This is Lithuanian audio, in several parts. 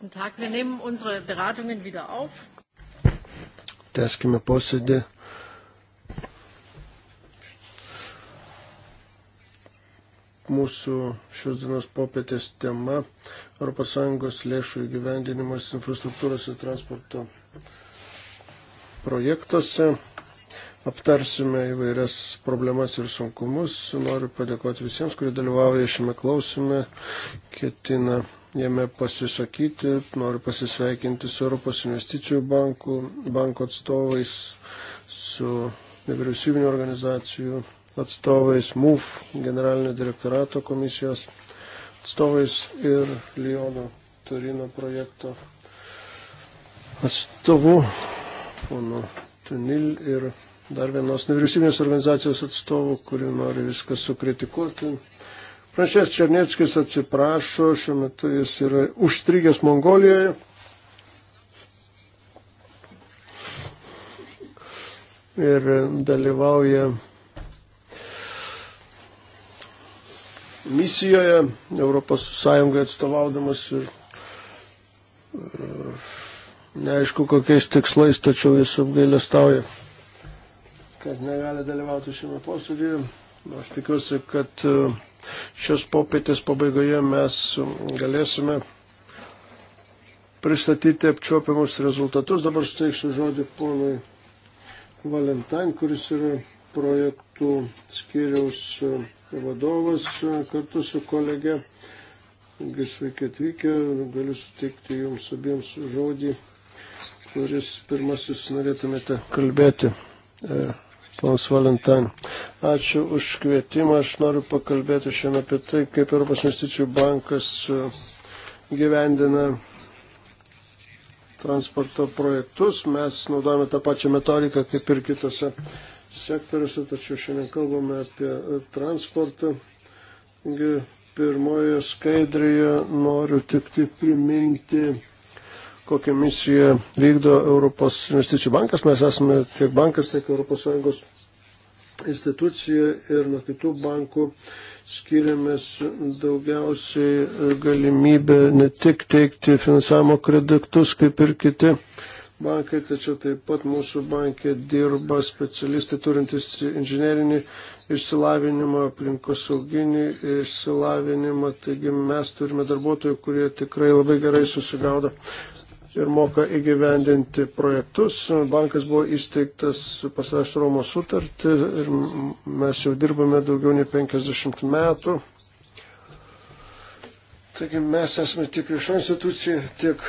Guten Tag, wir nehmen unsere Beratungen wieder auf. Teskime posėdį. Mūsų šios dienos popietės tema ES lėšų įgyvendinimas infrastruktūros ir transporto projektuose. Aptarsime įvairias problemas ir sunkumus. Noriu padėkoti visiems, kurie dalyvauja šiame klausime. Ketina jame pasisakyti. Noriu pasisveikinti su Europos investicijų banku, banko atstovais, su nevyriausybinio organizacijų atstovais, MUF generalinio direktorato komisijos atstovais ir Liono Turino projekto atstovu, ponu Tunil ir dar vienos nevyriausybinės organizacijos atstovų, kuri nori viską sukritikuoti. Pranešės Černieckis atsiprašo, šiuo metu jis yra užstrigęs Mongolijoje. Ir dalyvauja misijoje Europos Sąjungai atstovaudamas ir e, neaišku kokiais tikslais, tačiau jis apgailestauja, kad negali dalyvauti šiame posėdėje. Aš tikiuosi, kad uh, Šios popietės pabaigoje mes galėsime pristatyti apčiuopiamus rezultatus. Dabar steiksiu žodį ponui Valentain, kuris yra projektų skiriaus vadovas kartu su kolege. Taigi sveiki atvykę, galiu sutikti jums abiems žodį, kuris pirmasis norėtumėte kalbėti. E. Ponas Valentin, ačiū už kvietimą. Aš noriu pakalbėti šiandien apie tai, kaip Europos investicijų bankas e, gyvendina transporto projektus. Mes naudojame tą pačią metodiką kaip ir kitose sektoriuose, tačiau šiandien kalbame apie transportą. Pirmoje skaidrėje noriu tik tai priminti kokią misiją vykdo Europos investicijų bankas. Mes esame tiek bankas, tiek ES institucijų ir nuo kitų bankų skiriamės daugiausiai e, galimybę ne tik teikti finansavimo kreditus kaip ir kiti bankai, tačiau taip pat mūsų bankė dirba specialistai turintys inžinerinį išsilavinimą, aplinkosauginį išsilavinimą, taigi mes turime darbuotojų, kurie tikrai labai gerai susigaudo ir moka įgyvendinti projektus. Bankas buvo įsteigtas pasirašęs Romos sutartį ir mes jau dirbame daugiau nei 50 metų. Taigi mes esame tiek viešo institucija, tiek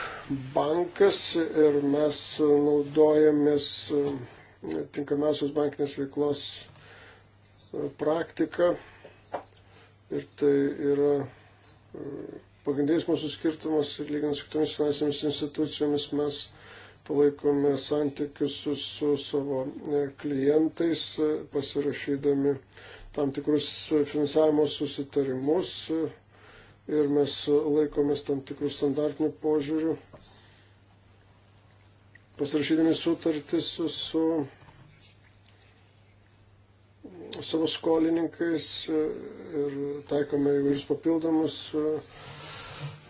bankas ir mes naudojamės e, tinkamiausios bankinės veiklos e, praktika ir tai yra e, Pagrindinis mūsų skirtumas, lyginant su kitomis finansinėmis institucijomis, mes palaikome santykius su, su savo e, klientais, e, pasirašydami tam tikrus finansavimo susitarimus e, ir mes laikomės tam tikrų standartinių požiūrių, pasirašydami sutartis su, su savo skolininkais ir taikome įvairius papildomus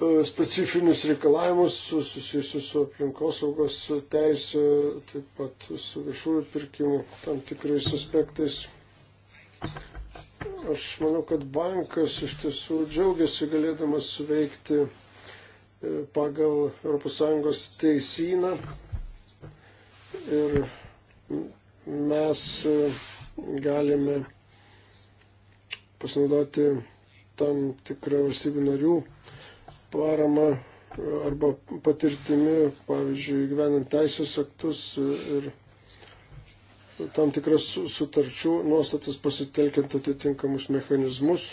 E, specifinius reikalavimus susijusius su aplinkosaugos teisė, taip pat su viešųjų pirkimų tam tikrais aspektais. Aš manau, kad bankas iš tiesų džiaugiasi galėdamas veikti e, pagal ES teisyną ir mes e, galime pasinaudoti tam tikrą valstybių narių parama arba patirtimi, pavyzdžiui, gyvenant teisės aktus ir tam tikras sutarčių nuostatas pasitelkiant atitinkamus mechanizmus.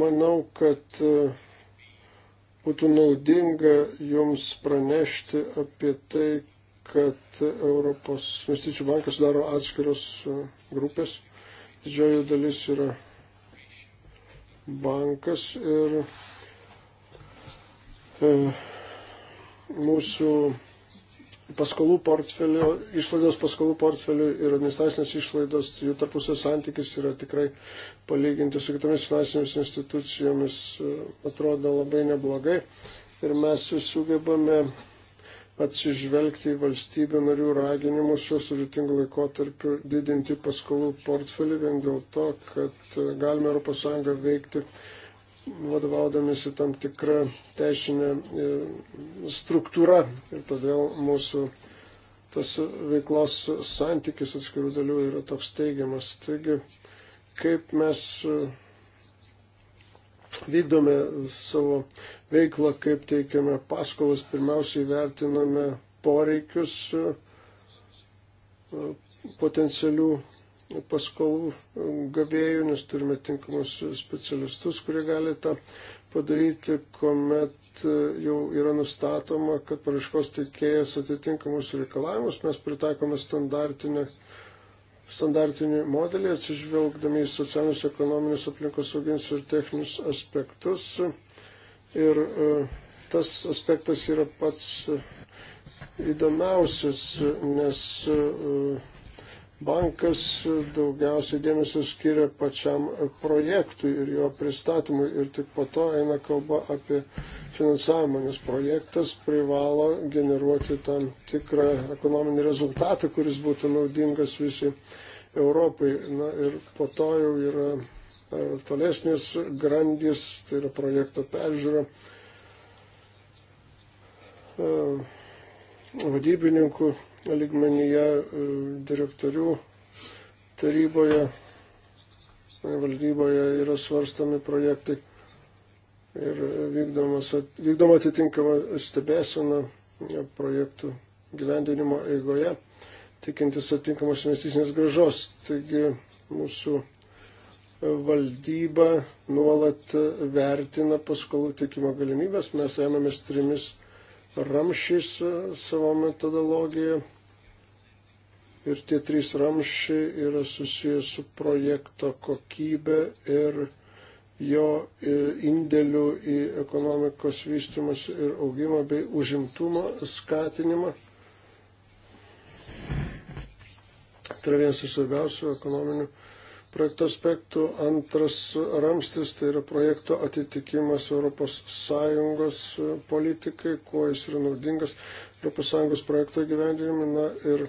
Manau, kad e, būtų naudinga jums pranešti apie tai, kad Europos investicijų bankas daro atskiros e, grupės. Didžioji dalis yra bankas ir E, mūsų paskolų portfelio, išlaidos paskolų portfelio ir administracinės išlaidos, jų tarpusio santykis yra tikrai palyginti su kitomis finansinėmis institucijomis, e, atrodo labai neblogai. Ir mes sugebame atsižvelgti į valstybių narių raginimus šiuo sudėtingu laikotarpiu didinti paskolų portfelį vien dėl to, kad e, galime ES veikti vadovaudamėsi tam tikrą teisinę e, struktūrą ir todėl mūsų tas veiklos santykis atskirų dalių yra toks teigiamas. Taigi, kaip mes e, vykdome savo veiklą, kaip teikiame paskolas, pirmiausiai vertiname poreikius e, potencialių paskolų e, gavėjų, nes turime tinkamus specialistus, kurie gali tą padaryti, kuomet e, jau yra nustatoma, kad paraiškos teikėjas atitinkamus reikalavimus, mes pritaikome standartinę standartinį modelį, atsižvelgdami į socialinius, ekonominius, aplinkos sauginius ir techninius aspektus. Ir e, tas aspektas yra pats įdomiausias, nes Bankas daugiausiai dėmesio skiria pačiam projektui ir jo pristatymui ir tik po to eina kalba apie finansavimą, nes projektas privalo generuoti tam tikrą ekonominį rezultatą, kuris būtų naudingas visi Europai. Na ir po to jau yra e, tolesnis grandis, tai yra projekto peržiūra e, vadybininkų ligmenyje e, direktorių taryboje, e, valdyboje yra svarstami projektai ir vykdoma atitinkama stebėsena e, projektų gyvendinimo eigoje, tikintis atitinkamos investicinės gražos. Taigi mūsų valdyba nuolat vertina paskolų tikimo galimybės. Mes remiamės trimis ramšiais savo metodologiją ir tie trys ramščiai yra susijęs su projekto kokybė ir jo e, indėlių į ekonomikos vystimus ir augimą bei užimtumo skatinimą. Tai yra vienas iš svarbiausių ekonominių projekto aspektų. Antras ramstis tai yra projekto atitikimas ES politikai, kuo jis yra naudingas ES projekto gyvendinimui. Na ir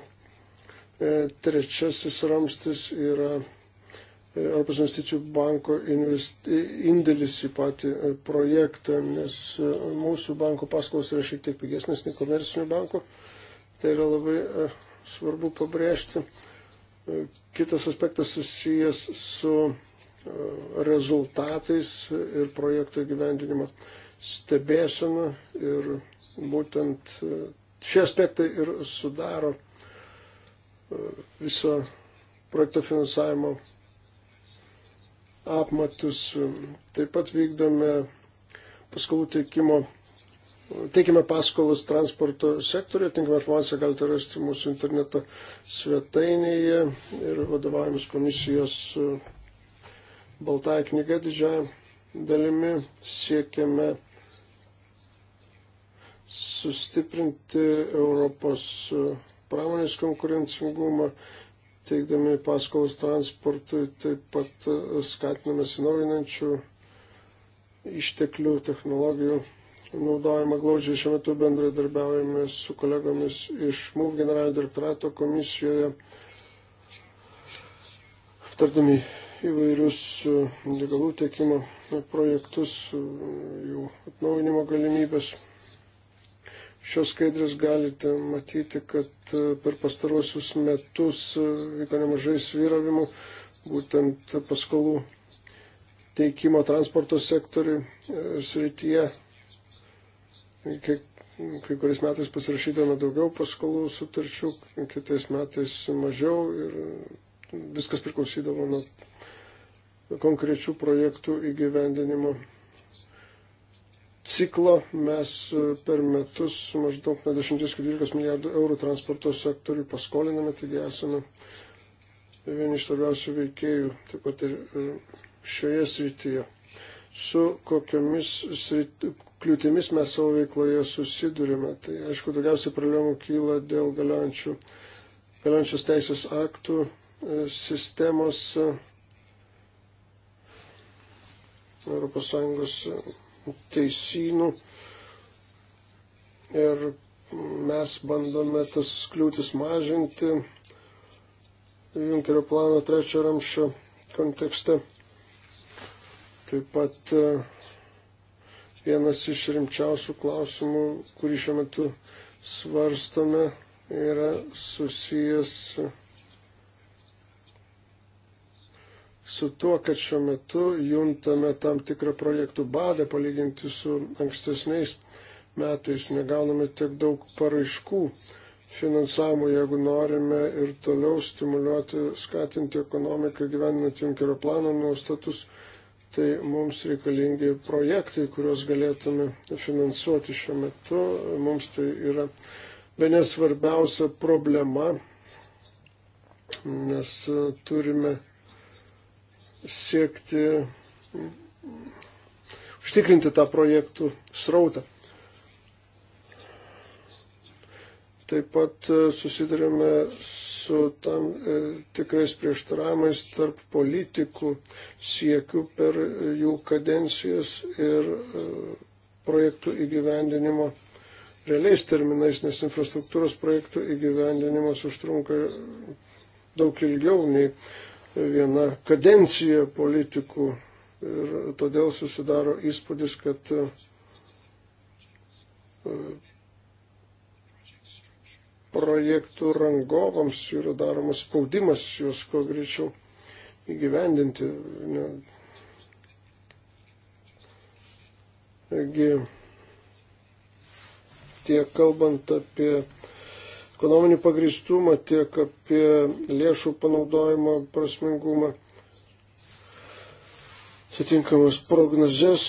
E, trečiasis ramstis yra e, Europos investicijų banko investi, indėlis į patį e, projektą, nes mūsų banko paskolos yra šiek tiek pigesnės nei komercinių bankų. Tai yra labai svarbu pabrėžti. Kitas aspektas susijęs su rezultatais ir projekto gyvendinimo stebėsena ir būtent šie aspektai ir sudaro visą projekto finansavimo apmatus. Taip pat vykdome paskolų teikimo, teikime paskolas transporto sektoriuje, tinkamą informaciją galite rasti mūsų interneto svetainėje ir vadovavimus komisijos e, Baltąją knygą didžiąją dalimi siekiame sustiprinti Europos e, pramonės konkurencingumą, teikdami paskolas transportui, taip pat e, skatiname sinovinančių išteklių technologijų naudojimą glaudžiai. Šiuo metu bendradarbiaujame su kolegomis iš MUV generalinio direktorato komisijoje, aptardami įvairius e, degalų tiekimo projektus, e, jų atnaujinimo galimybės. Šios skaidrės galite matyti, kad e, per pastarosius metus e, vyko nemažai svyravimų, būtent paskolų teikimo transporto sektoriui e, srityje. Kai, kai kuriais metais pasirašydami daugiau paskolų sutarčių, kitais metais mažiau ir viskas priklausydavo nuo konkrečių projektų įgyvendinimo ciklo mes e, per metus maždaug nuo 10-12 milijardų eurų transporto sektoriui paskoliname, taigi esame vieni iš svarbiausių veikėjų taip pat ir e, šioje srityje. Su kokiamis srity, kliūtimis mes savo veikloje susidurime, tai aišku, daugiausiai problemų kyla dėl galiojančių, galiojančios teisės aktų e, sistemos ES teisynų ir mes bandome tas kliūtis mažinti Junkerio plano trečio ramščio kontekste. Taip pat e, vienas iš rimčiausių klausimų, kurį šiuo metu svarstome, yra susijęs su su tuo, kad šiuo metu juntame tam tikrą projektų badą palyginti su ankstesniais metais, negauname tiek daug paraiškų finansavimo, jeigu norime ir toliau stimuliuoti, skatinti ekonomiką gyvenant Junkerio plano nuostatus, tai mums reikalingi projektai, kuriuos galėtume finansuoti šiuo metu. Mums tai yra be nesvarbiausia problema, nes turime siekti užtikrinti tą projektų srautą. Taip pat e, susidurėme su tam e, tikrais prieštaravimais tarp politikų siekių per jų kadencijas ir e, projektų įgyvendinimo realiais terminais, nes infrastruktūros projektų įgyvendinimas užtrunka daug ilgiau nei viena kadencija politikų ir todėl susidaro įspūdis, kad e, projektų rangovams yra daromas spaudimas juos kuo greičiau įgyvendinti. Taigi, tiek kalbant apie ekonominį pagristumą, tiek apie lėšų panaudojimo prasmingumą. Atitinkamas prognozes,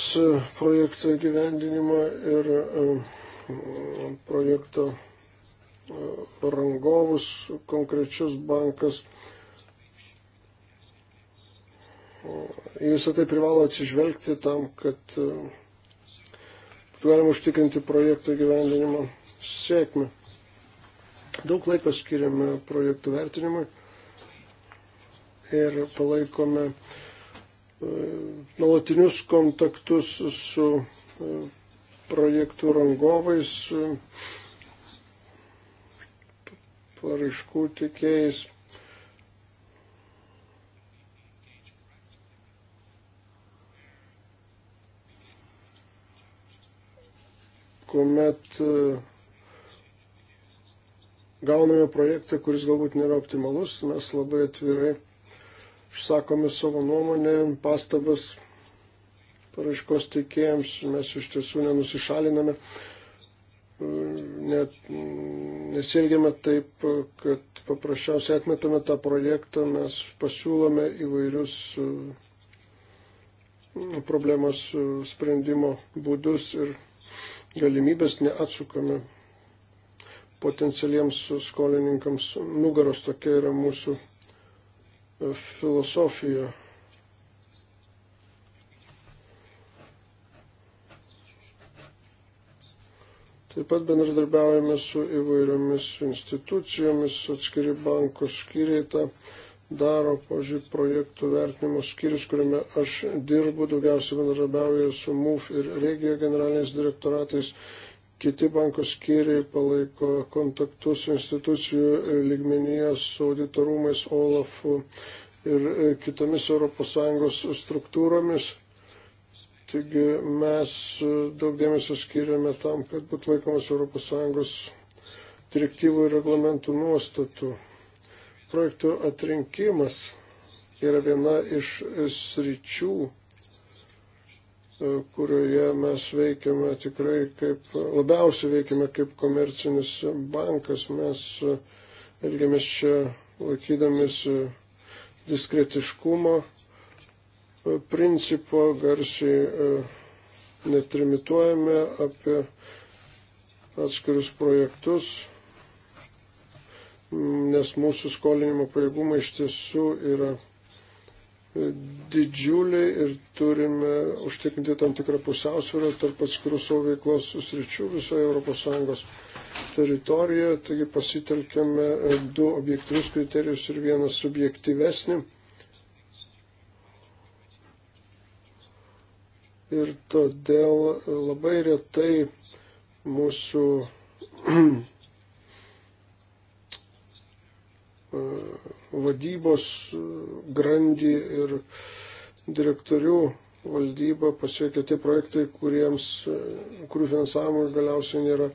projekto gyvendinimą ir um, projekto uh, rangovus, konkrečius bankas. Į visą tai privalo atsižvelgti tam, kad uh, galima užtikrinti projekto gyvendinimo sėkmę. Daug laiko skiriame projektų vertinimui ir palaikome e, nuolatinius kontaktus su e, projektų rangovais, paraiškų tikėjais. kuomet uh, gauname projektą, kuris galbūt nėra optimalus, mes labai atvirai išsakome savo nuomonę, pastabas paraiškos teikėjams, mes iš tiesų nenusišaliname, net nesielgiame taip, kad paprasčiausiai atmetame tą projektą, mes pasiūlome įvairius e, problemos e, sprendimo būdus ir galimybės neatsukame potencialiems skolininkams nugaros. Tokia yra mūsų e, filosofija. Taip pat bendradarbiaujame su įvairiomis institucijomis, atskiri banko skyriai tą daro, pažiūrėjau, projektų vertinimo skyrius, kuriame aš dirbu, daugiausiai bendradarbiauju su MUF ir regio generaliniais direktoratais Kiti banko skyriai palaiko kontaktus institucijų lygmenyje su auditorumais, OLAFu ir kitomis ES struktūromis. Taigi mes daug dėmesio skiriame tam, kad būtų laikomas ES direktyvų ir reglamentų nuostatų. Projektų atrinkimas yra viena iš sričių, kurioje mes veikiame tikrai kaip, labiausiai veikiame kaip komercinis bankas. Mes e, elgiamės čia laikydamis e, diskretiškumo e, principo, garsiai netrimituojame apie atskirius projektus, nes mūsų skolinimo pajėgumai iš tiesų yra didžiuliai ir turime užtikrinti tam tikrą pusiausvyrą tarp atskirų savo veiklos sričių visoje ES teritorijoje. Taigi pasitelkėme e, du objektyvius kriterijus ir vieną subjektyvesnį. Ir todėl e, labai retai mūsų e, vadybos grandį ir direktorių valdybą pasiekia tie projektai, kuriems, kurių finansavimui galiausiai nėra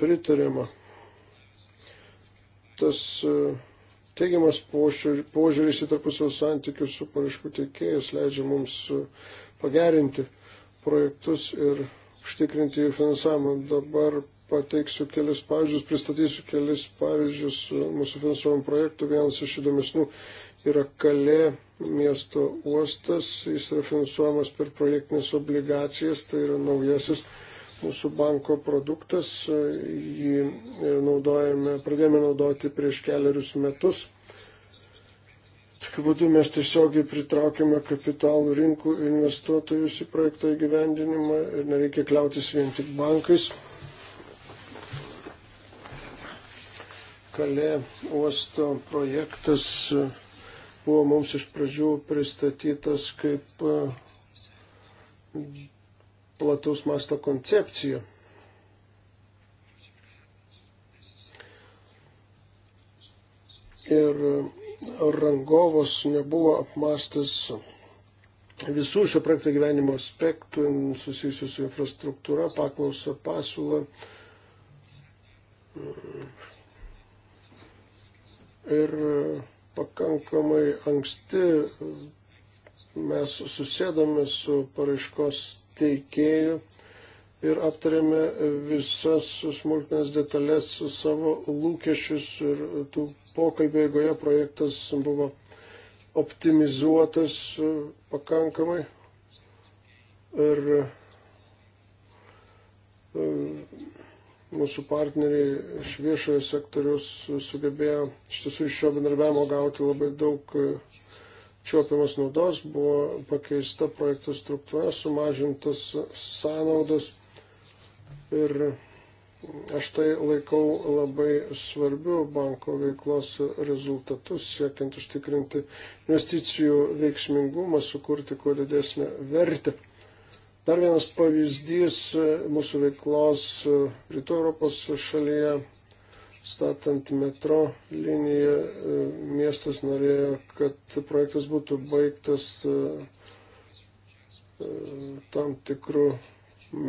pritariama. Tas e, teigiamas požiūris į tarpusio santykius su paraiškų teikėjas leidžia mums e, pagerinti projektus ir užtikrinti jų finansavimą. Dabar pateiksiu kelis pavyzdžius, pristatysiu kelis pavyzdžius e, mūsų finansuojamų projektų. Vienas iš įdomesnių yra Kalė miesto uostas. Jis yra finansuojamas per projektinės obligacijas. Tai yra naujasis mūsų banko produktas. E, jį e, naudojame, pradėjome naudoti prieš keliarius metus. Tokiu būdu mes tiesiogiai pritraukiame kapitalų rinkų investuotojus į projekto įgyvendinimą ir nereikia kliautis vien tik bankais. Kalė uosto projektas buvo mums iš pradžių pristatytas kaip e, plataus masto koncepcija. Ir rangovas nebuvo apmastas visų šio projekto gyvenimo aspektų susijusių su infrastruktūra, paklausa, pasiūla, ir e, pakankamai anksti mes susėdame su paraiškos teikėju ir aptarėme visas smulkmes detalės su savo lūkesčius ir tų pokalbio eigoje projektas buvo optimizuotas pakankamai ir e, mūsų partneriai iš viešojo sektorius sugebėjo iš tiesų iš šio bendarbiavimo gauti labai daug e, čiopiamas naudos, buvo pakeista projektų struktūra, sumažintas sąnaudas ir aš tai laikau labai svarbiu banko veiklos rezultatus, siekiant užtikrinti investicijų veiksmingumą, sukurti kuo didesnę vertę Dar vienas pavyzdys e, mūsų veiklos e, Rytų Europos šalyje, statant metro liniją, e, miestas norėjo, kad projektas būtų baigtas tam tikrų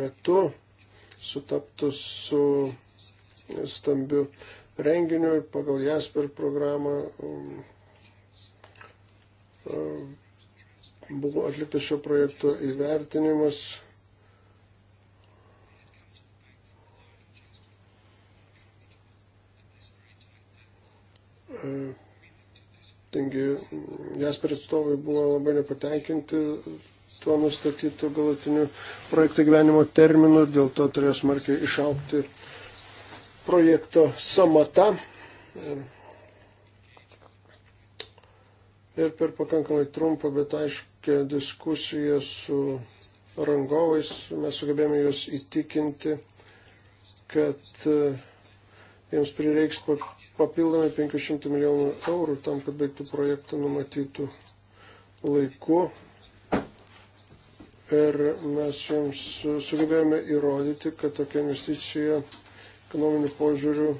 metu, sutaptų su stambiu renginiu ir pagal Jasper programą um, um, buvo atliktas šio projekto įvertinimas. E, Taigi, Jasper atstovai buvo labai nepatenkinti tuo nustatytų galutinių projektų gyvenimo terminų, dėl to turėjo smarkiai išaukti projekto samata. E, Ir per pakankamai trumpą, bet aišku, tokią diskusiją su rangovais, mes sugebėjome juos įtikinti, kad e, jiems prireiks papildomai 500 milijonų eurų tam, kad baigtų projektą numatytų laiku. Ir mes jiems sugebėjome įrodyti, kad tokia investicija ekonominių požiūrių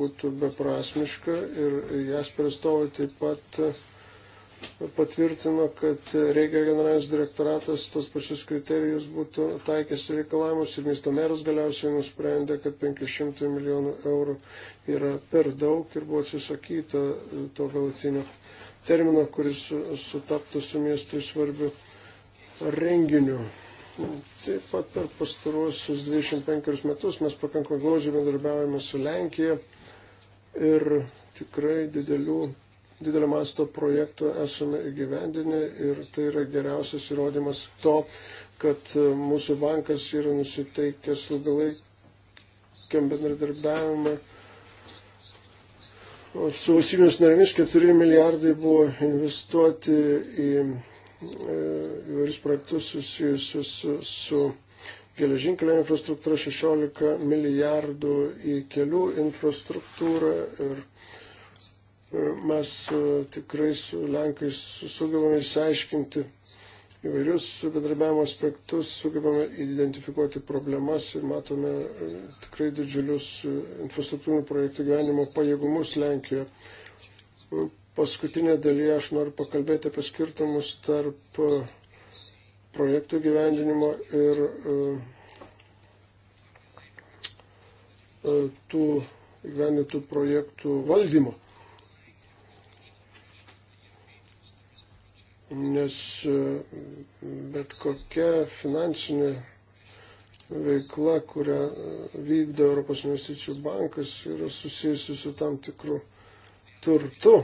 būtų beprasmiška ir Jasperis Tovai taip pat patvirtino, kad reikia generalinis direktoratas tos pačius kriterijus būtų taikęs reikalavimus ir miesto meras galiausiai nusprendė, kad 500 milijonų eurų yra per daug ir buvo atsisakyta to galutinio termino, kuris sutaptų su miestui svarbiu renginiu. Taip pat per pastaruosius 25 metus mes pakankamai glaudžiai bendarbiavame su Lenkija ir tikrai didelių didelio masto projektų esame įgyvendinę ir tai yra geriausias įrodymas to, kad e, mūsų bankas yra nusiteikęs ilgalaikiam bendradarbiavimui. Su valstybėmis narėmis 4 milijardai buvo investuoti į e, įvairius projektus susijusius su, su geležinkelio infrastruktūra, 16 milijardų į kelių infrastruktūrą ir E, mes e, tikrai su Lenkais sugebame išsiaiškinti įvairius bendrabiavimo aspektus, sugebame identifikuoti problemas ir matome e, tikrai didžiulius infrastruktūrinių projektų gyvenimo pajėgumus Lenkijoje. Paskutinė dalyje aš noriu pakalbėti apie skirtumus tarp projektų gyvendinimo ir tų gyvenintų projektų valdymo. nes e, bet kokia finansinė veikla, kurią vykdo Europos investicijų bankas, yra susijusi su tam tikru turtu.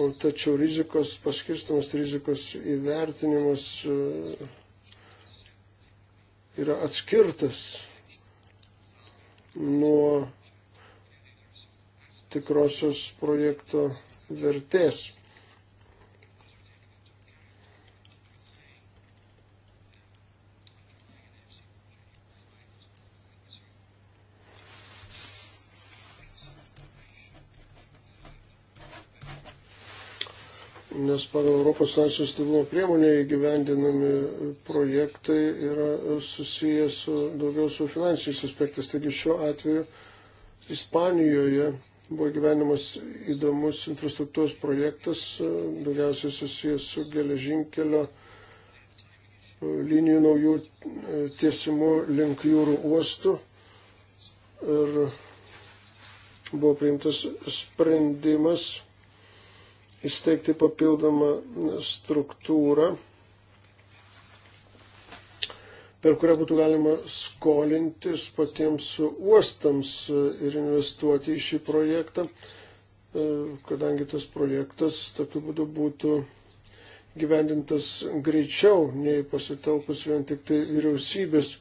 O tačiau rizikos paskirstamas, rizikos įvertinimas e, yra atskirtas nuo tikrosios projekto vertės. nes pagal Europos sankcijų stabilumo priemonę įgyvendinami projektai yra susijęs su, daugiau su finansiniais aspektais. Taigi šiuo atveju Ispanijoje buvo gyvenimas įdomus infrastruktūros projektas, daugiausiai susijęs su geležinkelio linijų naujų e, tiesimu link jūrų uostų. Ir buvo priimtas sprendimas įsteigti papildomą struktūrą, per kurią būtų galima skolintis patiems uostams ir investuoti į šį projektą, e, kadangi tas projektas tokiu būdu būtų gyvendintas greičiau nei pasitelkus vien tik tai vyriausybės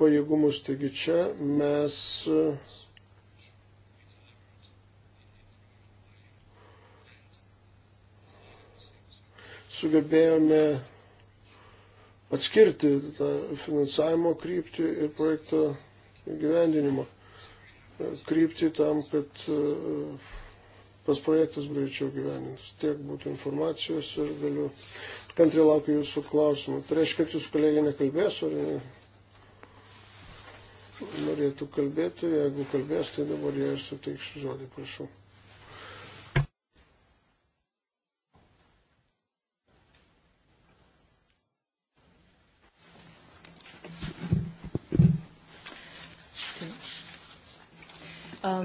pajėgumus. Taigi čia mes sugebėjome atskirti tą finansavimo kryptį ir projekto gyvendinimo kryptį tam, kad pas e, projektas greičiau gyvenintas. Tiek būtų informacijos ir galiu kantriai laukiu jūsų klausimų. Tai reiškia, kad jūsų kolegė nekalbės, ar ne? norėtų kalbėti, jeigu kalbės, tai dabar jie ir suteiksiu žodį, prašau.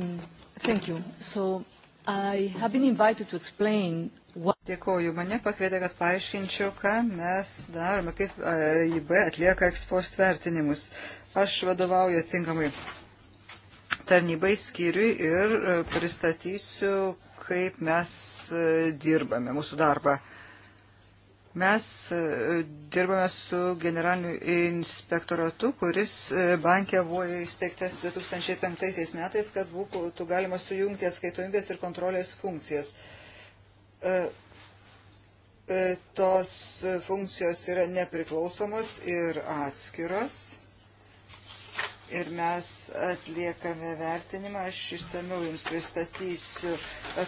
Um, thank you. So I have been invited to explain what... Dėkoju, mane pakvietė, kad paaiškinčiau, ką mes darome, kaip e, IB atlieka ekspost vertinimus. Aš vadovauju atsinkamai tarnybai skyriui ir e, pristatysiu, kaip mes e, dirbame, mūsų darbą. Mes e, dirbame su generaliniu inspektoratu, kuris e, bankė buvo įsteigtas 2005 metais, kad būtų galima sujungti atskaitomybės ir kontrolės funkcijas. E, tos funkcijos yra nepriklausomos ir atskiros. Ir mes atliekame vertinimą, aš išsamiau jums pristatysiu,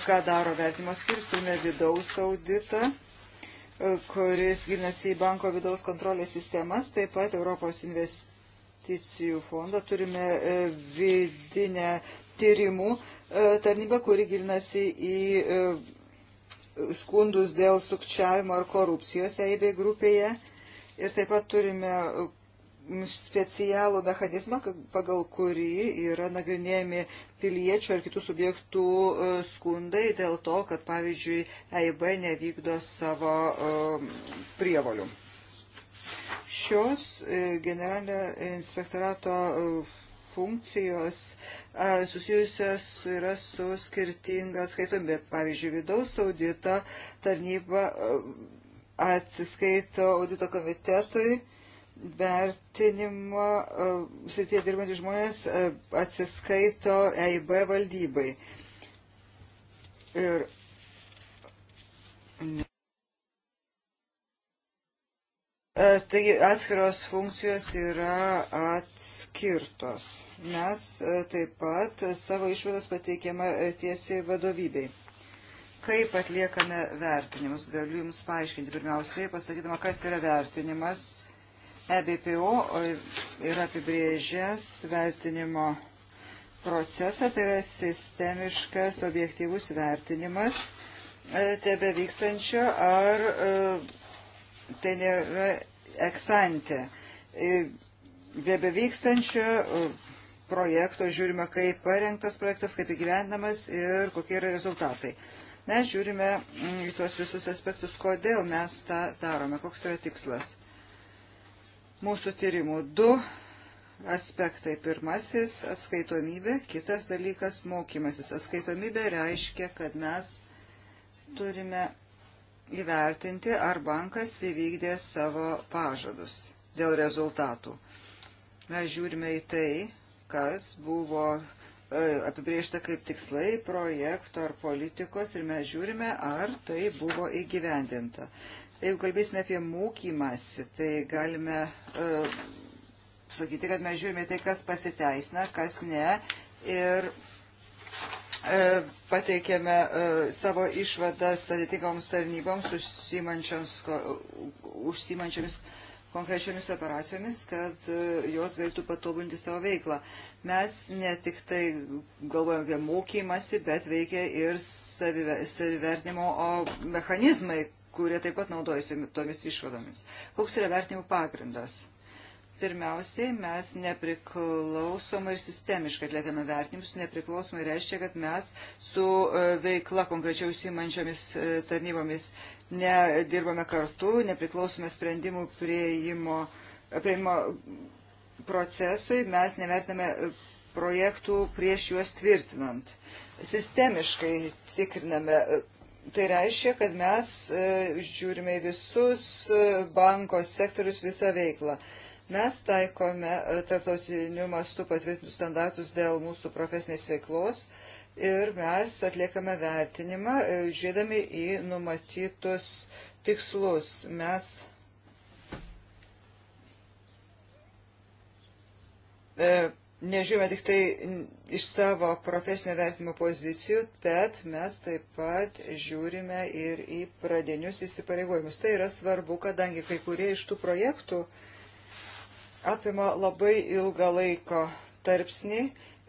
ką daro vertimo skyrius, turime vidaus auditą kuris gilinasi į banko vidaus kontrolės sistemas, taip pat Europos investicijų fondą. Turime e, vidinę tyrimų e, tarnybą, kuri gilinasi į e, skundus dėl sukčiavimo ar korupcijos EIB grupėje. Ir taip pat turime specialų mechanizmą, pagal kurį yra nagrinėjami piliečių ar kitų subjektų e, skundai dėl to, kad, pavyzdžiui, EIB nevykdo savo e, prievolių. Šios e, generalinio inspektorato funkcijos susijusios yra su skirtinga skaitomybė. Pavyzdžiui, vidaus audito tarnyba atsiskaito audito komitetui vertinimo e, srityje dirbantys žmonės e, atsiskaito EIB valdybai. Ir e, Taigi atskiros funkcijos yra atskirtos. Mes taip pat savo išvadas pateikėme tiesiai vadovybei. Kaip atliekame vertinimus? Galiu Jums paaiškinti pirmiausiai, pasakydama, kas yra vertinimas EBPO yra apibrėžęs vertinimo procesą, tai yra sistemiškas objektyvus vertinimas e, tebe vykstančio ar e, tai nėra eksante. Bebe e, vykstančio projekto žiūrime, kaip parengtas projektas, kaip įgyvendamas ir kokie yra rezultatai. Mes žiūrime mm, į tuos visus aspektus, kodėl mes tą darome, koks yra tikslas mūsų tyrimų. Du aspektai. Pirmasis - atskaitomybė, kitas dalykas - mokymasis. Atskaitomybė reiškia, kad mes turime įvertinti, ar bankas įvykdė savo pažadus dėl rezultatų. Mes žiūrime į tai, kas buvo e, apibriešta kaip tikslai projekto ar politikos ir mes žiūrime, ar tai buvo įgyvendinta. Jeigu kalbėsime apie mokymąsi, tai galime uh, sakyti, kad mes žiūrime tai, kas pasiteisina, kas ne. Ir e, pateikėme e, savo išvadas atitinkamoms tarnyboms užsimančiomis konkrečiomis operacijomis, kad jos galėtų patobulinti savo veiklą. Mes ne tik tai galvojame apie mokymasi, bet veikia ir savivertinimo mechanizmai, kurie taip pat naudojasi tomis išvadomis. Koks yra vertinimų pagrindas? Pirmiausiai, mes nepriklausomai ir sistemiškai atliekame vertinimus. Nepriklausomai reiškia, kad mes su e, veikla konkrečiau įsimančiomis e, tarnybomis nedirbame kartu, nepriklausome sprendimų prieimo, prieimo procesui, mes nevertiname e, projektų prieš juos tvirtinant. Sistemiškai tikriname Tai reiškia, kad mes e, žiūrime visus e, banko sektorius visą veiklą. Mes taikome e, tarptautiniu mastu patvirtintus standartus dėl mūsų profesinės veiklos ir mes atliekame vertinimą, žiūrėdami į numatytus tikslus. Mes e, nežiūrime tik tai iš savo profesinio vertimo pozicijų, bet mes taip pat žiūrime ir į pradinius įsipareigojimus. Tai yra svarbu, kadangi kai kurie iš tų projektų apima labai ilgą laiko tarpsnį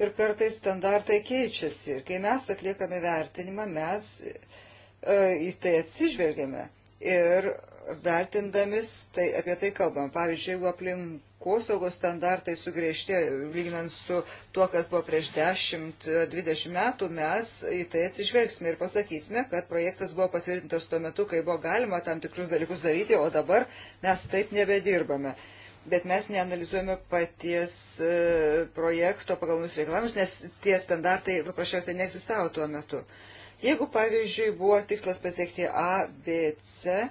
ir kartais standartai keičiasi. Ir kai mes atliekame vertinimą, mes e, į tai atsižvelgiame. Ir vertindamis, tai apie tai kalbam. Pavyzdžiui, jeigu aplinkosaugos standartai sugriežtė, lyginant su tuo, kas buvo prieš 10-20 metų, mes į tai atsižvelgsime ir pasakysime, kad projektas buvo patvirtintas tuo metu, kai buvo galima tam tikrus dalykus daryti, o dabar mes taip nebedirbame bet mes neanalizuojame paties e, projekto pagal mūsų reikalavimus, nes tie standartai paprasčiausiai neegzistavo tuo metu. Jeigu, pavyzdžiui, buvo tikslas pasiekti A, B, C,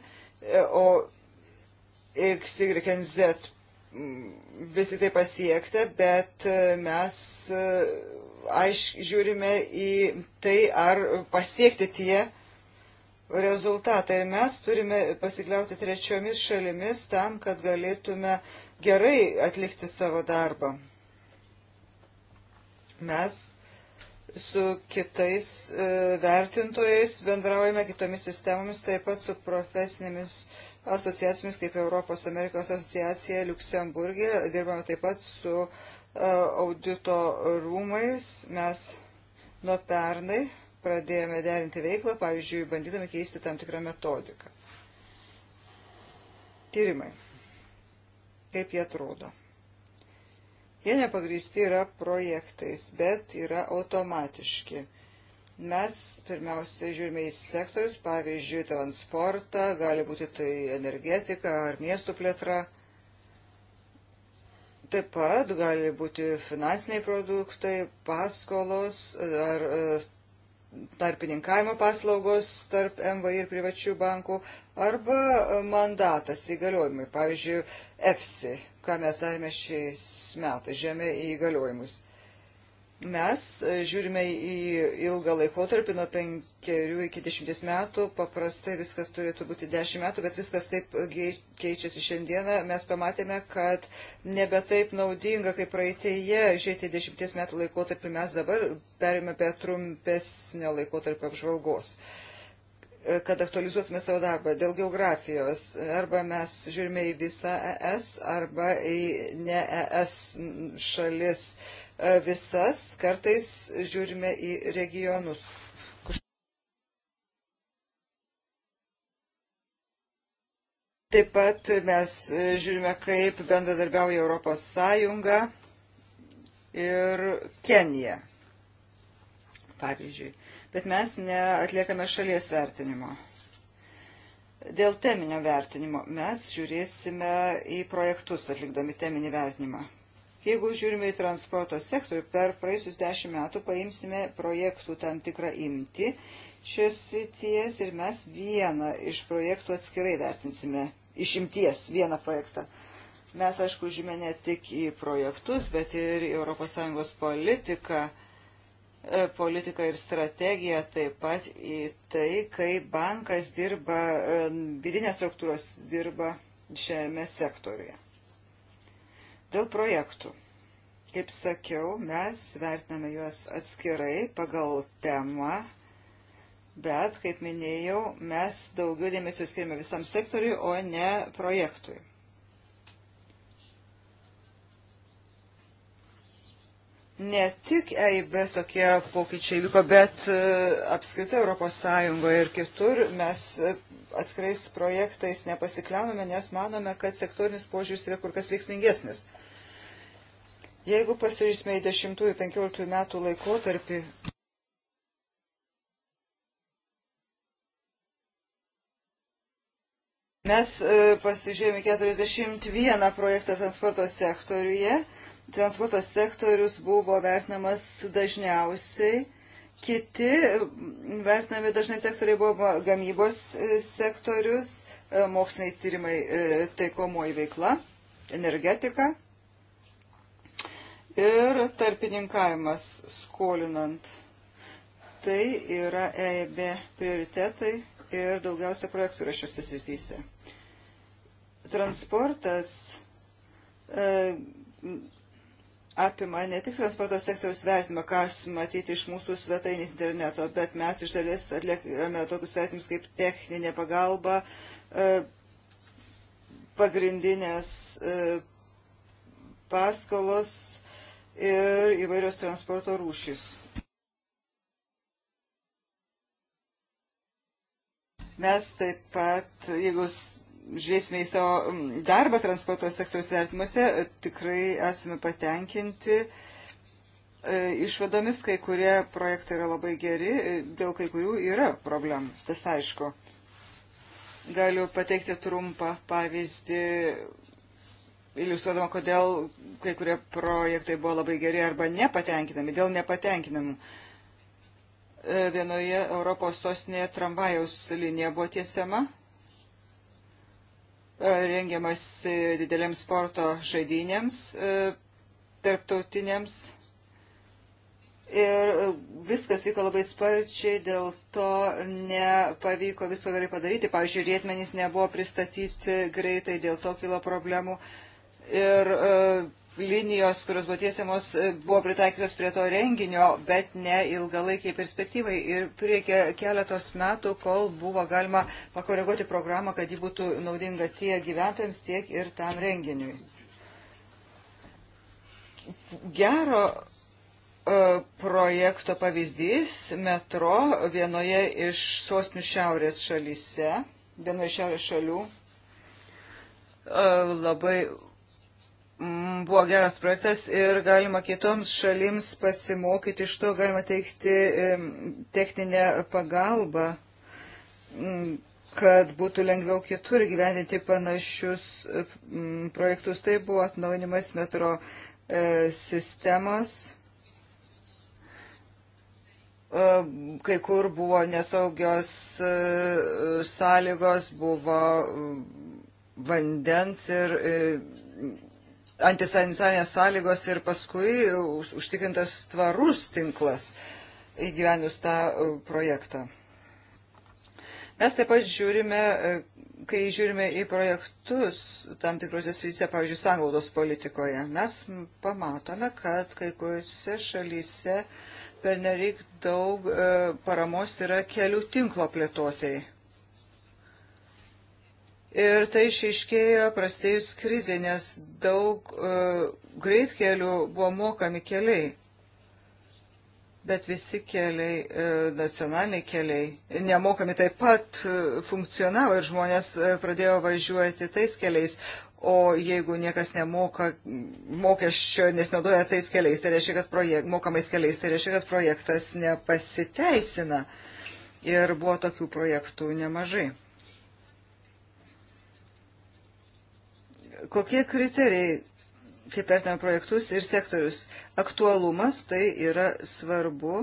o XYZ mm, visi tai pasiekta, bet e, mes e, aiškiai žiūrime į tai, ar pasiekti tie rezultatai. Ir mes turime pasikliauti trečiomis šalimis tam, kad galėtume gerai atlikti savo darbą. Mes su kitais e, vertintojais, bendraujame kitomis sistemomis, taip pat su profesinėmis asociacijomis, kaip Europos Amerikos asociacija Luksemburgė, dirbame taip pat su e, audito rūmais, mes nuo pernai pradėjome derinti veiklą, pavyzdžiui, bandydami keisti tam tikrą metodiką. Tyrimai. Kaip jie atrodo? Jie nepagristi yra projektais, bet yra automatiški. Mes pirmiausia žiūrime į sektorius, pavyzdžiui, transportą, gali būti tai energetika ar miestų plėtra. Taip pat gali būti finansiniai produktai, paskolos ar e, tarpininkavimo paslaugos tarp MVI ir privačių bankų, arba mandatas įgaliojimai, pavyzdžiui, EFSI, ką mes darėme šiais metais, žemė į įgaliojimus. Mes e, žiūrime į ilgą laikotarpį, nuo penkerių iki dešimties metų, paprastai viskas turėtų būti dešimt metų, bet viskas taip keičiasi šiandieną. Mes pamatėme, kad nebe taip naudinga, kaip praeitėje, žiūrėti dešimties metų laikotarpį, mes dabar perėmė prie trumpesnio laikotarpio apžvalgos. Uh, kad aktualizuotume savo darbą dėl geografijos. Arba mes žiūrime į visą ES, arba į ne ES šalis e, visas, kartais žiūrime į regionus. Taip pat mes žiūrime, kaip bendradarbiauja Europos Sąjunga ir Kenija, pavyzdžiui bet mes neatliekame šalies vertinimo. Dėl teminio vertinimo mes žiūrėsime į projektus atlikdami teminį vertinimą. Jeigu žiūrime į transporto sektorių, per praėjusius dešimt metų paimsime projektų tam tikrą imti šios srities ir mes vieną iš projektų atskirai vertinsime, išimties vieną projektą. Mes, aišku, žymė ne tik į projektus, bet ir į ES politiką E, politiką ir strategiją, taip pat į tai, kaip bankas dirba, e, vidinės struktūros dirba šiame sektoriuje. Dėl projektų. Kaip sakiau, mes vertiname juos atskirai pagal temą, bet, kaip minėjau, mes daugiau dėmesio skiriame visam sektoriui, o ne projektui. ne tik EIB tokie pokyčiai vyko, bet e, apskritai Europos Sąjungoje ir kitur mes e, atskirais projektais nepasikliauname, nes manome, kad sektorinis požiūris yra kur kas veiksmingesnis. Jeigu pasižiūrėsime į 10-15 metų laikotarpį, mes e, pasižiūrėjome 41 projektą transporto sektoriuje, transporto sektorius buvo vertinamas dažniausiai. Kiti mm, vertinami dažnai sektoriai buvo gamybos e, sektorius, e, moksliniai tyrimai e, taikomoji veikla, energetika ir tarpininkavimas skolinant. Tai yra EIB prioritetai ir daugiausia projektų yra šiuose srityse. Transportas e, apima ne tik transporto sektoriaus vertimą, kas matyti iš mūsų svetainės interneto, bet mes iš dalies atliekame tokius vertimus kaip techninė pagalba, e, pagrindinės e, paskolos ir įvairios transporto rūšys. Mes taip pat, jeigu žiūrėsime į savo darbą transporto sektoriaus vertimuose, tikrai esame patenkinti. E, išvadomis kai kurie projektai yra labai geri, e, dėl kai kurių yra problemų, tas aišku. Galiu pateikti trumpą pavyzdį, iliustruodama, kodėl kai kurie projektai buvo labai geri arba nepatenkinami, dėl nepatenkinamų e, vienoje Europos sostinėje tramvajaus linija buvo tiesiama E, rengiamas e, didelėms sporto žaidynėms e, tarptautinėms. Ir viskas vyko labai sparčiai, dėl to nepavyko visko gerai padaryti. Pavyzdžiui, rietmenys nebuvo pristatyti greitai, dėl to kilo problemų. Ir uh, linijos, kurios buvo tiesiamos, e, buvo pritaikytos prie to renginio, bet ne ilgalaikiai perspektyvai. Ir prireikė keletos metų, kol buvo galima pakoreguoti programą, kad ji būtų naudinga tiek gyventojams, tiek ir tam renginiui. Gero e, projekto pavyzdys metro vienoje iš sostinių šiaurės šalyse, vienoje šiaurės šalių e, labai Mm, buvo geras projektas ir galima kitoms šalims pasimokyti iš to, galima teikti techninę pagalbą, mm, kad būtų lengviau kitur gyvendinti panašius mm, projektus. Tai buvo atnaunimas metro e, sistemos. E, kai kur buvo nesaugios e, sąlygos, buvo vandens ir antisanitarinės sąlygos ir paskui užtikrintas tvarus tinklas įgyvenius tą e, projektą. Mes taip pat žiūrime, e, kai žiūrime į projektus tam tikrose srityse, pavyzdžiui, sanglaudos politikoje, mes pamatome, kad kai kuriuose šalyse pernelyg daug e, paramos yra kelių tinklo plėtotėjai. Ir tai išaiškėjo prastėjus krizė, nes daug uh, greitkelių buvo mokami keliai. Bet visi keliai, uh, nacionaliniai keliai, nemokami taip pat uh, funkcionavo ir žmonės uh, pradėjo važiuoti tais keliais. O jeigu niekas nemoka mokesčio, nes naudoja tais keliais, tai reiškia, kad projek, mokamais keliais, tai reiškia, kad projektas nepasiteisina. Ir buvo tokių projektų nemažai. Kokie kriterijai, kaip vertinam projektus ir sektorius? Aktualumas tai yra svarbu,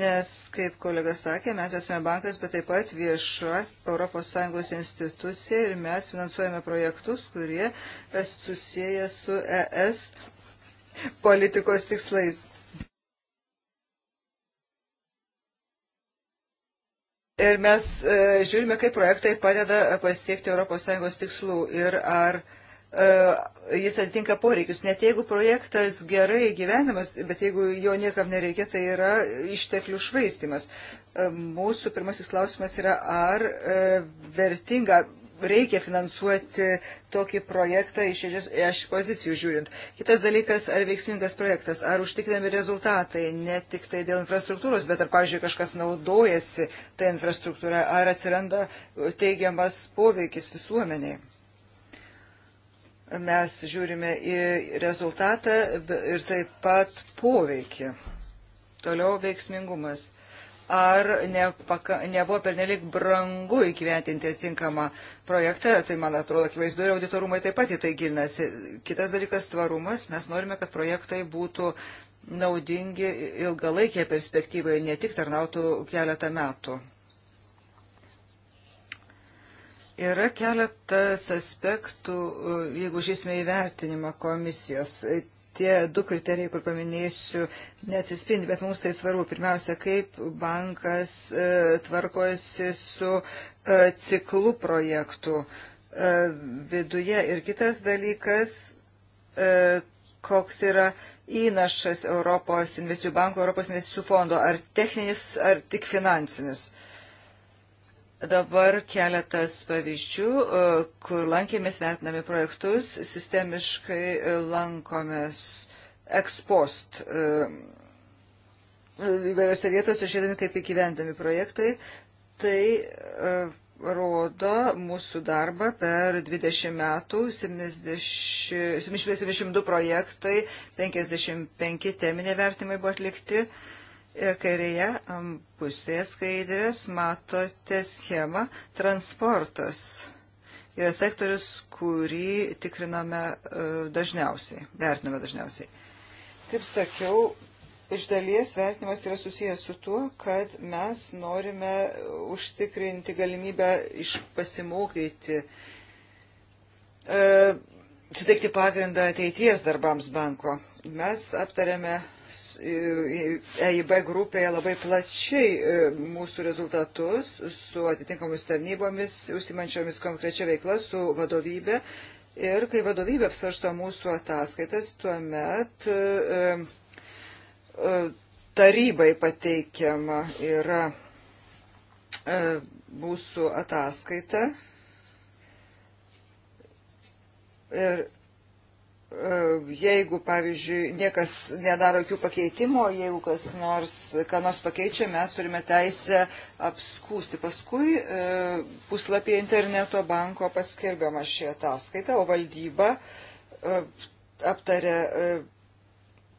nes, kaip kolega sakė, mes esame bankas, bet taip pat vieša ES institucija ir mes finansuojame projektus, kurie susiję su ES politikos tikslais. Ir mes e, žiūrime, kaip projektai padeda pasiekti ES tikslų ir ar e, E, jis atitinka poreikius. Net jeigu projektas gerai gyvenimas, bet jeigu jo niekam nereikia, tai yra išteklių švaistimas. E, mūsų pirmasis klausimas yra, ar e, vertinga reikia finansuoti tokį projektą iš, iš pozicijų žiūrint. Kitas dalykas, ar veiksmingas projektas, ar užtikrinami rezultatai, ne tik tai dėl infrastruktūros, bet ar, pavyzdžiui, kažkas naudojasi tą infrastruktūrą, ar atsiranda teigiamas poveikis visuomeniai mes žiūrime į rezultatą ir taip pat poveikį. Toliau veiksmingumas. Ar nepaka, nebuvo pernelik brangu įgyventinti atitinkamą projektą, tai man atrodo akivaizdu ir auditorumai taip pat į tai gilinasi. Kitas dalykas - tvarumas. Mes norime, kad projektai būtų naudingi ilgalaikėje perspektyvoje, ne tik tarnautų keletą metų. Yra keletas aspektų, e, jeigu žiūrėsime įvertinimą komisijos. E, tie du kriterijai, kur paminėsiu, neatsispindi, bet mums tai svarbu. Pirmiausia, kaip bankas e, tvarkosi su ciklu projektų viduje. Ir kitas dalykas, koks yra įnašas Europos investicijų banko, Europos investicijų fondo, ar techninis, ar tik finansinis. Uh, Dabar keletas pavyzdžių, e, kur lankėmės vertinami projektus, sistemiškai e, lankomės ekspost e, įvairiose vietose, žiūrėdami kaip įgyvendami projektai. Tai rodo mūsų darbą per 20 metų, 70, 772 projektai, 55 teminiai vertimai buvo atlikti. Kairėje pusėje skaidrės matote schemą transportas. Yra sektorius, kurį tikriname e, dažniausiai, vertiname dažniausiai. Kaip sakiau, iš dalies vertinimas yra susijęs su tuo, kad mes norime užtikrinti galimybę iš pasimokyti, e, suteikti pagrindą ateities darbams banko. Mes aptarėme EIB e grupėje labai plačiai e, mūsų rezultatus su atitinkamomis tarnybomis, užsimančiomis konkrečia veikla, su vadovybė. Ir kai vadovybė apsvarsto mūsų ataskaitas, tuomet e, tarybai pateikiama yra mūsų ataskaita. Ir E, jeigu, pavyzdžiui, niekas nedaro jokių pakeitimų, jeigu kas nors, ką nors pakeičia, mes turime teisę apskūsti. Paskui e, puslapį interneto banko paskirgama šį ataskaitą, o valdyba e, aptarė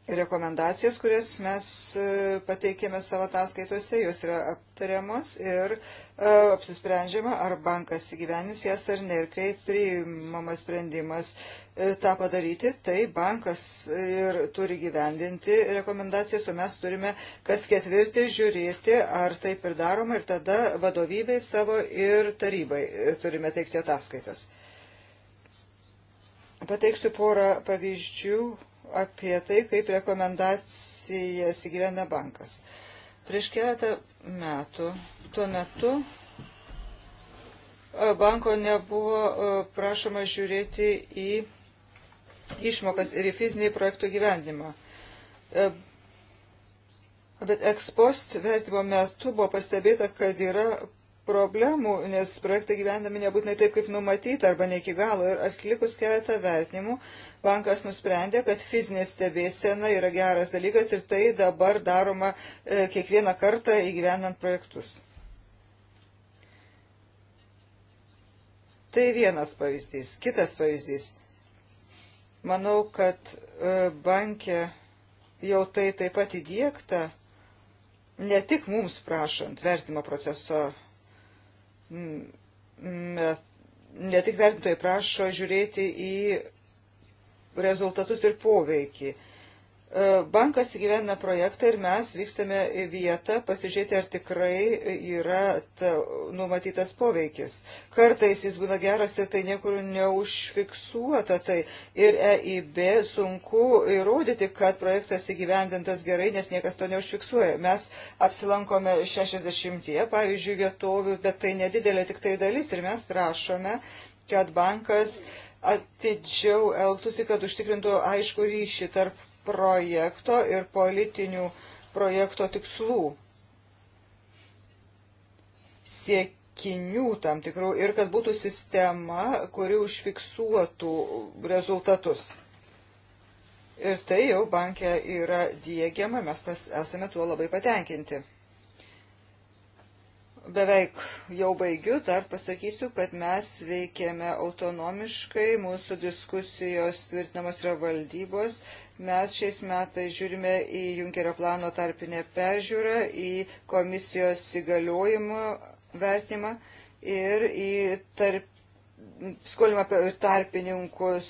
rekomendacijas, kurias mes e, pateikėme savo ataskaitose, jos yra aptariamos ir e, apsisprendžiama, ar bankas įgyvenis jas ar ne, ir kai priimamas sprendimas e, tą padaryti, tai bankas ir turi gyvendinti rekomendacijas, o mes turime kas ketvirtį žiūrėti, ar taip ir daroma, ir tada vadovybei savo ir tarybai turime teikti ataskaitas. Pateiksiu porą pavyzdžių apie tai, kaip rekomendacijas įgyvena bankas. Prieš keletą metų, tuo metu e, banko nebuvo e, prašoma žiūrėti į išmokas ir į fizinį projektų gyvendimą. E, bet ekspost vertimo metu buvo pastebėta, kad yra problemų, nes projektai gyvendami nebūtinai taip, kaip numatyta arba ne iki galo. Ir atlikus keletą vertinimų, bankas nusprendė, kad fizinė stebėsena yra geras dalykas ir tai dabar daroma e, kiekvieną kartą įgyvendant projektus. Tai vienas pavyzdys. Kitas pavyzdys. Manau, kad e, bankė jau tai taip pat įdėkta, ne tik mums prašant vertimo proceso Mm, mm, ne tik vertintojai prašo žiūrėti į rezultatus ir poveikį. E, bankas įgyvena projektą ir mes vykstame į vietą pasižiūrėti, ar tikrai yra ta, numatytas poveikis. Kartais jis būna geras ir tai niekur neužfiksuota. Tai ir EIB sunku įrodyti, kad projektas įgyvendintas gerai, nes niekas to neužfiksuoja. Mes apsilankome 60, pavyzdžiui, vietovių, bet tai nedidelė tik tai dalis ir mes prašome, kad bankas atidžiau elgtųsi, kad užtikrintų aišku ryšį tarp projekto ir politinių projekto tikslų siekinių tam tikrų ir kad būtų sistema, kuri užfiksuotų rezultatus. Ir tai jau bankė yra diegiama, mes tas esame tuo labai patenkinti beveik jau baigiu, dar pasakysiu, kad mes veikiame autonomiškai, mūsų diskusijos tvirtinamos yra valdybos. Mes šiais metais žiūrime į Junkerio plano tarpinę peržiūrą, į komisijos įgaliojimų vertimą ir į tarp, skolimą per tarpininkus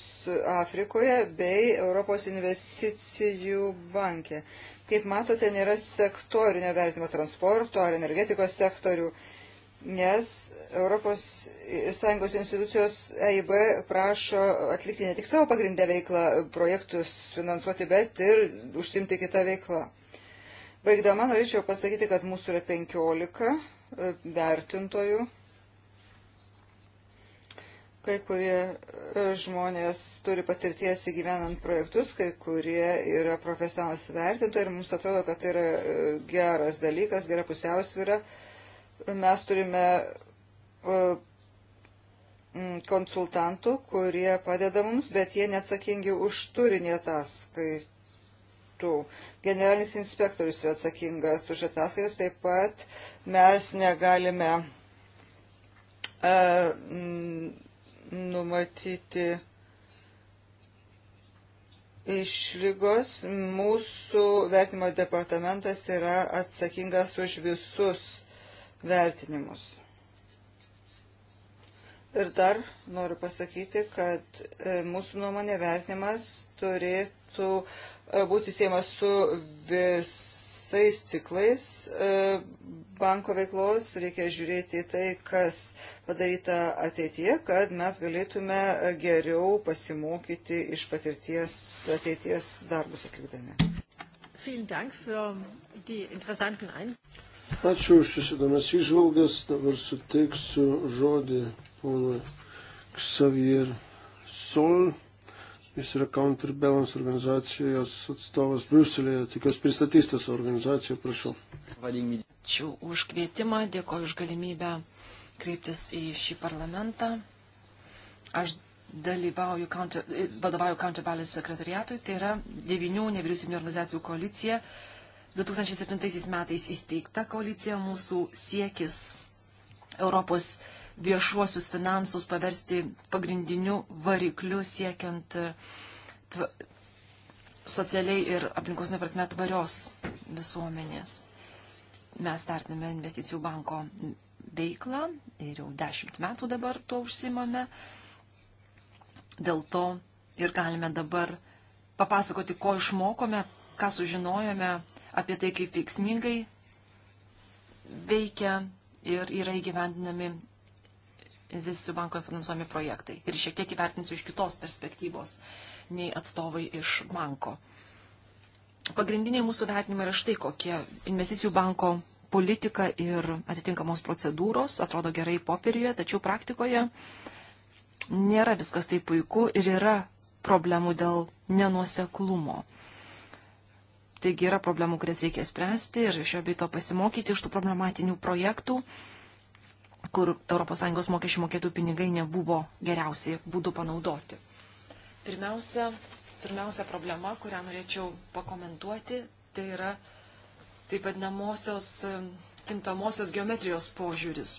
Afrikoje bei Europos investicijų bankė. Kaip matote, nėra sektorinio vertimo transporto ar energetikos sektorių, nes ES institucijos EIB prašo atlikti ne tik savo pagrindę veiklą, projektus finansuoti, bet ir užsimti kitą veiklą. Baigdama norėčiau pasakyti, kad mūsų yra 15 e, vertintojų Kai kurie e, žmonės turi patirties įgyvenant projektus, kai kurie yra profesionalus vertintojai ir mums atrodo, kad tai yra e, geras dalykas, gera pusiausvyra. Mes turime e, konsultantų, kurie padeda mums, bet jie neatsakingi už turinį ataskaitų. Generalinis inspektorius yra atsakingas už ataskaitas, taip pat mes negalime uh, numatyti išlygos. Mūsų vertinimo departamentas yra atsakingas už visus vertinimus. Ir dar noriu pasakyti, kad e, mūsų nuomonė vertinimas turėtų e, būti siemas su vis visais ciklais e, banko veiklos, reikia žiūrėti į tai, kas padaryta ateityje, kad mes galėtume geriau pasimokyti iš patirties ateities darbus atlikdami. Ačiū už šis įdomias išvalgas. Dabar suteiksiu žodį ponui Xavier Sol. Jis yra Counterbalance organizacijos atstovas Briuselėje. Tikiuosi pristatys tas organizaciją, prašau. Ačiū už kvietimą, dėkoju už galimybę kreiptis į šį parlamentą. Aš dalyvauju, counter, e, vadovauju Counterbalance sekretariatui, tai yra devinių nevyriausybinio organizacijų koalicija. 2007 metais įsteigta koalicija mūsų siekis Europos viešuosius finansus paversti pagrindiniu varikliu siekiant e, socialiai ir aplinkos neprasme tvarios visuomenės. Mes vertiname investicijų banko veiklą ir jau dešimt metų dabar tuo užsimame. Dėl to ir galime dabar papasakoti, ko išmokome, ką sužinojome apie tai, kaip veiksmingai veikia ir yra įgyvendinami investicijų banko finansuojami projektai. Ir šiek tiek įvertinsiu iš kitos perspektyvos nei atstovai iš banko. Pagrindiniai mūsų vertinimai yra štai kokie. Investicijų banko politika ir atitinkamos procedūros atrodo gerai popieriuje, tačiau praktikoje nėra viskas taip puiku ir yra problemų dėl nenuoseklumo. Taigi yra problemų, kurias reikia spręsti ir šio bei to pasimokyti iš tų problematinių projektų kur ES mokesčių mokėtų pinigai nebuvo geriausiai būdų panaudoti. Pirmiausia, pirmiausia problema, kurią norėčiau pakomentuoti, tai yra taip vadinamosios kintamosios geometrijos požiūris.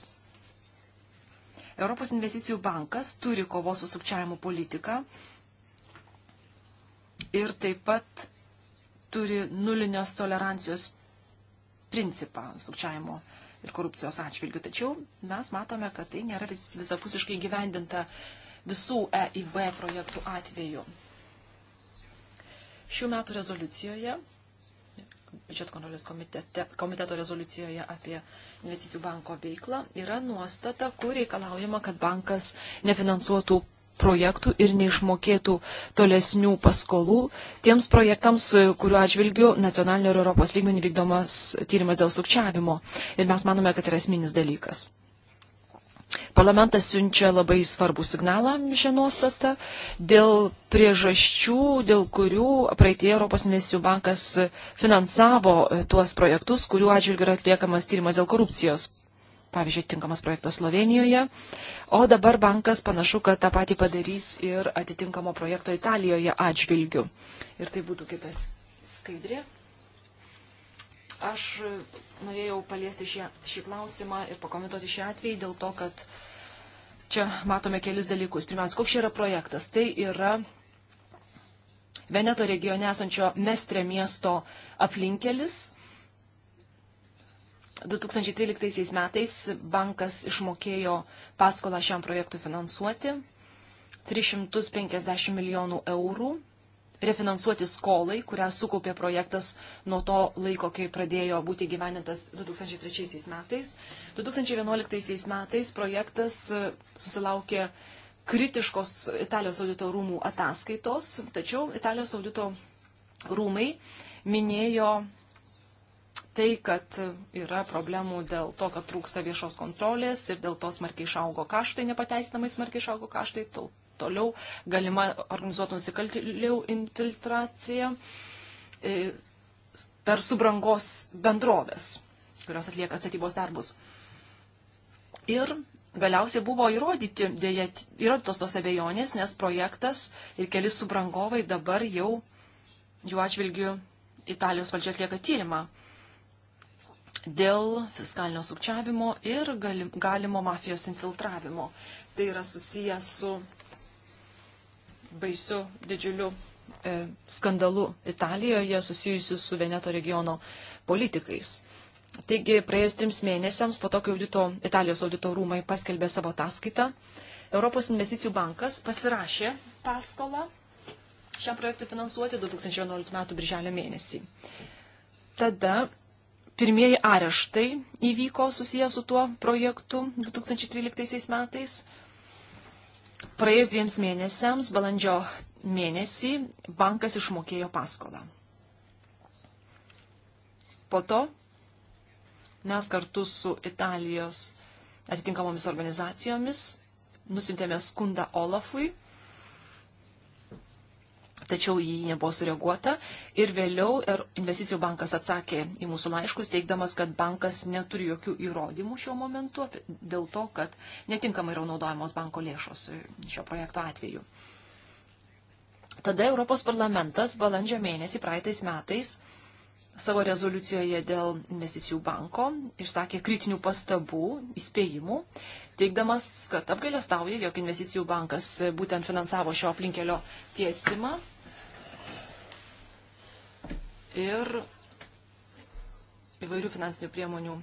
Europos investicijų bankas turi kovos su sukčiavimu politiką ir taip pat turi nulinios tolerancijos principą sukčiavimo ir korupcijos atžvilgių. Tačiau mes matome, kad tai nėra vis, visapusiškai gyvendinta visų EIB projektų atveju. Šių metų rezoliucijoje, biudžeto kontrolės komiteto rezoliucijoje apie investicijų banko veiklą, yra nuostata, kur reikalaujama, kad bankas nefinansuotų projektų ir neišmokėtų tolesnių paskolų tiems projektams, e, kuriuo atžvilgiu nacionalinio ir Europos lygmenį vykdomas tyrimas dėl sukčiavimo. Ir mes manome, kad yra esminis dalykas. Parlamentas siunčia labai svarbų signalą šią nuostatą dėl priežasčių, dėl kurių praeitie Europos investicijų bankas finansavo e, tuos projektus, kuriuo atžvilgiu yra atliekamas tyrimas dėl korupcijos pavyzdžiui, tinkamas projektas Slovenijoje, o dabar bankas panašu, kad tą patį padarys ir atitinkamo projekto Italijoje atžvilgiu. Ir tai būtų kitas skaidrė. Aš norėjau paliesti šį, šį klausimą ir pakomentuoti šį atvejį dėl to, kad čia matome kelis dalykus. Pirmiausia, koks čia yra projektas? Tai yra Veneto regione esančio Mestre miesto aplinkelis, 2013 metais bankas išmokėjo paskolą šiam projektui finansuoti 350 milijonų eurų, refinansuoti skolai, kurią sukaupė projektas nuo to laiko, kai pradėjo būti gyvenintas 2003 metais. 2011 metais projektas e, susilaukė kritiškos Italijos audito rūmų ataskaitos, tačiau Italijos audito rūmai minėjo tai, kad yra problemų dėl to, kad trūksta viešos kontrolės ir dėl to smarkiai išaugo kaštai, nepateisinamai smarkiai išaugo kaštai, tol, toliau galima organizuotų nusikaltėlių infiltracija e, per subrangos bendrovės, kurios atlieka statybos darbus. Ir galiausiai buvo įrodyti, dėja, įrodytos tos abejonės, nes projektas ir keli subrangovai dabar jau jų atžvilgių Italijos valdžia atlieka tyrimą dėl fiskalinio sukčiavimo ir galimo mafijos infiltravimo. Tai yra susijęs su baisiu didžiuliu e, skandalu Italijoje susijusiu su Veneto regiono politikais. Taigi praėjus trims mėnesiams po to, kai audito, Italijos audito rūmai paskelbė savo ataskaitą, Europos investicijų bankas pasirašė paskolą šiam projektui finansuoti 2011 m. birželio mėnesį. Tada pirmieji areštai įvyko susijęs su tuo projektu 2013 metais. Praėjus dviems mėnesiams, balandžio mėnesį, bankas išmokėjo paskolą. Po to mes kartu su Italijos atitinkamomis organizacijomis nusintėme skundą Olafui tačiau į jį nebuvo sureaguota. Ir vėliau er, investicijų bankas atsakė į mūsų laiškus, teikdamas, kad bankas neturi jokių įrodymų šiuo momentu dėl to, kad netinkamai yra naudojamos banko lėšos šio projekto atveju. Tada Europos parlamentas balandžio mėnesį praeitais metais savo rezoliucijoje dėl investicijų banko išsakė kritinių pastabų, įspėjimų teikdamas, kad apgailestauja, jog investicijų bankas būtent finansavo šio aplinkelio tiesimą. Ir įvairių finansinių priemonių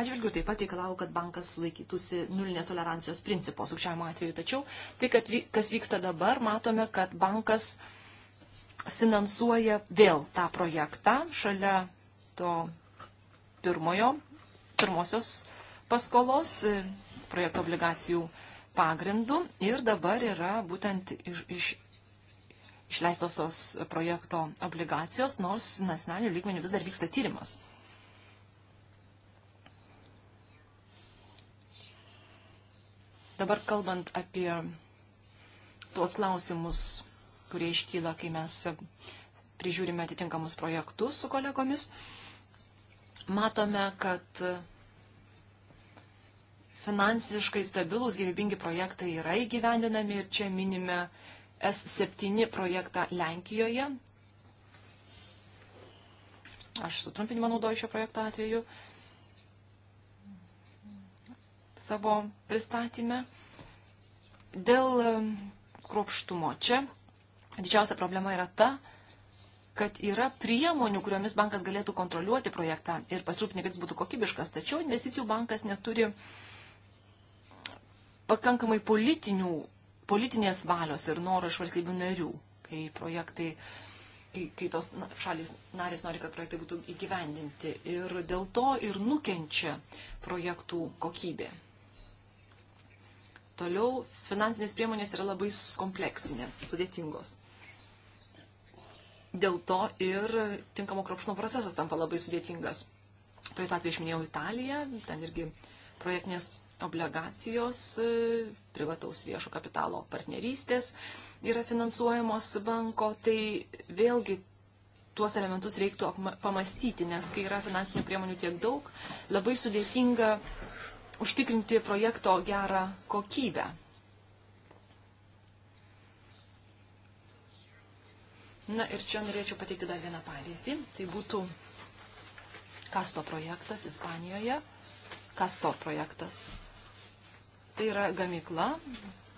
atžvilgių taip pat reikalavo, kad bankas laikytųsi nulinės tolerancijos principo sukčiavimo atveju. Tačiau tai, kad, kas vyksta dabar, matome, kad bankas finansuoja vėl tą projektą šalia to pirmojo, pirmosios paskolos projekto obligacijų pagrindų ir dabar yra būtent iš, iš, išleistos tos projekto obligacijos, nors nacionaliniu lygmeniu vis dar vyksta tyrimas. Dabar kalbant apie tuos klausimus, kurie iškyla, kai mes prižiūrime atitinkamus projektus su kolegomis, matome, kad finansiškai stabilūs gyvybingi projektai yra įgyvendinami ir čia minime S7 projektą Lenkijoje. Aš sutrumpinimą naudoju šio projekto atveju savo pristatymę. Dėl kruopštumo čia didžiausia problema yra ta, kad yra priemonių, kuriomis bankas galėtų kontroliuoti projektą ir pasirūpinti, kad jis būtų kokybiškas, tačiau investicijų bankas neturi uh, pakankamai politinių, politinės valios ir noro iš valstybių narių, kai projektai, kai tos šalis narės nori, kad projektai būtų įgyvendinti. Ir dėl to ir nukenčia projektų kokybė. Toliau finansinės priemonės yra labai kompleksinės, sudėtingos. Dėl to ir tinkamo kropšno procesas tampa labai sudėtingas. Praeitų atveju išminėjau Italiją, ten irgi projektinės obligacijos e, privataus viešo kapitalo partnerystės yra finansuojamos banko, tai vėlgi tuos elementus reiktų pamastyti, nes kai yra finansinių priemonių tiek daug, labai sudėtinga užtikrinti projekto gerą kokybę. Na ir čia norėčiau pateikti dar vieną pavyzdį. Tai būtų Kasto projektas Ispanijoje. Kasto projektas Tai yra gamykla,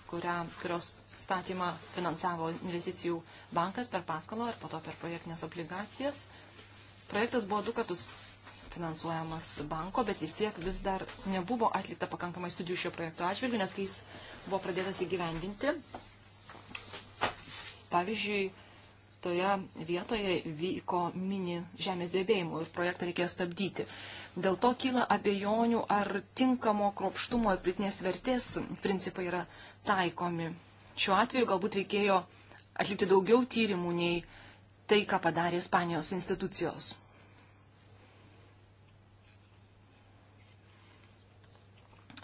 kurią, kurios statymą finansavo investicijų bankas per paskalą ir po to per projektinės obligacijas. Projektas buvo du kartus finansuojamas banko, bet vis tiek vis dar nebuvo atlikta pakankamai studijų šio projekto atžvilgiu, nes kai jis buvo pradėtas įgyvendinti, pavyzdžiui, toje vietoje vyko mini žemės drebėjimų ir projektą reikėjo stabdyti. Dėl to kyla abejonių, ar tinkamo kropštumo ir pritinės vertės principai yra taikomi. Šiuo atveju galbūt reikėjo atlikti daugiau tyrimų nei tai, ką padarė Ispanijos institucijos.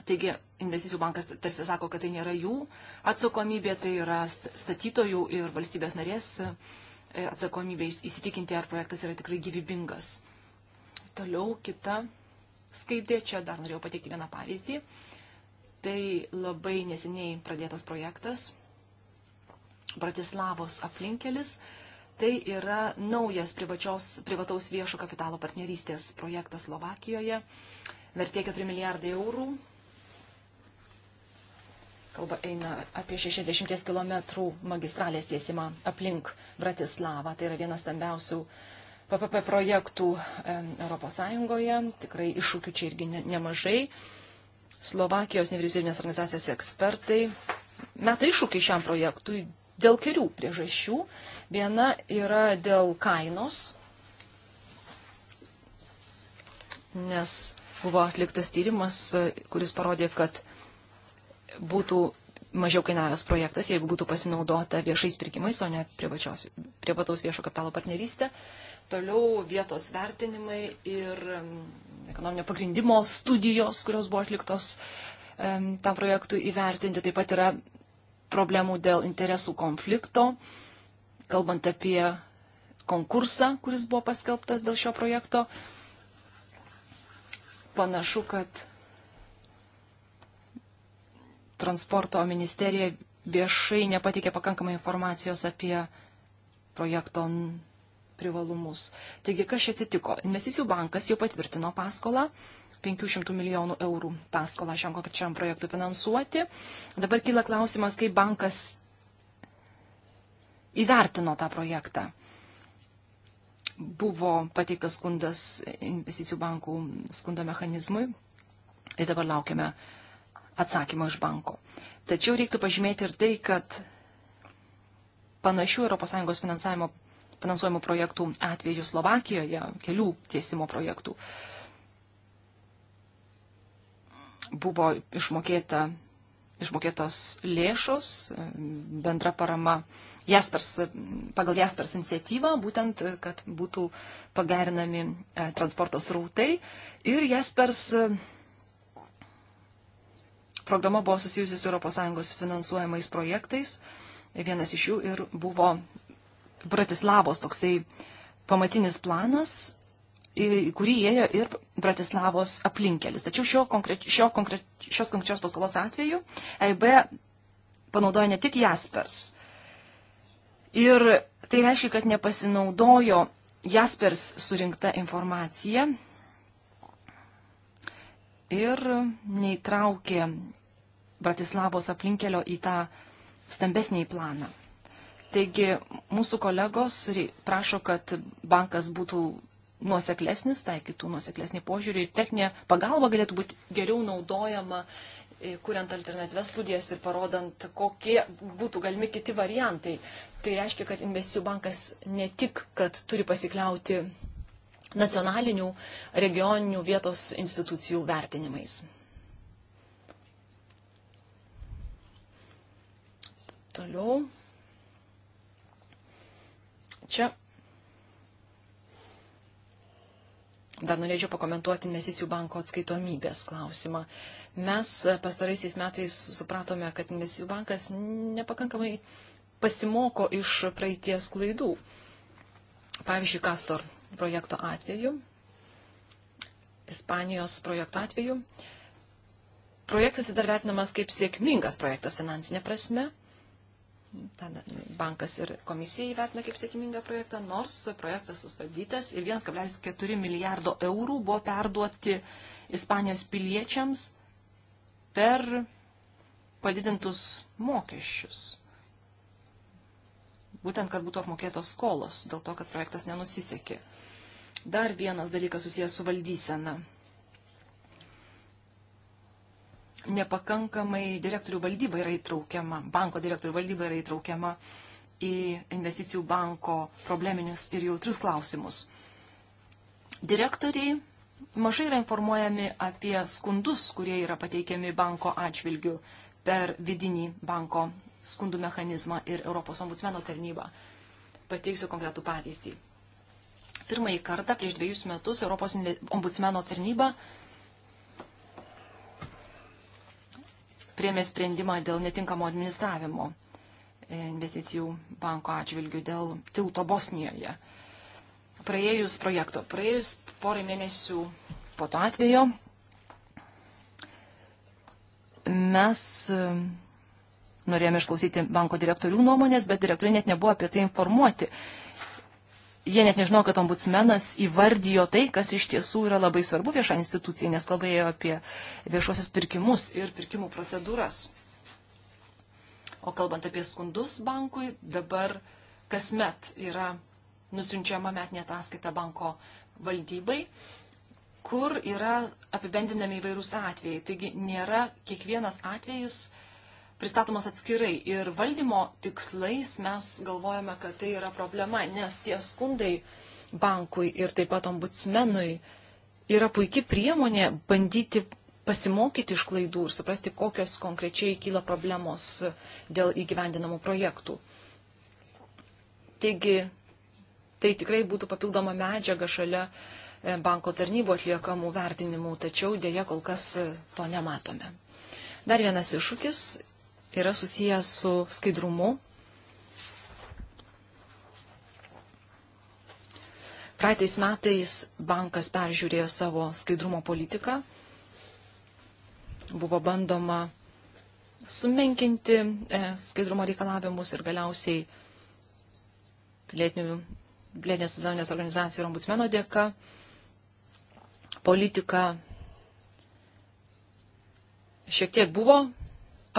Taigi, investicijų bankas tarsi sako, kad tai nėra jų atsakomybė, tai yra statytojų ir valstybės narės e, atsakomybė įsitikinti, ar projektas yra tikrai gyvybingas. Toliau kita skaidrė, čia dar norėjau pateikti vieną pavyzdį. Tai labai neseniai pradėtas projektas Bratislavos aplinkelis. Tai yra naujas privačios, privataus viešo kapitalo partnerystės projektas Slovakijoje, vertė 4 milijardai eurų, Kalba eina apie 60 km magistralės tiesimą aplink Bratislavą. Tai yra vienas stambiausių PPP projektų ES. Tikrai iššūkių čia irgi nemažai. Slovakijos nevyriausybinės organizacijos ekspertai meta iššūkį šiam projektui dėl kelių priežasčių. Viena yra dėl kainos, nes buvo atliktas tyrimas, kuris parodė, kad būtų mažiau kainavęs projektas, jeigu būtų pasinaudota viešais pirkimais, o ne privačios, privataus viešo kapitalo partnerystė. Toliau vietos vertinimai ir ekonominio pagrindimo studijos, kurios buvo atliktos um, tam projektui įvertinti. Taip pat yra problemų dėl interesų konflikto, kalbant apie konkursą, kuris buvo paskelbtas dėl šio projekto. Panašu, kad transporto ministerija viešai nepateikė pakankamai informacijos apie projekto privalumus. Taigi, kas čia atsitiko? Investicijų bankas jau patvirtino paskolą, 500 milijonų eurų paskolą šiam konkrečiam projektui finansuoti. Dabar kyla klausimas, kaip bankas įvertino tą projektą. Buvo pateiktas skundas investicijų bankų skundo mechanizmui ir dabar laukiame uh, atsakymo iš banko. Tačiau reiktų pažymėti ir tai, kad panašių ES finansavimo finansuojamų projektų atveju Slovakijoje, kelių tiesimo projektų, buvo išmokėta, išmokėtos lėšos, bendra parama Jaspers, pagal Jaspers iniciatyvą, būtent, kad būtų pagerinami e, transportos rautai. Ir Jaspers programa buvo susijusi su ES finansuojamais projektais. Vienas iš jų ir buvo Bratislavos toksai pamatinis planas, į kurį įėjo ir Bratislavos aplinkelis. Tačiau šio konkreč, šio konkreč, šios konkrečios paskolos atveju EIB panaudoja ne tik Jaspers. Ir tai reiškia, kad nepasinaudojo Jaspers surinkta informacija ir neįtraukė Bratislavos aplinkelio į tą stambesnį planą. Taigi mūsų kolegos prašo, kad bankas būtų nuoseklesnis, taikytų nuoseklesnį požiūrį ir techninė pagalba galėtų būti geriau naudojama, e, kuriant alternatyves studijas ir parodant, kokie būtų galimi kiti variantai. Tai reiškia, kad investicijų bankas ne tik, kad turi pasikliauti nacionalinių, regioninių vietos institucijų vertinimais. Toliau. Čia Dar norėčiau pakomentuoti investicijų banko atskaitomybės klausimą. Mes pastaraisiais metais supratome, kad investicijų bankas nepakankamai pasimoko iš praeities klaidų. Pavyzdžiui, Kastor projekto atveju, Ispanijos projekto atveju, projektas dar vertinamas kaip sėkmingas projektas finansinė prasme. Tada bankas ir komisija įvertina kaip sėkmingą projektą, nors projektas sustabdytas ir 1,4 milijardo eurų buvo perduoti Ispanijos piliečiams per padidintus mokesčius būtent, kad būtų apmokėtos skolos, dėl to, kad projektas nenusisekė. Dar vienas dalykas susijęs su valdysena. Nepakankamai direktorių valdyba yra įtraukiama, banko direktorių valdyba yra įtraukiama į investicijų banko probleminius ir jautrius klausimus. Direktoriai mažai yra informuojami apie skundus, kurie yra pateikiami banko atžvilgių per vidinį banko skundų mechanizmą ir Europos ombudsmeno tarnybą. Pateiksiu konkretų pavyzdį. Pirmąjį kartą prieš dviejus metus Europos ombudsmeno tarnyba priemė sprendimą dėl netinkamo administravimo e, investicijų banko atžvilgių dėl tilto Bosnijoje. Praėjus projekto, praėjus porai mėnesių po to atvejo, mes Norėjome išklausyti banko direktorių nuomonės, bet direktoriai net nebuvo apie tai informuoti. Jie net nežinojo, kad ombudsmenas įvardijo tai, kas iš tiesų yra labai svarbu viešą instituciją, nes kalbėjo apie viešuosius pirkimus ir pirkimų procedūras. O kalbant apie skundus bankui, dabar kasmet yra nusinčiama metinė ataskaita banko valdybai kur yra apibendinami įvairūs atvejai. Taigi nėra kiekvienas atvejis pristatomas atskirai. Ir valdymo tikslais mes galvojame, kad tai yra problema, nes tie skundai bankui ir taip pat ombudsmenui yra puikia priemonė bandyti pasimokyti iš klaidų ir suprasti, kokios konkrečiai kyla problemos dėl įgyvendinamų projektų. Taigi, tai tikrai būtų papildoma medžiaga šalia e, banko tarnybų atliekamų vertinimų, tačiau dėja kol kas e, to nematome. Dar vienas iššūkis yra susijęs su skaidrumu. Praeitais metais bankas peržiūrėjo savo skaidrumo politiką. Buvo bandoma sumenkinti e, skaidrumo reikalavimus ir galiausiai pilietinių Blėdinės visuomenės organizacijų ir ombudsmeno dėka politika šiek tiek buvo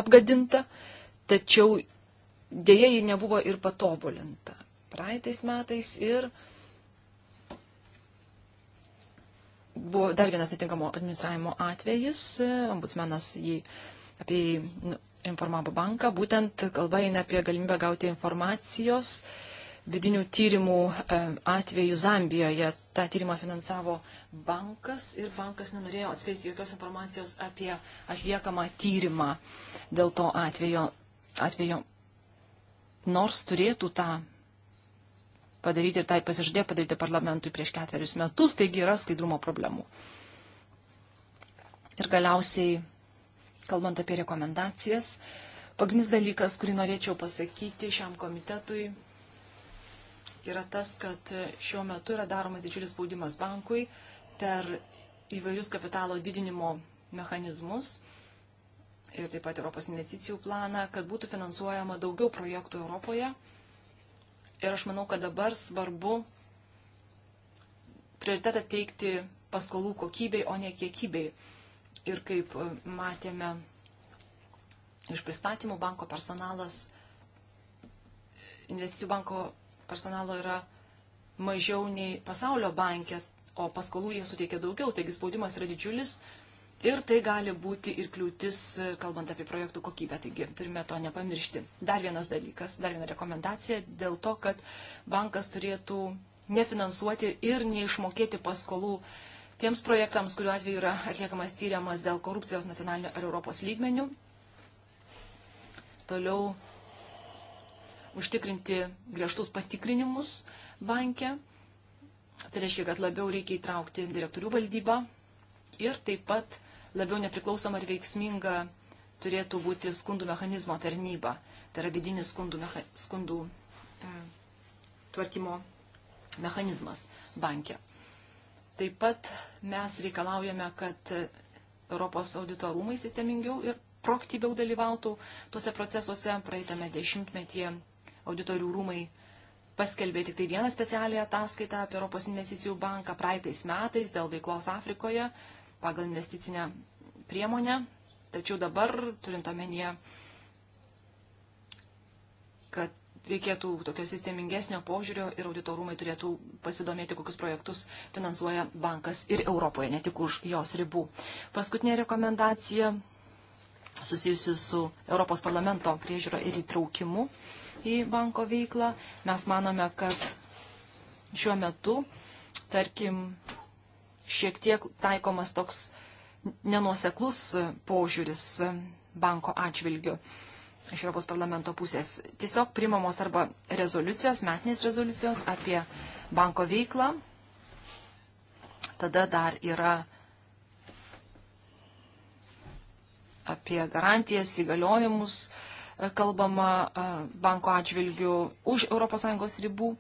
apgadinta, tačiau dėja ji nebuvo ir patobulinta praeitais metais ir buvo dar vienas netinkamo administravimo atvejis, ombudsmenas jį apie jį nu, informavo banką, būtent kalba eina apie galimybę gauti informacijos vidinių tyrimų e, atveju Zambijoje. Ta tyrimą finansavo bankas ir bankas nenorėjo atskleisti jokios informacijos apie atliekamą tyrimą dėl to atvejo, atvejo nors turėtų tą padaryti ir tai pasižadėjo padaryti parlamentui prieš ketverius metus, taigi yra skaidrumo problemų. Ir galiausiai, kalbant apie rekomendacijas, pagrindinis dalykas, kurį norėčiau pasakyti šiam komitetui yra tas, kad šiuo metu yra daromas didžiulis spaudimas bankui per įvairius kapitalo didinimo mechanizmus ir taip pat Europos investicijų planą, kad būtų finansuojama daugiau projektų Europoje. Ir aš manau, kad dabar svarbu prioritetą teikti paskolų kokybei, o ne kiekybei. Ir kaip matėme iš pristatymų, banko personalas, investicijų banko personalo yra mažiau nei pasaulio bankė, o paskolų jie suteikia daugiau, taigi spaudimas yra didžiulis ir tai gali būti ir kliūtis, kalbant apie projektų kokybę, taigi turime to nepamiršti. Dar vienas dalykas, dar viena rekomendacija dėl to, kad bankas turėtų nefinansuoti ir neišmokėti paskolų tiems projektams, kuriuo atveju yra atliekamas tyriamas dėl korupcijos nacionalinio ar Europos lygmenių. Toliau užtikrinti griežtus patikrinimus banke. Tai reiškia, kad labiau reikia įtraukti direktorių valdybą ir taip pat labiau nepriklausoma ir veiksminga turėtų būti skundų mechanizmo tarnyba. Tai yra vidinis skundų, mecha, skundų e, tvarkymo mechanizmas banke. Taip pat mes reikalaujame, kad Europos audito rūmai sistemingiau ir proaktyviau dalyvautų tuose procesuose. Praeitame dešimtmetyje auditorių rūmai paskelbė tik tai vieną specialią ataskaitą apie Europos investicijų banką praeitais metais dėl veiklos Afrikoje pagal investicinę priemonę. Tačiau dabar, turint omenyje, kad reikėtų tokio sistemingesnio požiūrio ir auditorumai turėtų pasidomėti, kokius projektus finansuoja bankas ir Europoje, ne tik už jos ribų. Paskutinė rekomendacija susijusi su Europos parlamento priežiūro ir įtraukimu. Uh, į banko veiklą. Mes manome, kad šiuo metu, tarkim, šiek tiek taikomas toks nenuoseklus požiūris banko atžvilgiu iš Europos parlamento pusės. Tiesiog primamos arba rezoliucijos, metinės rezoliucijos apie banko veiklą. Tada dar yra apie garantijas, įgaliojimus, uh, kalbama banko atžvilgių už ES ribų.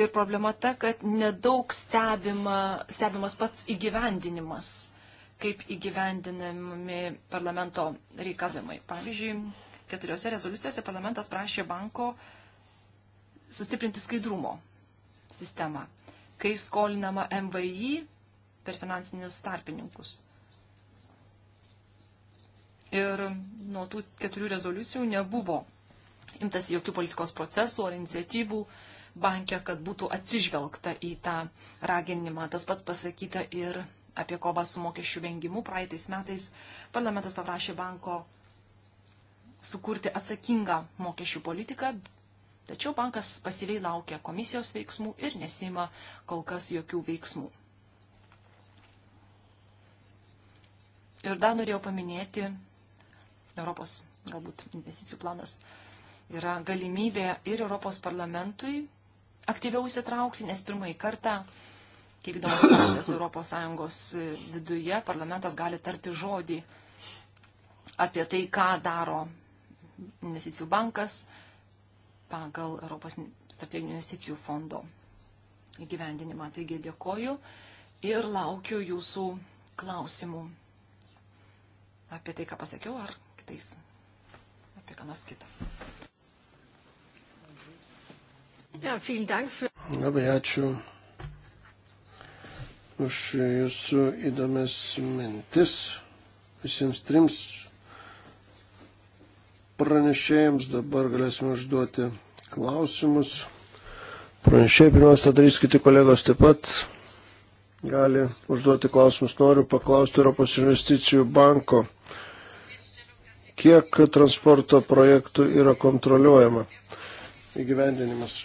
Ir problema ta, kad nedaug stebima, stebimas pats įgyvendinimas, kaip įgyvendinami parlamento reikalavimai. Pavyzdžiui, keturiose rezoliucijose parlamentas prašė banko sustiprinti skaidrumo sistemą, kai skolinama MVI per finansinius tarpininkus ir nuo tų keturių rezoliucijų nebuvo imtas jokių politikos procesų ar iniciatyvų bankę, kad būtų atsižvelgta į tą raginimą. Tas pats pasakyta ir apie kovą su mokesčių vengimu. Praeitais metais parlamentas paprašė banko sukurti atsakingą mokesčių politiką, tačiau bankas pasyviai laukia komisijos veiksmų ir nesima kol kas jokių veiksmų. Ir dar norėjau paminėti Europos galbūt investicijų planas yra galimybė ir Europos parlamentui aktyviau įsitraukti, nes pirmąjį kartą, kaip įdomus situacijos Europos Sąjungos e, viduje, parlamentas gali tarti žodį apie tai, ką daro investicijų bankas pagal Europos strateginių investicijų fondo įgyvendinimą. Taigi dėkoju ir laukiu jūsų klausimų apie tai, ką pasakiau, ar kartais apie ką nors kitą. Ja, für... Labai ačiū už jūsų įdomias mintis visiems trims pranešėjams. Dabar galėsime užduoti klausimus. Pranešėjai pirmiausia, darys kiti kolegos taip pat. Gali užduoti klausimus. Noriu paklausti Europos investicijų banko kiek transporto projektų yra kontroliuojama įgyvendinimas.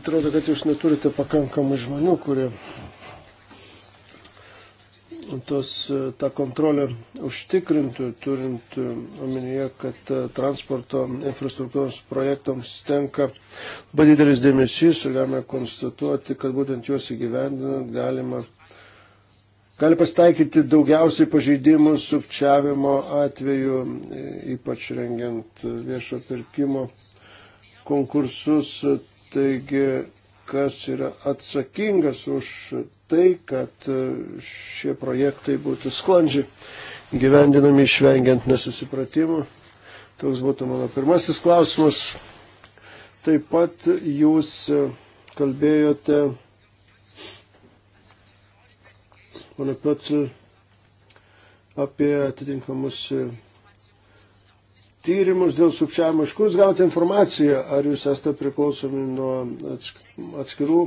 Atrodo, kad jūs neturite pakankamai žmonių, kurie tos, e, tą kontrolę užtikrintų, turint omenyje, kad e, transporto infrastruktūros projektams tenka labai didelis dėmesys ir galime konstatuoti, kad būtent juos įgyvendinant galima Gali pasitaikyti daugiausiai pažeidimų sukčiavimo atveju, ypač rengiant viešo pirkimo konkursus. Taigi, kas yra atsakingas už tai, kad šie projektai būtų sklandžiai gyvendinami, išvengiant nesusipratimų. Toks būtų mano pirmasis klausimas. Taip pat jūs kalbėjote o ne pat e, apie atitinkamus e, tyrimus dėl sukčiavimo. Iš kur jūs gavote informaciją, ar jūs esate priklausomi nuo atskirų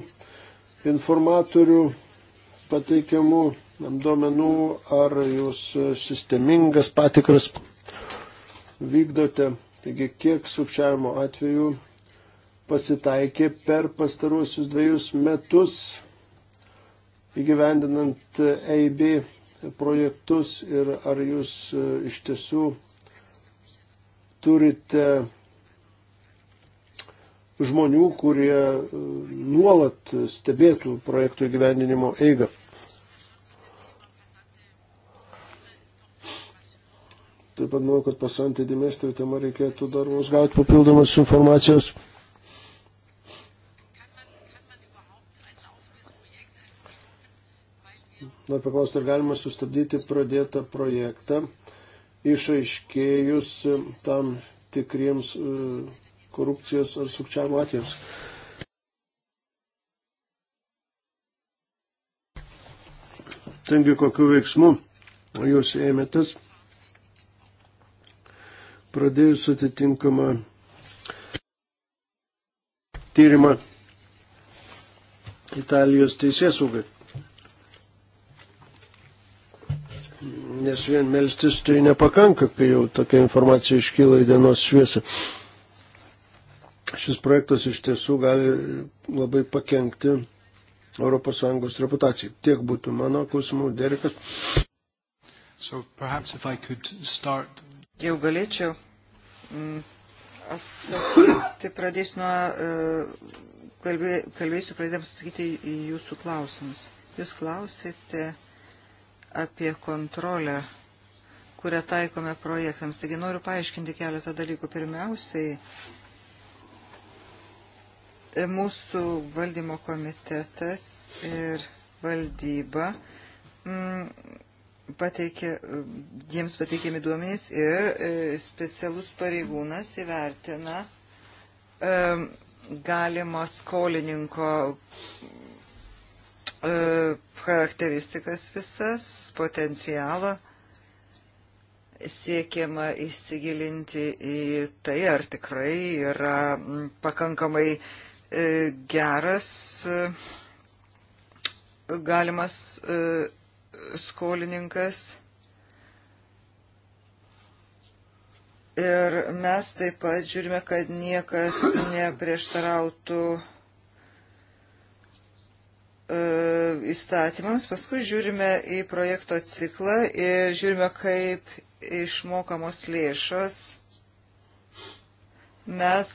informatorių pateikiamų duomenų, ar jūs e, sistemingas patikras vykdote. Taigi, kiek sukčiavimo atvejų pasitaikė per pastaruosius dviejus metus įgyvendinant EIB projektus ir ar jūs e, iš tiesų turite žmonių, kurie e, nuolat stebėtų projektų įgyvendinimo eigą. Taip pat manau, kad pasantį dimestrijų temą reikėtų dar mums gauti papildomas informacijos. Noriu paklausti, ar galima sustabdyti pradėtą projektą, išaiškėjus e, tam tikriems e, korupcijos ar sukčiavimo atvejams. Taigi, kokiu veiksmu jūs ėmėtės, pradėjus atitinkamą tyrimą Italijos teisės saugai. nes vien melstis tai nepakanka, kai jau tokia informacija iškyla į dienos šviesą. Šis projektas iš tiesų gali labai pakengti ES reputacijai. Tiek būtų mano klausimų, Derikas. So start... Jau galėčiau mm, atsakyti, pradėsiu nuo, e, kalbė, kalbėsiu pradėdams atsakyti į jūsų klausimus. Jūs klausėte apie kontrolę, kurią taikome projektams. Taigi noriu paaiškinti keletą dalykų. Pirmiausiai, mūsų valdymo komitetas ir valdyba mm, pateikė, jiems pateikėmi duomenys ir e, specialus pareigūnas įvertina e, galima skolininko E, charakteristikas visas, potencialą. Siekiama įsigilinti į tai, ar tikrai yra pakankamai e, geras e, galimas skolininkas. Ir mes taip pat žiūrime, kad niekas neprieštarautų E, įstatymams, paskui žiūrime į projekto ciklą ir žiūrime, kaip išmokamos lėšos. Mes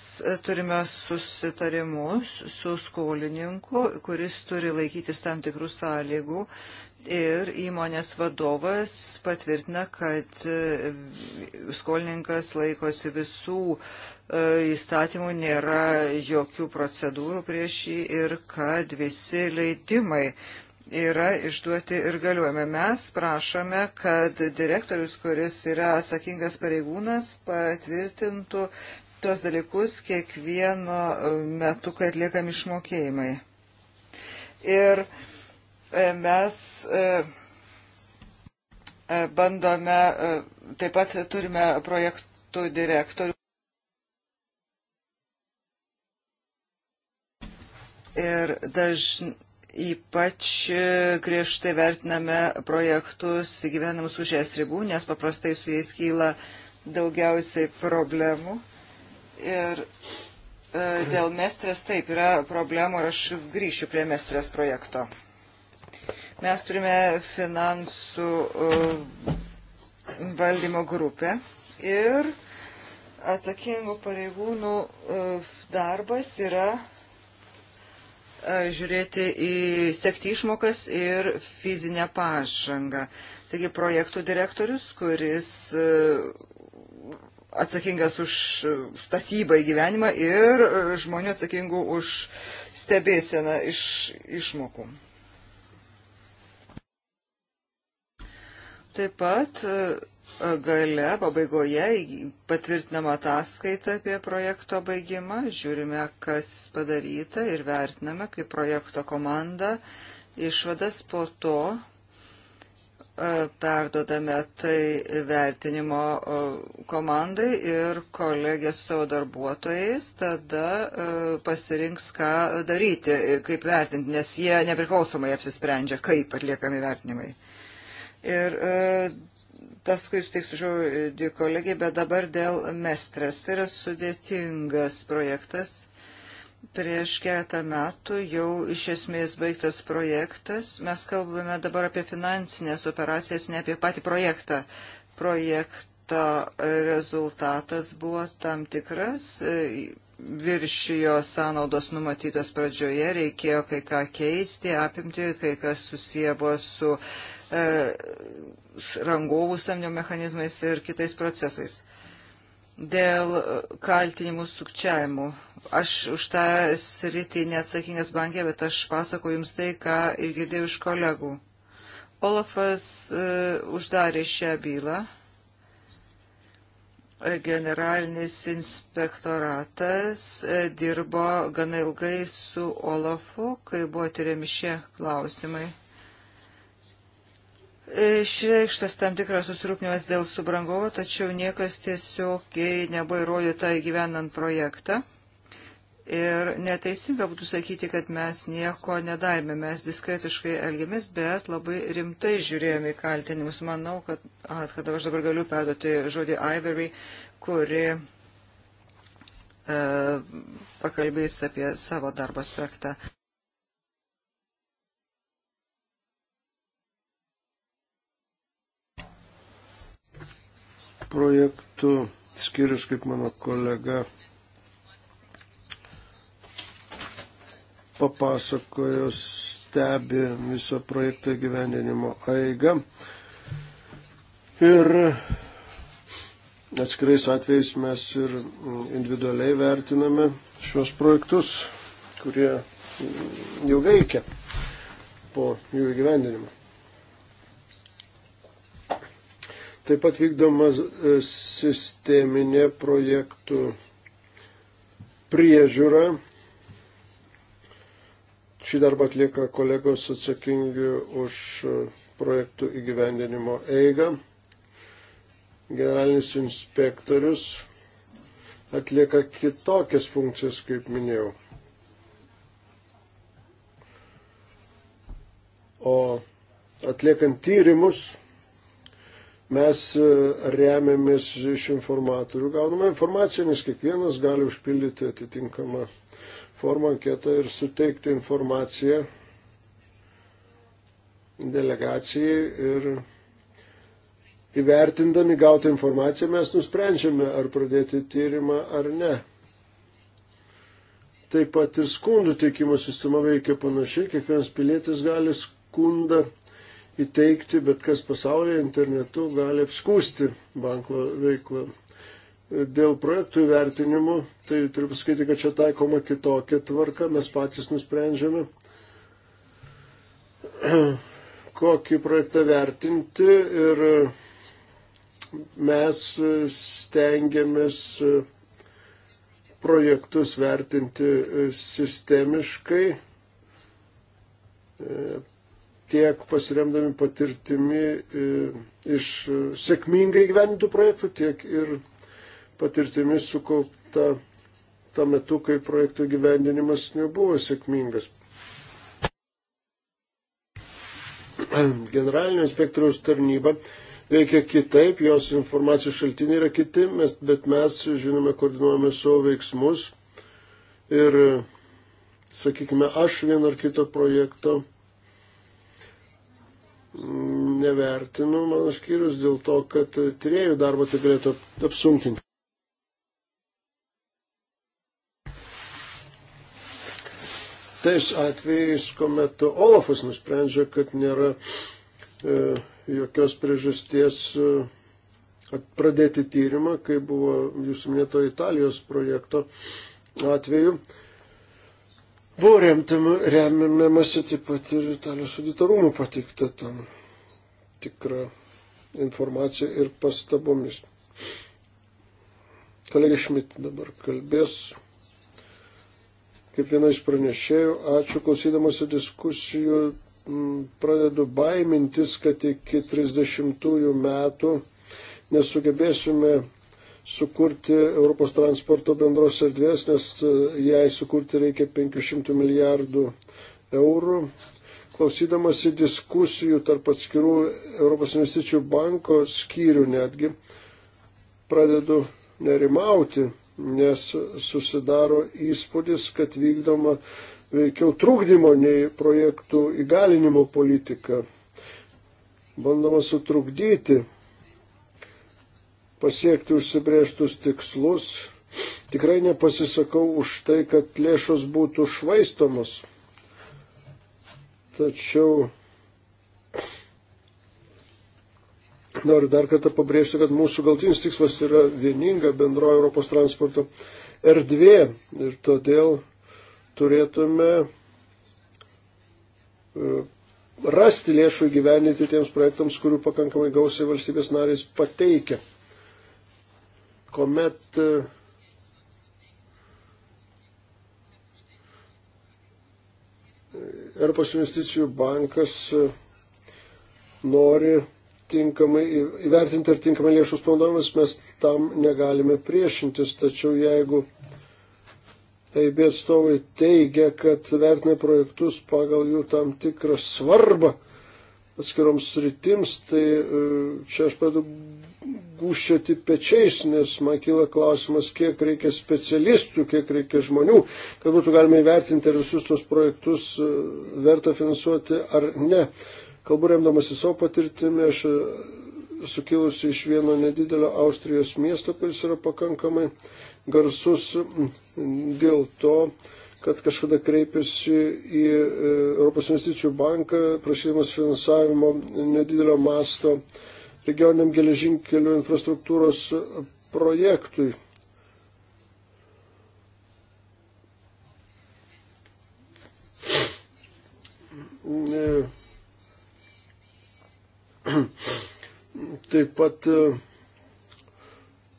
turime susitarimus su skolininku, kuris turi laikytis tam tikrų sąlygų, ir įmonės vadovas patvirtina, kad e, skolininkas laikosi visų e, įstatymų, nėra jokių procedūrų prieš jį ir kad visi leidimai yra išduoti ir galiuojame. Mes prašome, kad direktorius, kuris yra atsakingas pareigūnas, patvirtintų tuos dalykus kiekvieno metu, kai atliekam išmokėjimai. Ir uh, E, mes e, e, bandome, taip pat turime projektų direktorių. Ir dažnai ypač griežtai vertiname projektus gyvenamus už jas ribų, nes paprastai su jais kyla daugiausiai problemų. Ir dėl mestrės taip yra problemų ir aš grįšiu prie mestrės projekto. Mes turime finansų uh, valdymo grupę ir atsakingų pareigūnų uh, darbas yra uh, žiūrėti į sekti išmokas ir fizinę pažangą. Taigi projektų direktorius, kuris atsakingas už statybą į gyvenimą ir žmonių atsakingų už stebėseną iš išmokų. Taip pat e, gale, pabaigoje patvirtinama ataskaita apie projekto baigimą, žiūrime, kas padaryta ir vertiname, kaip projekto komanda išvadas po to e, perdodame tai vertinimo e, komandai ir kolegė su savo darbuotojais tada pasirinks, ką daryti, kaip vertinti, nes jie nepriklausomai apsisprendžia, kaip atliekami vertinimai. Ir e, paskui suteiksiu žodį kolegiai, bet dabar dėl mestres. Tai yra sudėtingas projektas. Prieš keletą metų jau iš esmės baigtas projektas. Mes kalbame dabar apie finansinės operacijas, ne apie patį projektą. Projekto rezultatas buvo tam tikras, e, viršijo sąnaudos numatytas pradžioje, reikėjo kai ką keisti, apimti, kai kas susiję buvo su E, rangovų samnio mechanizmais ir kitais procesais. Dėl kaltinimų sukčiavimų. Aš už tą sritį neatsakingas bankė, bet aš pasakoju jums tai, ką ir girdėjau iš kolegų. Olafas uh, uždarė šią bylą generalinis inspektoratas e, dirbo gana ilgai su Olafu, kai buvo tyriami šie klausimai. Išreikštas tam tikras susirūpinimas dėl subrangovo, tačiau niekas tiesiog nebuvo įrodyta įgyvenant projektą. Ir neteisinga būtų sakyti, kad mes nieko nedarėme, mes diskretiškai elgėmės, bet labai rimtai žiūrėjome į kaltinimus. Manau, kad, at, kad aš dabar galiu perduoti žodį Ivory, kuri e, pakalbės apie savo darbo aspektą. projektų, skirius kaip mano kolega papasakojo, stebi viso projekto gyvendinimo eigą. Ir atskirais atvejais mes ir individualiai vertiname šios projektus, kurie jau veikia po jų įgyvendinimo. Taip pat vykdoma e, sisteminė projektų priežiūra. Šį darbą atlieka kolegos atsakingi už e, projektų įgyvendinimo eigą. Generalinis inspektorius atlieka kitokias funkcijas, kaip minėjau. O atliekant tyrimus, mes e, remiamės iš informatorių, gauname informaciją, nes kiekvienas gali užpildyti atitinkamą formą anketą ir suteikti informaciją delegacijai ir įvertindami gautą informaciją mes nusprendžiame, ar pradėti tyrimą ar ne. Taip pat ir skundų teikimo sistema veikia panašiai, kiekvienas pilietis gali skundą įteikti, bet kas pasaulyje internetu gali apskūsti banko veiklą. Dėl projektų įvertinimų, tai turiu pasakyti, kad čia taikoma kitokia tvarka, mes patys nusprendžiame, kokį projektą vertinti ir mes stengiamės projektus vertinti sistemiškai, tiek pasiremdami patirtimi e, iš sėkmingai gyvenintų projektų, tiek ir patirtimi sukaupta tuo metu, kai projektų gyvendinimas nebuvo sėkmingas. Generalinio inspektoriaus tarnyba veikia kitaip, jos informacijos šaltiniai yra kiti, mes, bet mes, žinome, koordinuojame savo veiksmus ir, sakykime, aš vieno ar kito projekto nevertinu mano skyrius dėl to, kad tyriejų darbo tai galėtų apsunkinti. Tais atvejais, kuomet Olafas nusprendžia, kad nėra e, jokios priežasties e, pradėti tyrimą, kai buvo jūsų minėto Italijos projekto atveju, e, Buvo remiamasi taip pat ir Italijos auditorumų patikta tam tikra informacija ir pastabomis. Kolegė Šmit dabar kalbės kaip viena iš pranešėjų. Ačiū klausydamasi diskusijų. Pradedu baimintis, kad iki 30 metų nesugebėsime sukurti Europos transporto bendros erdvės, nes e, jai sukurti reikia 500 milijardų eurų. Klausydamasi diskusijų tarp atskirų Europos investicijų banko skyrių netgi, pradedu nerimauti, nes susidaro įspūdis, kad vykdoma veikiau trukdymo nei projektų įgalinimo politika. Bandoma sutrukdyti pasiekti užsibrėžtus tikslus. Tikrai nepasisakau už tai, kad lėšos būtų švaistomos. Tačiau noriu dar kartą pabrėžti, kad mūsų galtinis tikslas yra vieninga bendroja Europos transporto erdvė ir todėl turėtume e, rasti lėšų įgyveninti tiems projektams, kurių pakankamai gausiai valstybės narės pateikia kuomet e, Europos investicijų bankas e, nori tinkamai įvertinti ar tinkamai lėšų panaudojimas, mes tam negalime priešintis, tačiau jeigu EIB atstovai teigia, kad vertina projektus pagal jų tam tikrą svarbą atskiroms sritims, tai e, čia aš pradedu gūščioti pečiais, nes man kyla klausimas, kiek reikia specialistų, kiek reikia žmonių, kad būtų galima įvertinti, ar visus tos projektus e, verta finansuoti ar ne. Kalbu remdamasi savo patirtimi, aš esu kilusi iš vieno nedidelio Austrijos miesto, kuris yra pakankamai garsus dėl to, kad kažkada kreipėsi į e, Europos investicijų banką prašydamas finansavimo nedidelio masto regioniniam geležinkelių infrastruktūros projektui. Taip pat e,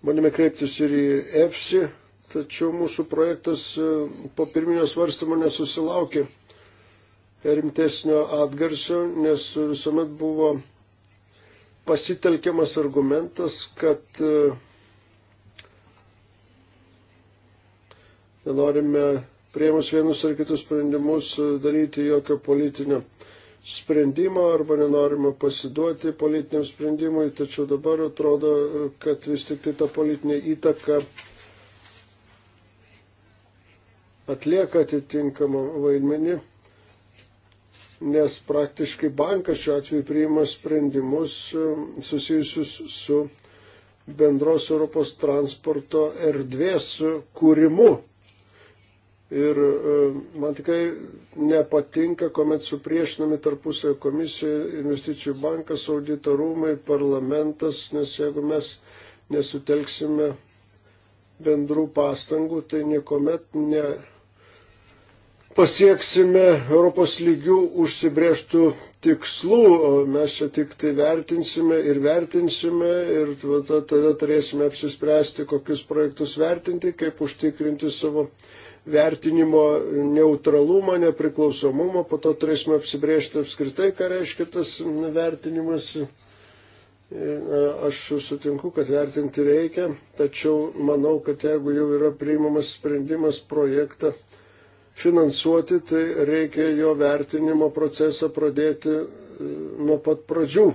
bandėme kreiptis ir į EFSI, tačiau mūsų projektas e, po pirminio svarstymo nesusilaukė rimtesnio atgarsio, nes visuomet buvo pasitelkiamas argumentas, kad e, nenorime prieimus vienus ar kitus sprendimus e, daryti jokio politinio sprendimo arba nenorime pasiduoti politiniam sprendimui, tačiau dabar atrodo, e, kad vis tik tai ta politinė įtaka atlieka atitinkamą vaidmenį nes praktiškai bankas šiuo atveju priima sprendimus um, susijusius su bendros Europos transporto erdvės kūrimu. Ir um, man tikrai nepatinka, kuomet supriešinami tarpusavio komisija, investicijų bankas, auditorumai, parlamentas, nes jeigu mes nesutelksime bendrų pastangų, tai niekuomet ne pasieksime Europos lygių užsibrieštų tikslų, mes čia tik tai vertinsime ir vertinsime ir tada turėsime apsispręsti, kokius projektus vertinti, kaip užtikrinti savo vertinimo neutralumą, nepriklausomumą, po to turėsime apsibriežti apskritai, ką reiškia tas vertinimas. Aš sutinku, kad vertinti reikia, tačiau manau, kad jeigu jau yra priimamas sprendimas projektą, finansuoti, tai reikia jo vertinimo procesą pradėti e, nuo pat pradžių,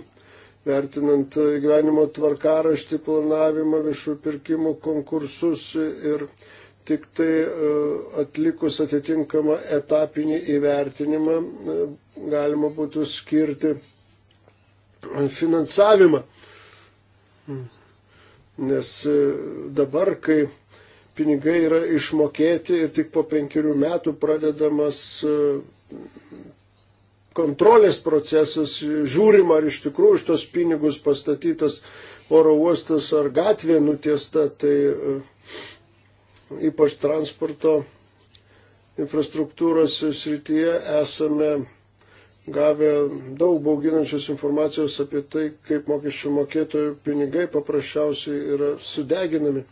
vertinant gyvenimo tvarkaraštį, planavimą, viešų pirkimų konkursus ir tik tai e, atlikus atitinkamą etapinį įvertinimą e, galima būtų skirti finansavimą. Nes dabar, kai pinigai yra išmokėti ir tik po penkerių metų pradedamas e, kontrolės procesas, žiūrima ar iš tikrųjų už tos pinigus pastatytas oro uostas ar gatvė nutiesta, tai e, ypač transporto infrastruktūros srityje esame gavę daug bauginančios informacijos apie tai, kaip mokesčių mokėtojų pinigai paprasčiausiai yra sudeginami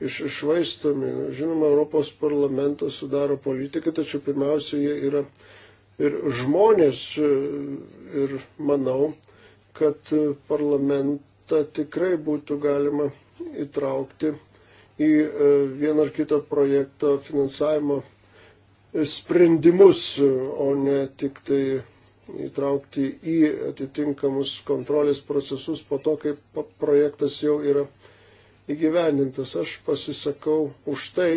iš, išvaistomi. Žinoma, Europos parlamentas sudaro politiką, tačiau pirmiausia, jie yra ir žmonės. Ir manau, kad parlamentą tikrai būtų galima įtraukti į e, vieną ar kitą projekto finansavimo sprendimus, o ne tik tai įtraukti į atitinkamus kontrolės procesus po to, kai projektas jau yra įgyvendintas. Aš pasisakau už tai,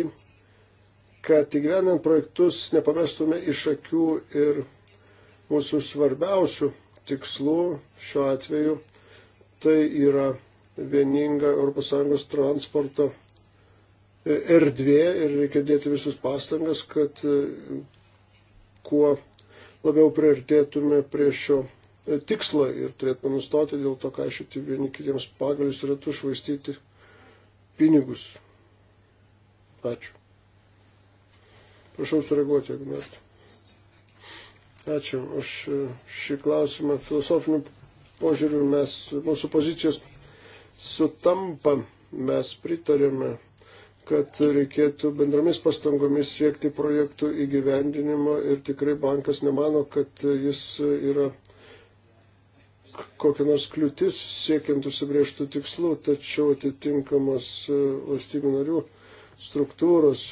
kad įgyvendinant projektus nepamestume iš akių ir mūsų svarbiausių tikslų šiuo atveju. Tai yra vieninga ES transporto e, erdvė ir reikia dėti visus pastangas, kad e, kuo labiau priartėtume prie šio e, tikslo ir turėtume nustoti dėl to, ką šitie vieni kitiems pagalius turėtų švaistyti pinigus. Ačiū. Prašau sureaguoti, jeigu norite. Ačiū už e, šį klausimą. Filosofiniu požiūriu mes, mūsų pozicijos sutampa, mes pritarėme, kad reikėtų bendromis pastangomis siekti projektų įgyvendinimo ir tikrai bankas nemano, kad jis yra kokia nors kliūtis siekiant užsibrieštų tikslų, tačiau atitinkamos e, valstybių narių struktūros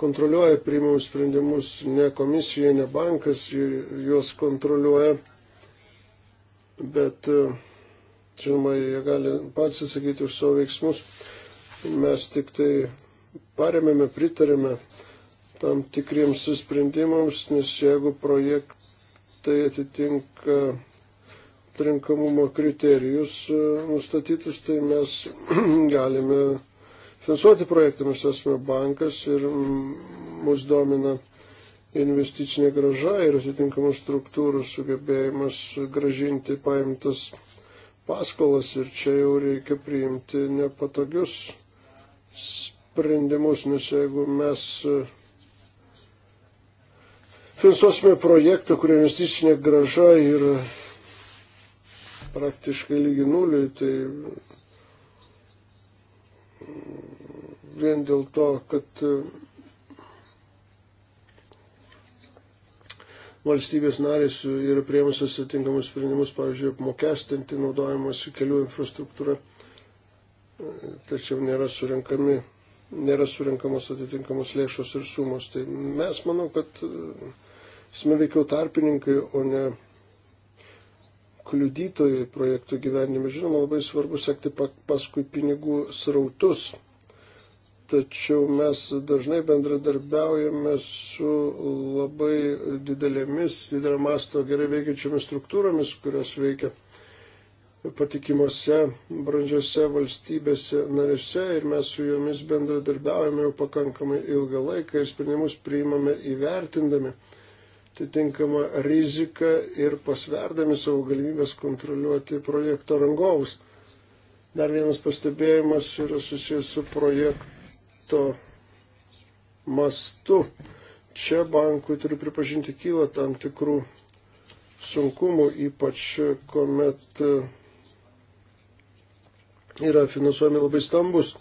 kontroliuoja priimamus sprendimus ne komisija, ne bankas, juos kontroliuoja, bet e, žinoma, jie gali pats atsakyti už savo veiksmus. Mes tik tai paremėme, pritarėme tam tikriems sprendimams, nes jeigu projektai atitinka atrinkamumo kriterijus e, nustatytus, tai mes galime finansuoti projektą, mes esame bankas ir mus domina investicinė graža ir atitinkamos struktūros sugebėjimas gražinti paimtas paskolas ir čia jau reikia priimti nepatogius sprendimus, nes jeigu mes Finansuosime projektą, kurio investicinė graža yra praktiškai lygi nuliui, tai vien dėl to, kad e, valstybės narės yra priemusios atitinkamus sprendimus, pavyzdžiui, apmokestinti naudojimas kelių infrastruktūrą, e, tačiau nėra surinkami, nėra surinkamos atitinkamos lėšos ir sumos. Tai mes manau, kad e, esame veikiau tarpininkai, o ne kliudytojai projektų gyvenime. Žinoma, labai svarbu sekti paskui pinigų srautus, tačiau mes dažnai bendradarbiaujame su labai didelėmis, didelio masto gerai veikiančiomis struktūromis, kurios veikia patikimose, brandžiose valstybėse narėse ir mes su jomis bendradarbiaujame jau pakankamai ilgą laiką ir sprendimus priimame įvertindami atitinkamą riziką ir pasverdami savo galimybės kontroliuoti projekto rangovus. Dar vienas pastebėjimas yra susijęs su projekto mastu. Čia bankui turiu pripažinti kyla tam tikrų sunkumų, ypač kuomet yra finansuojami labai stambus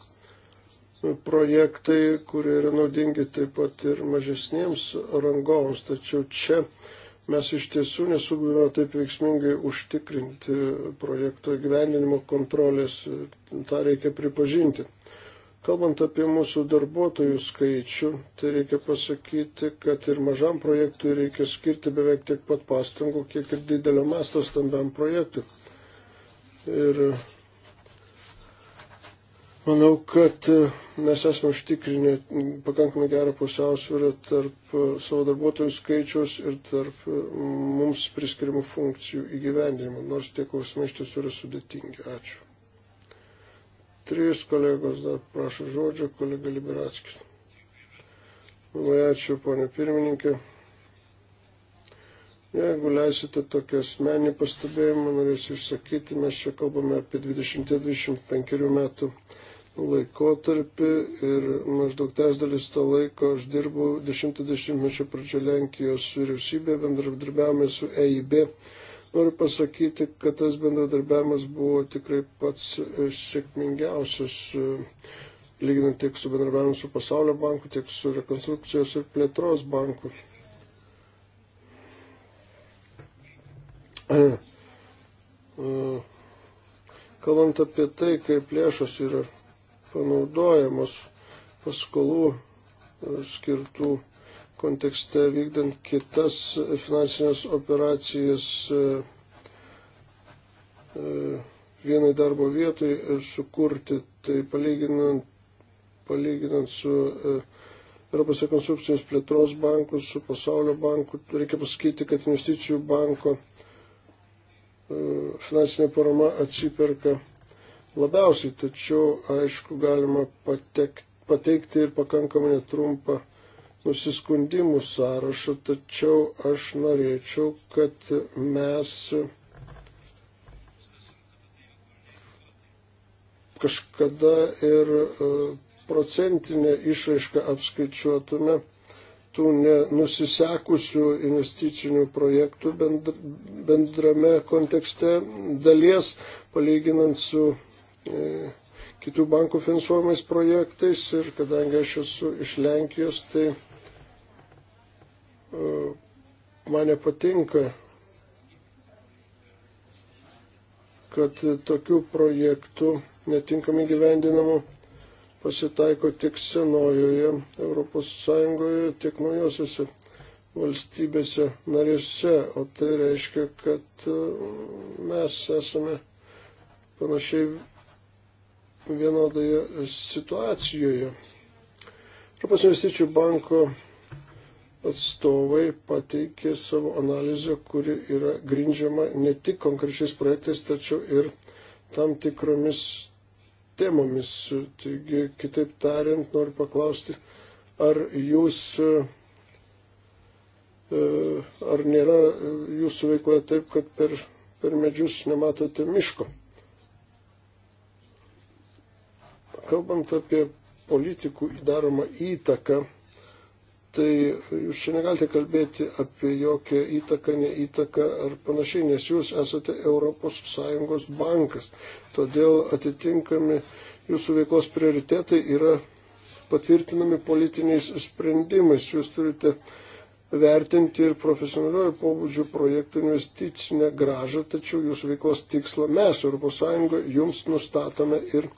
projektai, kurie yra naudingi taip pat ir mažesniems rangovams. Tačiau čia mes iš tiesų nesugebėjome taip veiksmingai užtikrinti projekto gyvendinimo kontrolės. Ta reikia pripažinti. Kalbant apie mūsų darbuotojų skaičių, tai reikia pasakyti, kad ir mažam projektui reikia skirti beveik tiek pat pastangų, kiek ir didelio masto stambiam projektui. Ir Manau, kad e, mes esame užtikrinę pakankamai gerą pusiausvyrą tarp e, savo darbuotojų skaičiaus ir tarp e, mums priskirimų funkcijų įgyvendinimo, nors tie klausimai iš tiesų yra sudėtingi. Ačiū. Trys kolegos dar prašo žodžio, kolega Liberatskis. Labai ačiū, ponė pirmininkė. Jeigu leisite tokią asmenį pastebėjimą, norėsiu išsakyti, mes čia kalbame apie 20-25 metų laikotarpį ir maždaug trečdalis to laiko aš dirbau 10-mečio pradžio Lenkijos vyriausybė, bendradarbiavome su EIB. Noriu pasakyti, kad tas bendradarbiavimas buvo tikrai pats e, sėkmingiausias, e, lyginant tiek su bendradarbiavimu su pasaulio banku, tiek su rekonstrukcijos ir plėtros banku. E, kalbant apie tai, kaip lėšos yra panaudojamos paskolų e, skirtų kontekste vykdant kitas finansinės operacijas e, e, vienai darbo vietai sukurti. Tai palyginant, palyginant su Europos rekonstrukcijos plėtros banku, su pasaulio banku, reikia pasakyti, kad investicijų banko finansinė parama atsiperka labiausiai, tačiau aišku galima patek, pateikti ir pakankamai trumpą nusiskundimų sąrašą, tačiau aš norėčiau, kad mes kažkada ir e, procentinę išraišką apskaičiuotume tų nenusisekusių investicinių projektų bendrame kontekste dalies, palyginant su E, kitų bankų finansuojamais projektais ir kadangi aš esu iš Lenkijos, tai e, man nepatinka, kad tokių projektų netinkamai gyvendinamų pasitaiko tik senojoje ES, tiek naujosiuose valstybėse narėse, o tai reiškia, kad e, mes esame panašiai vienodoje situacijoje. Europos investicijų banko atstovai pateikė savo analizę, kuri yra grindžiama ne tik konkrečiais projektais, tačiau ir tam tikromis temomis. Taigi, kitaip tariant, noriu paklausti, ar jūs, e, ar nėra jūsų veikla taip, kad per, per medžius nematote miško? Kalbant apie politikų įdaromą įtaką, tai jūs čia negalite kalbėti apie jokią įtaką, neįtaką ar panašiai, nes jūs esate ES bankas. Todėl atitinkami jūsų veiklos prioritetai yra patvirtinami politiniais sprendimais. Jūs turite vertinti ir profesionaliojo pobūdžio projektų investicinę gražą, tačiau jūsų veiklos tikslą mes, ES, jums nustatome ir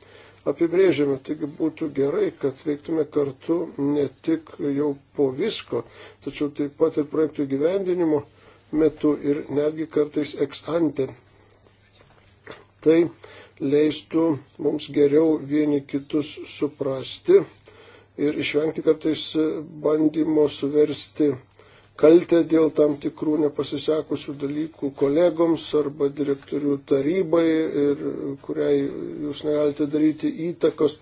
apibrėžiami. Taigi būtų gerai, kad veiktume kartu ne tik jau po visko, tačiau taip pat ir projektų gyvendinimo metu ir netgi kartais ex ante. Tai leistų mums geriau vieni kitus suprasti ir išvengti kartais bandymo suversti kaltę dėl tam tikrų nepasisekusių dalykų kolegoms arba direktorių tarybai, ir, kuriai jūs negalite daryti įtakos,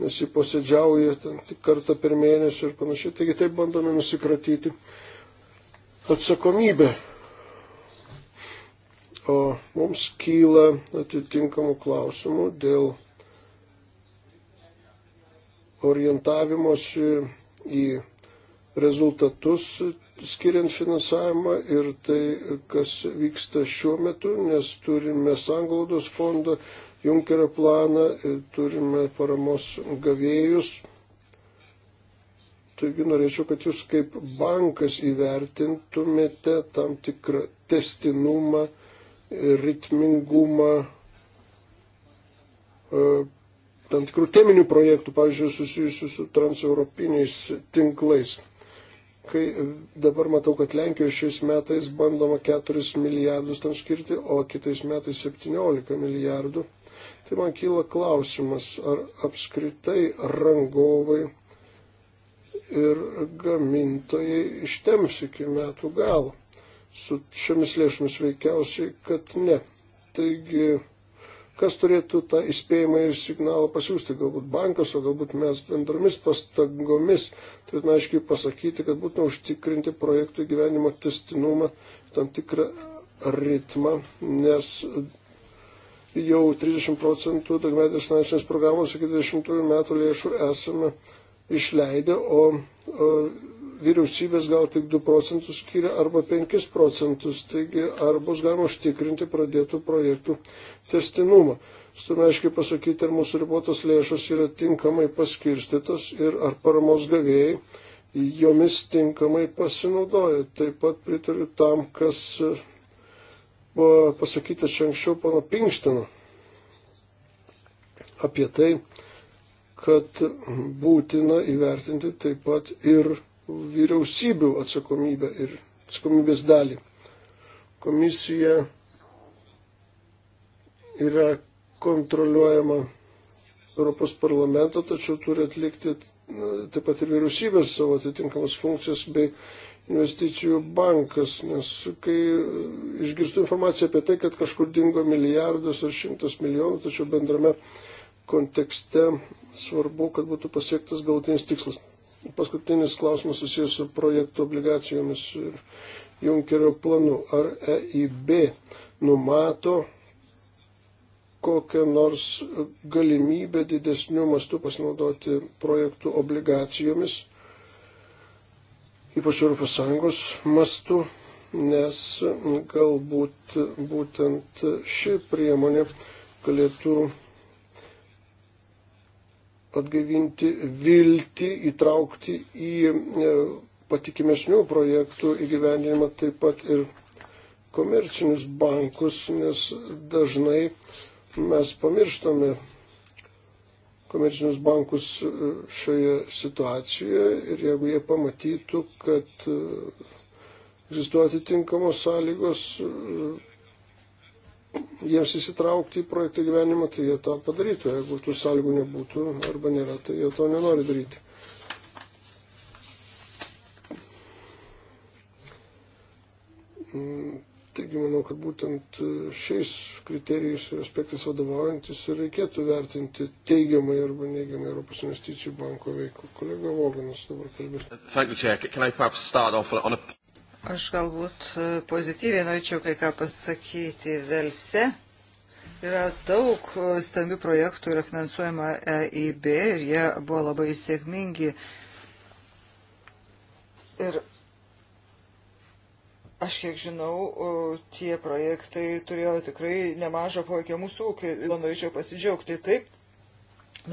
nes jį posėdžiauja ten tik kartą per mėnesį ir panašiai. Taigi taip bandome nusikratyti atsakomybę. O mums kyla atitinkamų klausimų dėl orientavimosi į rezultatus skiriant finansavimą ir tai, kas vyksta šiuo metu, nes turime sanglaudos fondą, Junkerio planą, turime paramos gavėjus. Taigi norėčiau, kad jūs kaip bankas įvertintumėte tam tikrą testinumą, ritmingumą, e, tam tikrų teminių projektų, pavyzdžiui, susijusių su transeuropiniais tinklais kai dabar matau, kad Lenkijoje šiais metais bandoma 4 milijardus tam skirti, o kitais metais 17 milijardų, tai man kyla klausimas, ar apskritai rangovai ir gamintojai ištems iki metų galo. Su šiomis lėšomis veikiausiai, kad ne. Taigi Kas turėtų tą įspėjimą ir signalą pasiūsti? Galbūt bankas, o galbūt mes bendromis pastangomis turėtume aiškiai pasakyti, kad būtume užtikrinti projektų gyvenimo testinumą, tam tikrą ritmą, nes jau 30 procentų daugmetės finansinės programos iki 20 metų lėšų esame išleidę, o, o vyriausybės gal tik 2 procentus skiria arba 5 procentus, taigi ar bus galima užtikrinti pradėtų projektų testinumą. Turime aiškiai pasakyti, ar mūsų ribotos lėšos yra tinkamai paskirstytos ir ar paramos gavėjai jomis tinkamai pasinaudoja. Taip pat pritariu tam, kas e, buvo pasakyta čia anksčiau pono Pinkstino apie tai, kad būtina įvertinti taip pat ir vyriausybių atsakomybę ir atsakomybės dalį. Komisija yra kontroliuojama Europos parlamento, tačiau turi atlikti taip pat ir vyriausybės savo atitinkamas funkcijas bei investicijų bankas, nes kai išgirstu informaciją apie tai, kad kažkur dingo milijardas ar šimtas milijonų, tačiau bendrame kontekste svarbu, kad būtų pasiektas galtinis tikslas. Paskutinis klausimas susijęs su projektų obligacijomis ir Junkerio planu. Ar EIB numato kokią nors galimybę didesnių mastų pasinaudoti projektų obligacijomis, ypač ES mastų, nes galbūt būtent ši priemonė galėtų atgaivinti viltį, įtraukti į e, patikimesnių projektų įgyvendinimą taip pat ir komercinius bankus, nes dažnai mes pamirštame komercinius bankus e, šioje situacijoje ir jeigu jie pamatytų, kad e, egzistuoja atitinkamos sąlygos jiems įsitraukti į projektų gyvenimą, tai jie tą padarytų. Jeigu tų sąlygų nebūtų arba nėra, tai jie to nenori daryti. Mm, taigi manau, kad būtent šiais kriterijais ir aspektais vadovaujantis reikėtų vertinti teigiamai arba neigiamai Europos investicijų banko veiklą. Kolega Voganas dabar kalbės. Aš galbūt e, pozityviai norėčiau kai ką pasakyti. Velse yra daug e, stambių projektų, yra finansuojama EIB ir jie buvo labai sėkmingi. Ir aš kiek žinau, e, tie projektai turėjo tikrai nemažą poveikį mūsų ūkį. Norėčiau pasidžiaugti. Taip,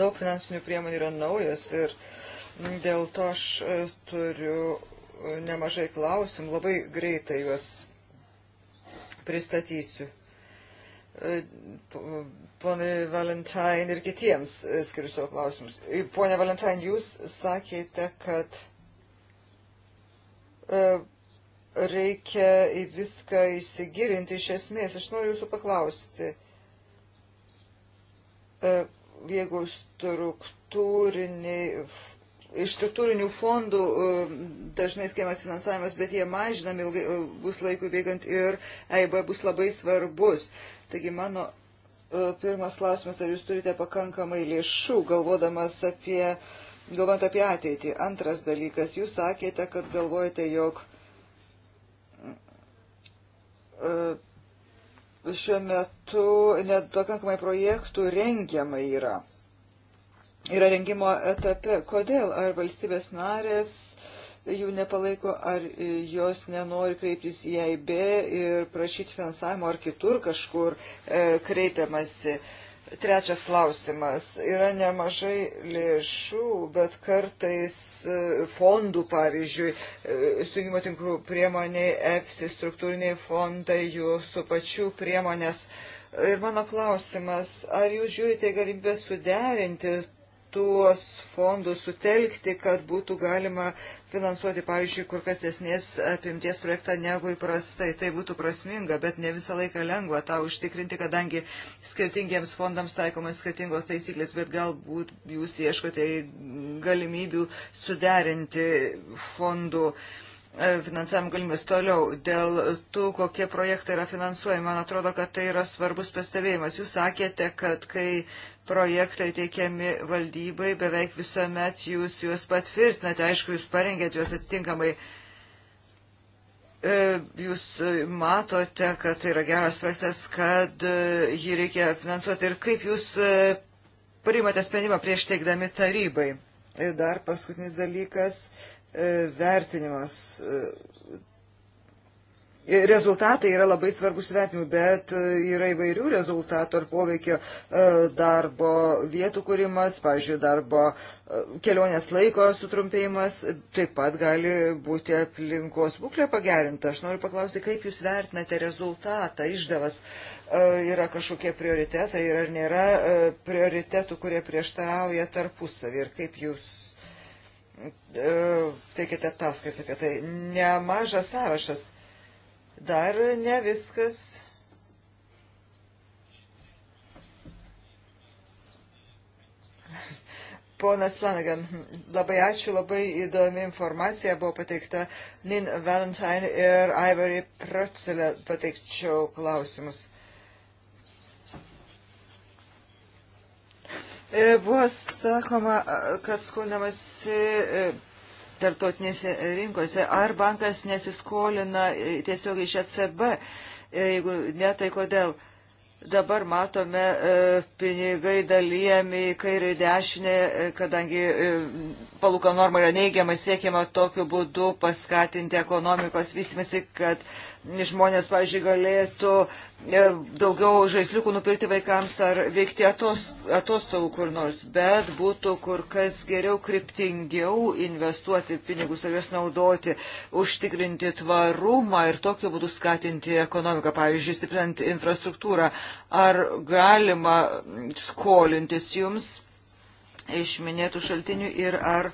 daug finansinių priemonių yra naujas ir dėl to aš turiu nemažai klausimų, labai greitai juos pristatysiu. E, pone Valentain ir kitiems e, skiriu savo klausimus. E, pone Valentain, jūs sakėte, kad reikia į viską įsigilinti iš esmės. Aš noriu jūsų paklausti, jeigu struktūriniai iš struktūrinių fondų e, dažnai skiriamas finansavimas, bet jie mažinami ilgai, e, bus laikui bėgant ir EIB bus labai svarbus. Taigi mano e, pirmas klausimas, ar jūs turite pakankamai lėšų, galvodamas apie, galvant apie ateitį. Antras dalykas, jūs sakėte, kad galvojate, jog šiuo metu net pakankamai projektų rengiama yra yra rengimo etape. Kodėl? Ar valstybės narės jų nepalaiko, ar jos nenori kreiptis į AIB e ir prašyti finansavimo, ar kitur kažkur e, kreipiamasi. Trečias klausimas. Yra nemažai lėšų, bet kartais e, fondų, pavyzdžiui, e, sujungimo tinklų priemoniai, EFSI struktūriniai fondai, jūsų pačių priemonės. Ir mano klausimas, ar jūs žiūrite galimybę suderinti tuos fondus sutelkti, kad būtų galima finansuoti, pavyzdžiui, kur kas desnės apimties projektą negu įprastai. Tai būtų prasminga, bet ne visą laiką lengva tą užtikrinti, kadangi skirtingiems fondams taikomas skirtingos taisyklės, bet galbūt jūs ieškote galimybių suderinti fondų uh, E, finansavimo galimybės. Toliau, dėl tų, kokie projektai yra finansuojami, man atrodo, kad tai yra svarbus pastebėjimas. Jūs sakėte, kad kai projektai teikiami valdybai, beveik visuomet jūs juos patvirtinate, aišku, jūs parengėte juos atitinkamai. E, jūs matote, kad tai yra geras projektas, kad e, jį reikia finansuoti ir kaip jūs priimate sprendimą prieš teikdami tarybai. Ir dar paskutinis dalykas E, vertinimas. E, e, rezultatai yra labai svarbus vertinimui, bet yra įvairių rezultatų ar poveikio darbo vietų kūrimas, pavyzdžiui, darbo kelionės laiko sutrumpėjimas, taip pat gali būti aplinkos būklė pagerinta. Aš noriu paklausti, kaip Jūs vertinate rezultatą, išdavas, yra kažkokie prioritetai ir ar nėra prioritetų, kurie prieštarauja tarpusavį ir kaip Jūs E, teikėte ataskaitas apie tai. Nemažas sąrašas. Dar ne viskas. Ponas Lanagan, labai ačiū, labai įdomi informacija buvo pateikta. Nin Valentine ir Ivory Protzelė pateikčiau klausimus. E, buvo sakoma, kad skolinamasi e, tarptautinėse rinkose. Ar bankas nesiskolina e, tiesiog iš ECB? Jeigu ne, tai kodėl? Dabar matome pinigai dalyjami kairį ir dešinę, kadangi palūka norma yra neigiama, siekiama tokiu būdu paskatinti ekonomikos vystimasi, kad žmonės, pavyzdžiui, galėtų uh, E, daugiau žaisliukų nupirkti vaikams ar veikti atostogų kur nors, bet būtų kur kas geriau kryptingiau investuoti pinigus ar juos naudoti, užtikrinti tvarumą ir tokiu būdu skatinti ekonomiką, pavyzdžiui, stiprinant infrastruktūrą. Ar galima skolintis jums iš minėtų šaltinių ir ar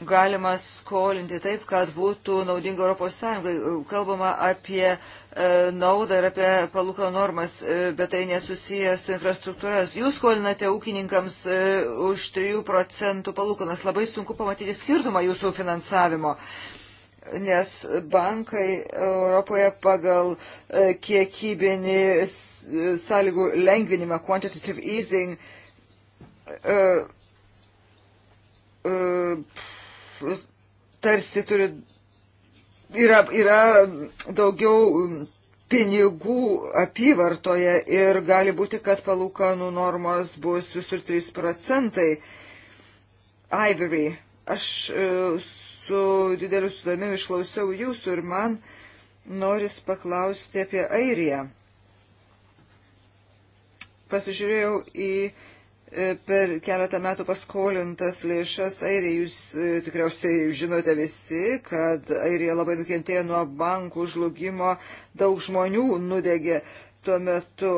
galima skolinti taip, kad būtų naudinga Europos Sąjungai. Kalbama apie e, naudą ir apie palūkanų normas, e, bet tai nesusiję su infrastruktūras. Jūs skolinate ūkininkams e, už 3 procentų palūkanas. Labai sunku pamatyti skirtumą jūsų finansavimo. Nes bankai Europoje pagal kiekybinį sąlygų lengvinimą, quantitative easing, uh, uh, tarsi turi, yra, yra daugiau pinigų apyvartoje ir gali būti, kad palūkanų normos bus visur 3 procentai. Ivory, aš e, su dideliu sudomėjimu išklausiau jūsų ir man noris paklausti apie Airiją. Pasižiūrėjau į uh, E, per keletą metų paskolintas lėšas Airijai. Jūs e, tikriausiai žinote visi, kad Airija labai nukentėjo nuo bankų žlugimo, daug žmonių nudegė tuo metu.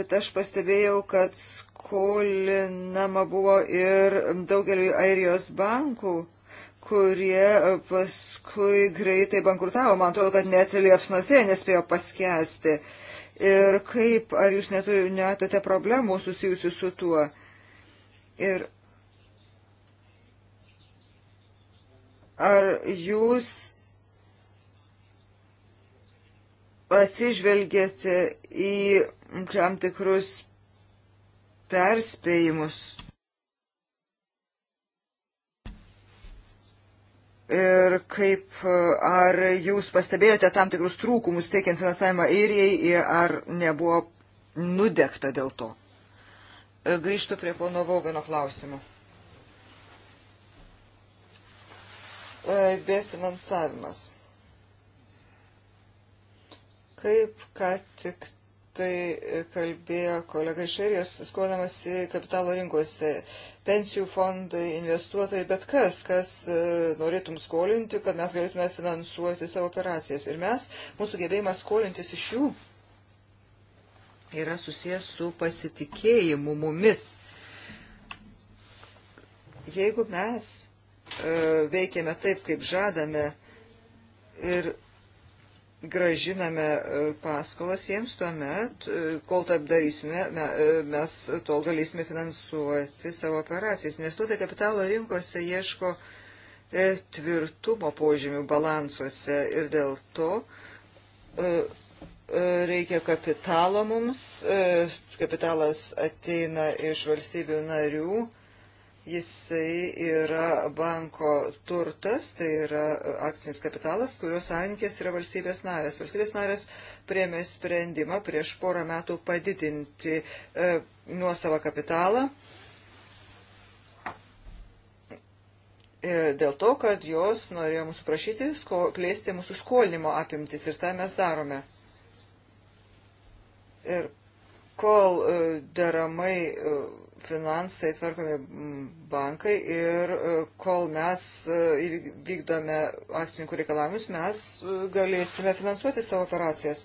Bet aš pastebėjau, kad skolinama buvo ir daugeliu Airijos bankų kurie e, paskui greitai bankrutavo. Man atrodo, kad net liepsnose nespėjo paskesti. Uh, ir kaip, ar jūs neturite problemų susijusių su tuo. Ir ar jūs atsižvelgėte į tam tikrus perspėjimus? ir kaip ar jūs pastebėjote tam tikrus trūkumus teikiant finansavimą Airijai, ar nebuvo nudegta dėl to. Grįžtu prie pono Vaugano klausimų. E, be finansavimas. Kaip ką tik tai kalbėjo kolega iš Airijos, skodamas į kapitalo rinkose, pensijų fondai, investuotojai, bet kas, kas e, norėtum skolinti, kad mes galėtume finansuoti savo operacijas. Ir mes, mūsų gebėjimas skolintis iš jų yra susijęs su pasitikėjimu mumis. Jeigu mes e, veikiame taip, kaip žadame, ir gražiname e, paskolas jiems tuomet, e, kol taip darysime, e, mes tol galėsime finansuoti savo operacijas. Investuotojai kapitalo rinkose ieško tvirtumo požymių balansuose ir dėl to reikia kapitalo mums. Kapitalas ateina iš valstybių narių Jisai yra banko turtas, tai yra e, akcinis kapitalas, kurios savinkės yra valstybės narės. Valstybės narės priemė sprendimą prieš porą metų padidinti e, nuosavą kapitalą. E, dėl to, kad jos norėjo mūsų prašyti sko, plėsti mūsų skolinimo apimtis ir tą mes darome. Ir kol e, deramai finansai tvarkomi bankai ir e, kol mes e, vykdome akcininkų reikalavimus, mes e, galėsime finansuoti savo operacijas.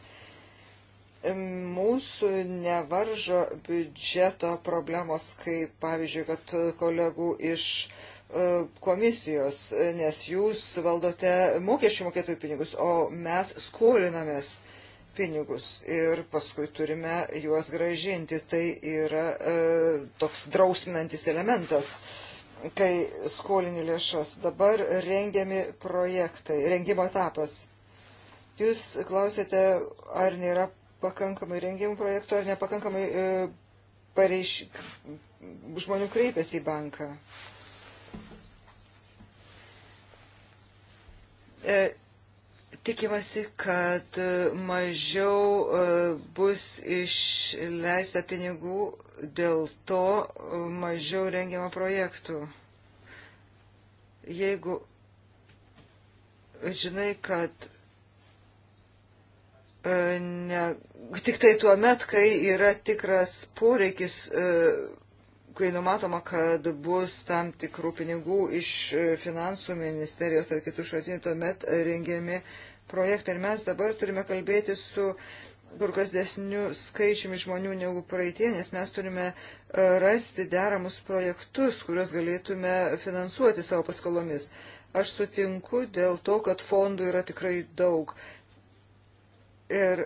Mūsų nevaržo biudžeto problemos, kaip pavyzdžiui, kad kolegų iš komisijos, nes jūs valdote mokesčių mokėtojų pinigus, o mes skolinamės pinigus ir paskui turime juos gražinti. Tai yra e, toks drausminantis elementas, kai skolini lėšas. Dabar rengiami projektai, rengimo etapas. Jūs klausėte, ar nėra pakankamai rengimų projektų, ar nepakankamai e, pareiš... žmonių kreipiasi į banką. E, Tikimasi, kad mažiau e, bus išleista pinigų, dėl to e, mažiau rengiama projektų. Jeigu žinai, kad e, ne, tik tai tuo met, kai yra tikras poreikis, kai numatoma, kad bus tam tikrų pinigų iš finansų ministerijos ar kitų šaltinių, tuomet rengiami uh, projektą ir mes dabar turime kalbėti su kur kas desniu skaičiumi žmonių negu praeitie, nes mes turime e, rasti deramus projektus, kuriuos galėtume finansuoti savo paskolomis. Aš sutinku dėl to, kad fondų yra tikrai daug. Ir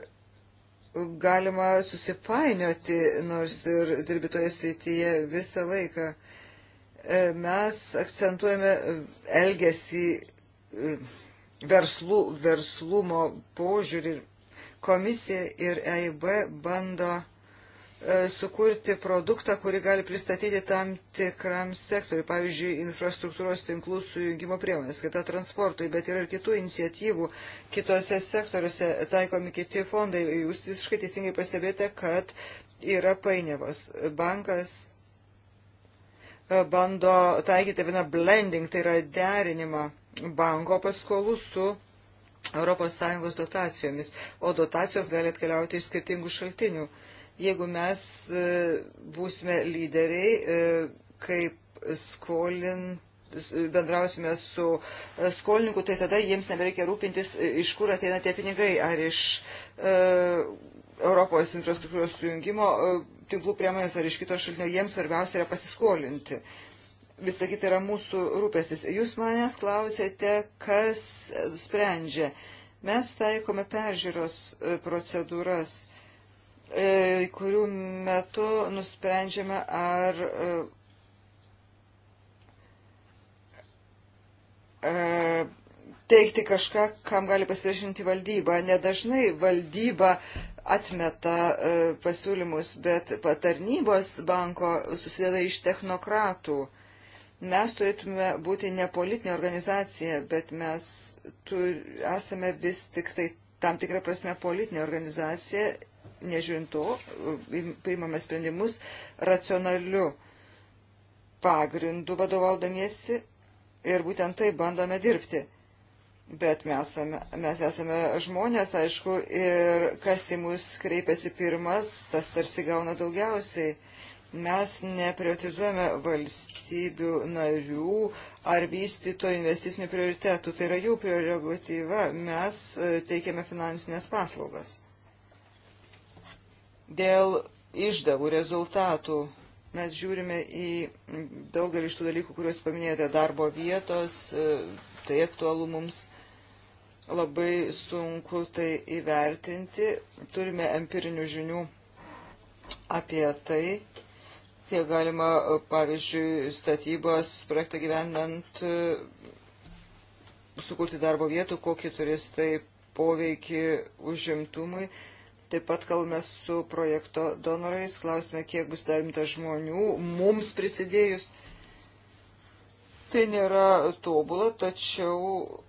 galima susipainioti, nors ir dirbi toje srityje visą laiką. E, mes akcentuojame e, elgesį verslų, verslumo požiūrį. Komisija ir EIB bando e, sukurti produktą, kurį gali pristatyti tam tikram sektoriui, pavyzdžiui, infrastruktūros tinklų sujungimo priemonės, skirta transportui, bet yra ir kitų iniciatyvų, kitose sektoriuose taikomi kiti fondai. Jūs visiškai teisingai pastebėjote, kad yra painiavos. Bankas e, bando taikyti vieną blending, tai yra derinimą banko paskolų su ES dotacijomis, o dotacijos gali atkeliauti iš skirtingų šaltinių. Jeigu mes e, būsime lyderiai, e, kaip skolint bendrausime su e, skolininku, tai tada jiems nebereikia rūpintis, iš kur ateina tie pinigai, ar iš e, Europos infrastruktūros sujungimo e, tinklų priemonės, ar iš kito šaltinio, jiems svarbiausia yra pasiskolinti. E, visą kitą yra mūsų rūpestis. Jūs manęs klausėte, kas sprendžia. Mes taikome peržiūros e, procedūras, e, kurių metu nusprendžiame, ar e, teikti kažką, kam gali pasipriešinti valdyba. Nedažnai valdyba atmeta pasiūlymus, bet patarnybos banko susideda iš technokratų. Mes turėtume būti ne politinė organizacija, bet mes tur, esame vis tik tai tam tikrą prasme politinė organizacija, nežiūrint to, priimame sprendimus racionaliu pagrindu vadovaudamiesi ir būtent tai bandome dirbti. Bet mes esame, mes esame žmonės, aišku, ir kas į mus kreipiasi pirmas, tas tarsi gauna daugiausiai. Mes neprioritizuojame valstybių narių ar vystytojų investicinių prioritetų. Tai yra jų prerogatyva. Mes e, teikiame finansinės paslaugas. Dėl išdavų rezultatų mes žiūrime į daugelį iš tų dalykų, kuriuos paminėjote, darbo vietos, e, tai aktualu mums labai sunku tai įvertinti, turime empirinių žinių apie tai, tiek galima, e, pavyzdžiui, statybos projektą gyvenant e, sukurti darbo vietų, kokį turės tai poveikį užimtumui. Taip pat kalbame su projekto donorais, klausime, kiek bus darimta žmonių mums prisidėjus. Tai nėra tobula, tačiau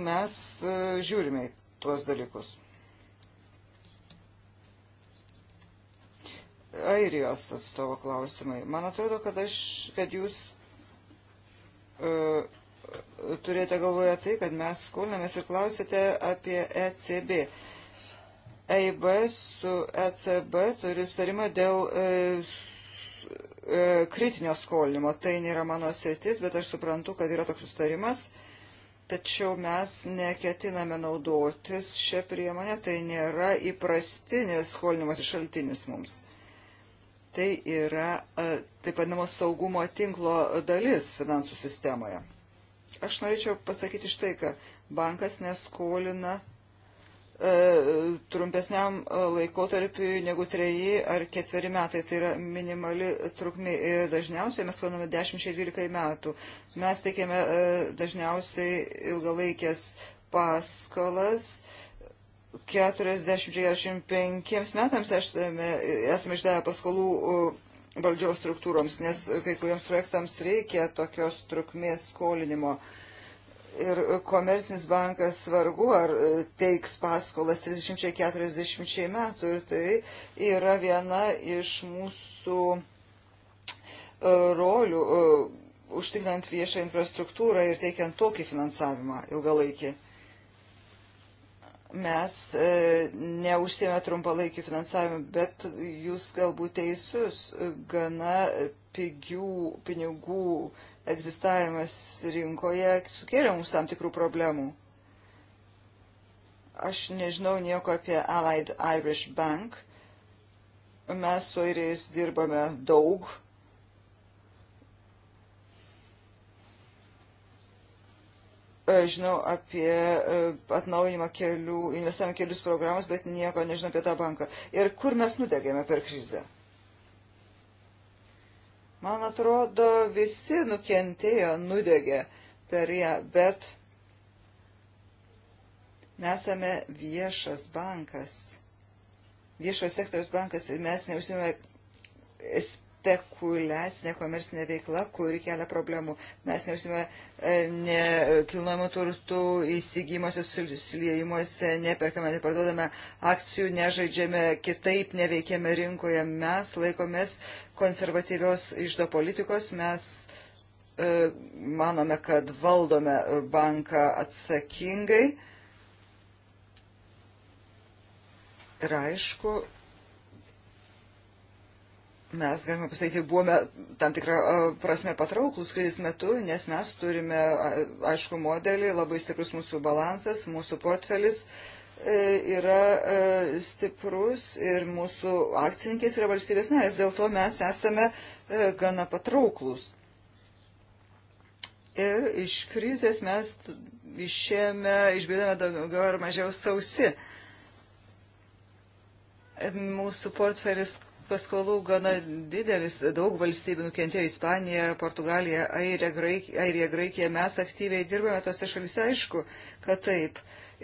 mes e, žiūrime į tuos dalykus. Airijos atstovo klausimai. Man atrodo, kad, aš, kad jūs uh, turėjote galvoje tai, kad mes skolinamės ir klausėte apie ECB. EIB su ECB turi sutarimą dėl uh, uh, kritinio skolinimo. Tai nėra mano sritis, bet aš suprantu, kad yra toks sutarimas. Tačiau mes neketiname naudotis šią priemonę, tai nėra įprastinis skolinimas šaltinis mums. Uh, tai yra e, taip vadinamo saugumo tinklo dalis finansų sistemoje. Aš norėčiau pasakyti štai, kad bankas neskolina e, trumpesniam e, laikotarpiu negu treji ar ketveri metai. Tai yra minimali trukmė. Dažniausiai mes kalbame 10-12 metų. Mes teikėme dažniausiai ilgalaikės paskolas 40-45 metams esame, esame išdavę paskolų valdžios struktūroms, nes kai kuriems projektams reikia tokios trukmės skolinimo. Ir komercinis bankas vargu ar e, teiks paskolas 30-40 metų. Ir tai yra viena iš mūsų e, rolių e, užtikrinant viešą infrastruktūrą ir teikiant tokį finansavimą ilgalaikį mes e, neužsiemė trumpalaikių finansavimų, bet jūs galbūt teisus, gana pigių pinigų egzistavimas rinkoje sukėlė mums tam tikrų problemų. Aš nežinau nieko apie Allied Irish Bank. Mes su airiais dirbame daug E, žinau apie e, atnaujinimą kelių, investavimą kelius programos, bet nieko nežinau apie tą banką. Ir kur mes nudegėme per krizę? Man atrodo, visi nukentėjo, nudegė per ją, bet nesame viešas bankas, viešo sektoriaus bankas ir mes neusimėme spekulacinė komercinė veikla, kuri kelia problemų. Mes neužsime e, nekilnojimo turtų įsigymuose, susiliejimuose, neperkame, neparduodame akcijų, nežaidžiame kitaip, neveikiame rinkoje. Mes laikomės konservatyvios išdo politikos, mes e, manome, kad valdome banką atsakingai. Ir aišku, mes, galime pasakyti, buvome tam tikrą prasme patrauklus krizės metu, nes mes turime, aišku, modelį, labai stiprus mūsų balansas, mūsų portfelis e, yra e, stiprus ir mūsų akcininkės yra valstybės narės, dėl to mes esame e, gana patrauklus. Ir iš krizės mes išėjome, išbėdame daugiau ar mažiau sausi. Mūsų portfelis paskolų gana didelis, daug valstybių nukentėjo Ispanija, Portugalija, Airija, Graikija, Airija, Graikija. Mes aktyviai dirbame tose šalise, aišku, kad taip.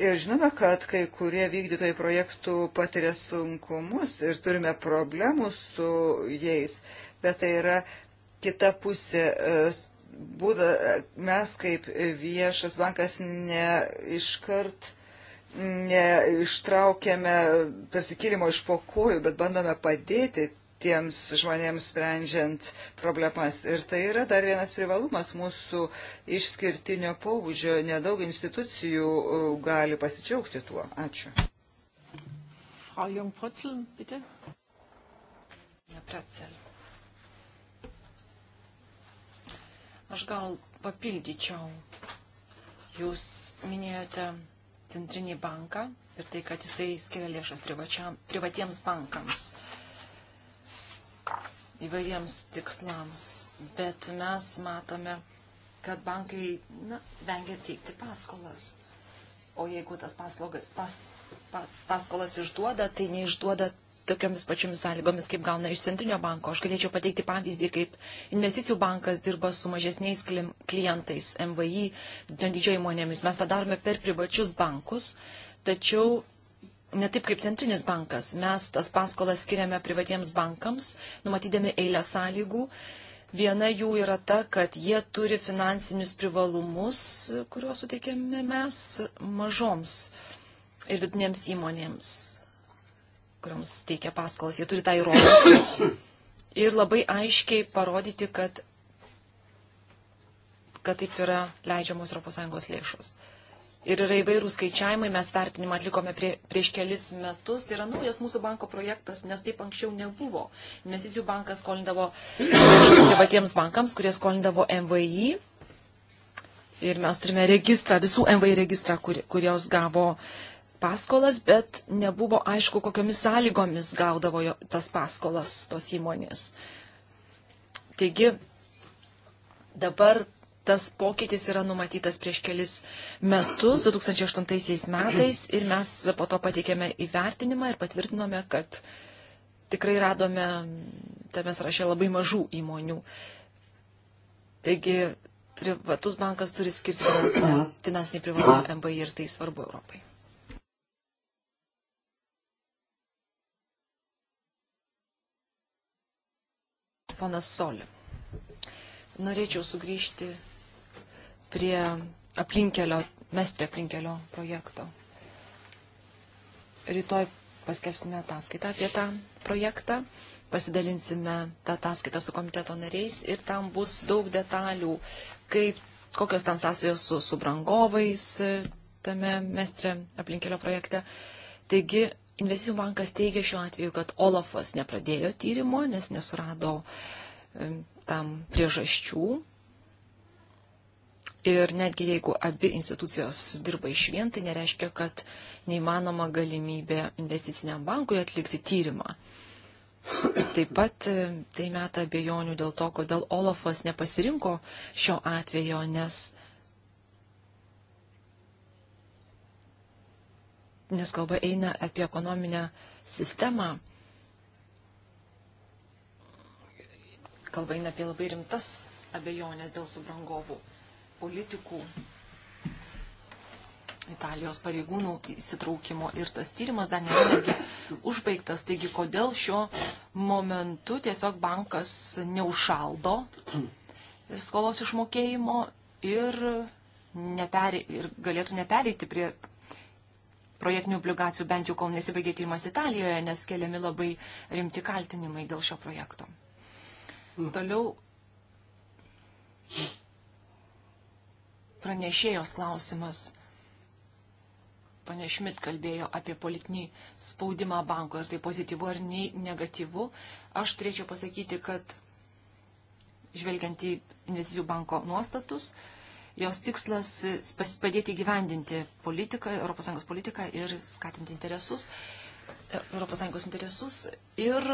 Ir žinome, kad kai kurie vykdytojai projektų patiria sunkumus ir turime problemų su jais, bet tai yra kita pusė. E, būda, e, mes kaip viešas bankas ne iškart neištraukėme persikėlimo iš pokojų, bet bandome padėti tiems žmonėms sprendžiant problemas. Ir tai yra dar vienas privalumas mūsų išskirtinio pobūdžio. Nedaug institucijų e, gali pasidžiaugti tuo. Ačiū. Frau Jung-Protzel, bitte. Ja, Protzel. Aš gal papildyčiau. Jūs minėjote centrinį banką ir tai, kad jisai skiria lėšas privatiems bankams įvairiems tikslams, bet mes matome, kad bankai na, vengia teikti paskolas. O jeigu tas paslauga, pas, pa, paskolas išduoda, tai neišduoda tokiamis pačiomis sąlygomis, kaip gauna iš Centrinio banko. Aš galėčiau pateikti pavyzdį, kaip investicijų bankas dirba su mažesniais klientais, MVI, didžioji įmonėmis. Mes tą darome per privačius bankus, tačiau ne taip kaip centrinis bankas. Mes tas paskolas skiriame privatiems bankams, numatydami eilę sąlygų. Viena jų yra ta, kad jie turi finansinius privalumus, kuriuos suteikėme mes mažoms ir vidinėms įmonėms kuriams teikia paskolas, jie turi tą įrodyti. Ir labai aiškiai parodyti, kad, kad taip yra leidžiamos ES lėšos. Ir yra įvairių skaičiavimai, mes vertinimą atlikome prie, prieš kelis metus. Tai yra naujas mūsų banko projektas, nes taip anksčiau nebuvo. Investicijų bankas skolindavo privatiems bankams, kurie skolindavo MVI. Ir mes turime registrą, visų MVI registrą, kur, kurios gavo uh, paskolas, bet nebuvo aišku, kokiomis sąlygomis gaudavo tas paskolas tos įmonės. Taigi dabar tas pokytis yra numatytas prieš kelis metus, 2008 metais, ir mes po to pateikėme įvertinimą ir patvirtinome, kad tikrai radome tame sąraše labai mažų įmonių. Taigi privatus bankas turi skirti finansinį privalumą MBI ir tai svarbu Europai. Ponas Soli. Norėčiau sugrįžti prie aplinkelio, mesti aplinkelio projekto. Rytoj paskelbsime ataskaitą apie tą projektą, pasidalinsime tą ataskaitą su komiteto nariais ir tam bus daug detalių, kaip, kokios ten sąsajos su subrangovais tame mestre aplinkelio projekte. Taigi Investicijų bankas teigia šiuo atveju, kad Olafas nepradėjo tyrimo, nes nesurado tam priežasčių. Ir netgi jeigu abi institucijos dirba iš vien, tai nereiškia, kad neįmanoma galimybė investiciniam bankui atlikti tyrimą. Taip pat tai meta abejonių dėl to, kodėl Olafas nepasirinko šio atvejo, nes nes kalba eina apie ekonominę sistemą. Kalba eina apie labai rimtas abejonės dėl subrangovų, politikų, Italijos pareigūnų įsitraukimo ir tas tyrimas dar nėra užbaigtas. Taigi, kodėl šiuo momentu tiesiog bankas neužšaldo skolos išmokėjimo ir, neperi, ir galėtų nepereiti prie projektinių obligacijų, bent jau kol nesibaigė tyrimas Italijoje, nes keliami labai rimti kaltinimai dėl šio projekto. Mm. Toliau pranešėjos klausimas. Pane Šmit kalbėjo apie politinį spaudimą banko, ar tai pozityvu ar nei negatyvu. Aš turėčiau pasakyti, kad žvelgiant į investicijų banko nuostatus, Jos tikslas padėti gyvendinti politiką, ES politiką ir skatinti interesus, e, ES interesus. Ir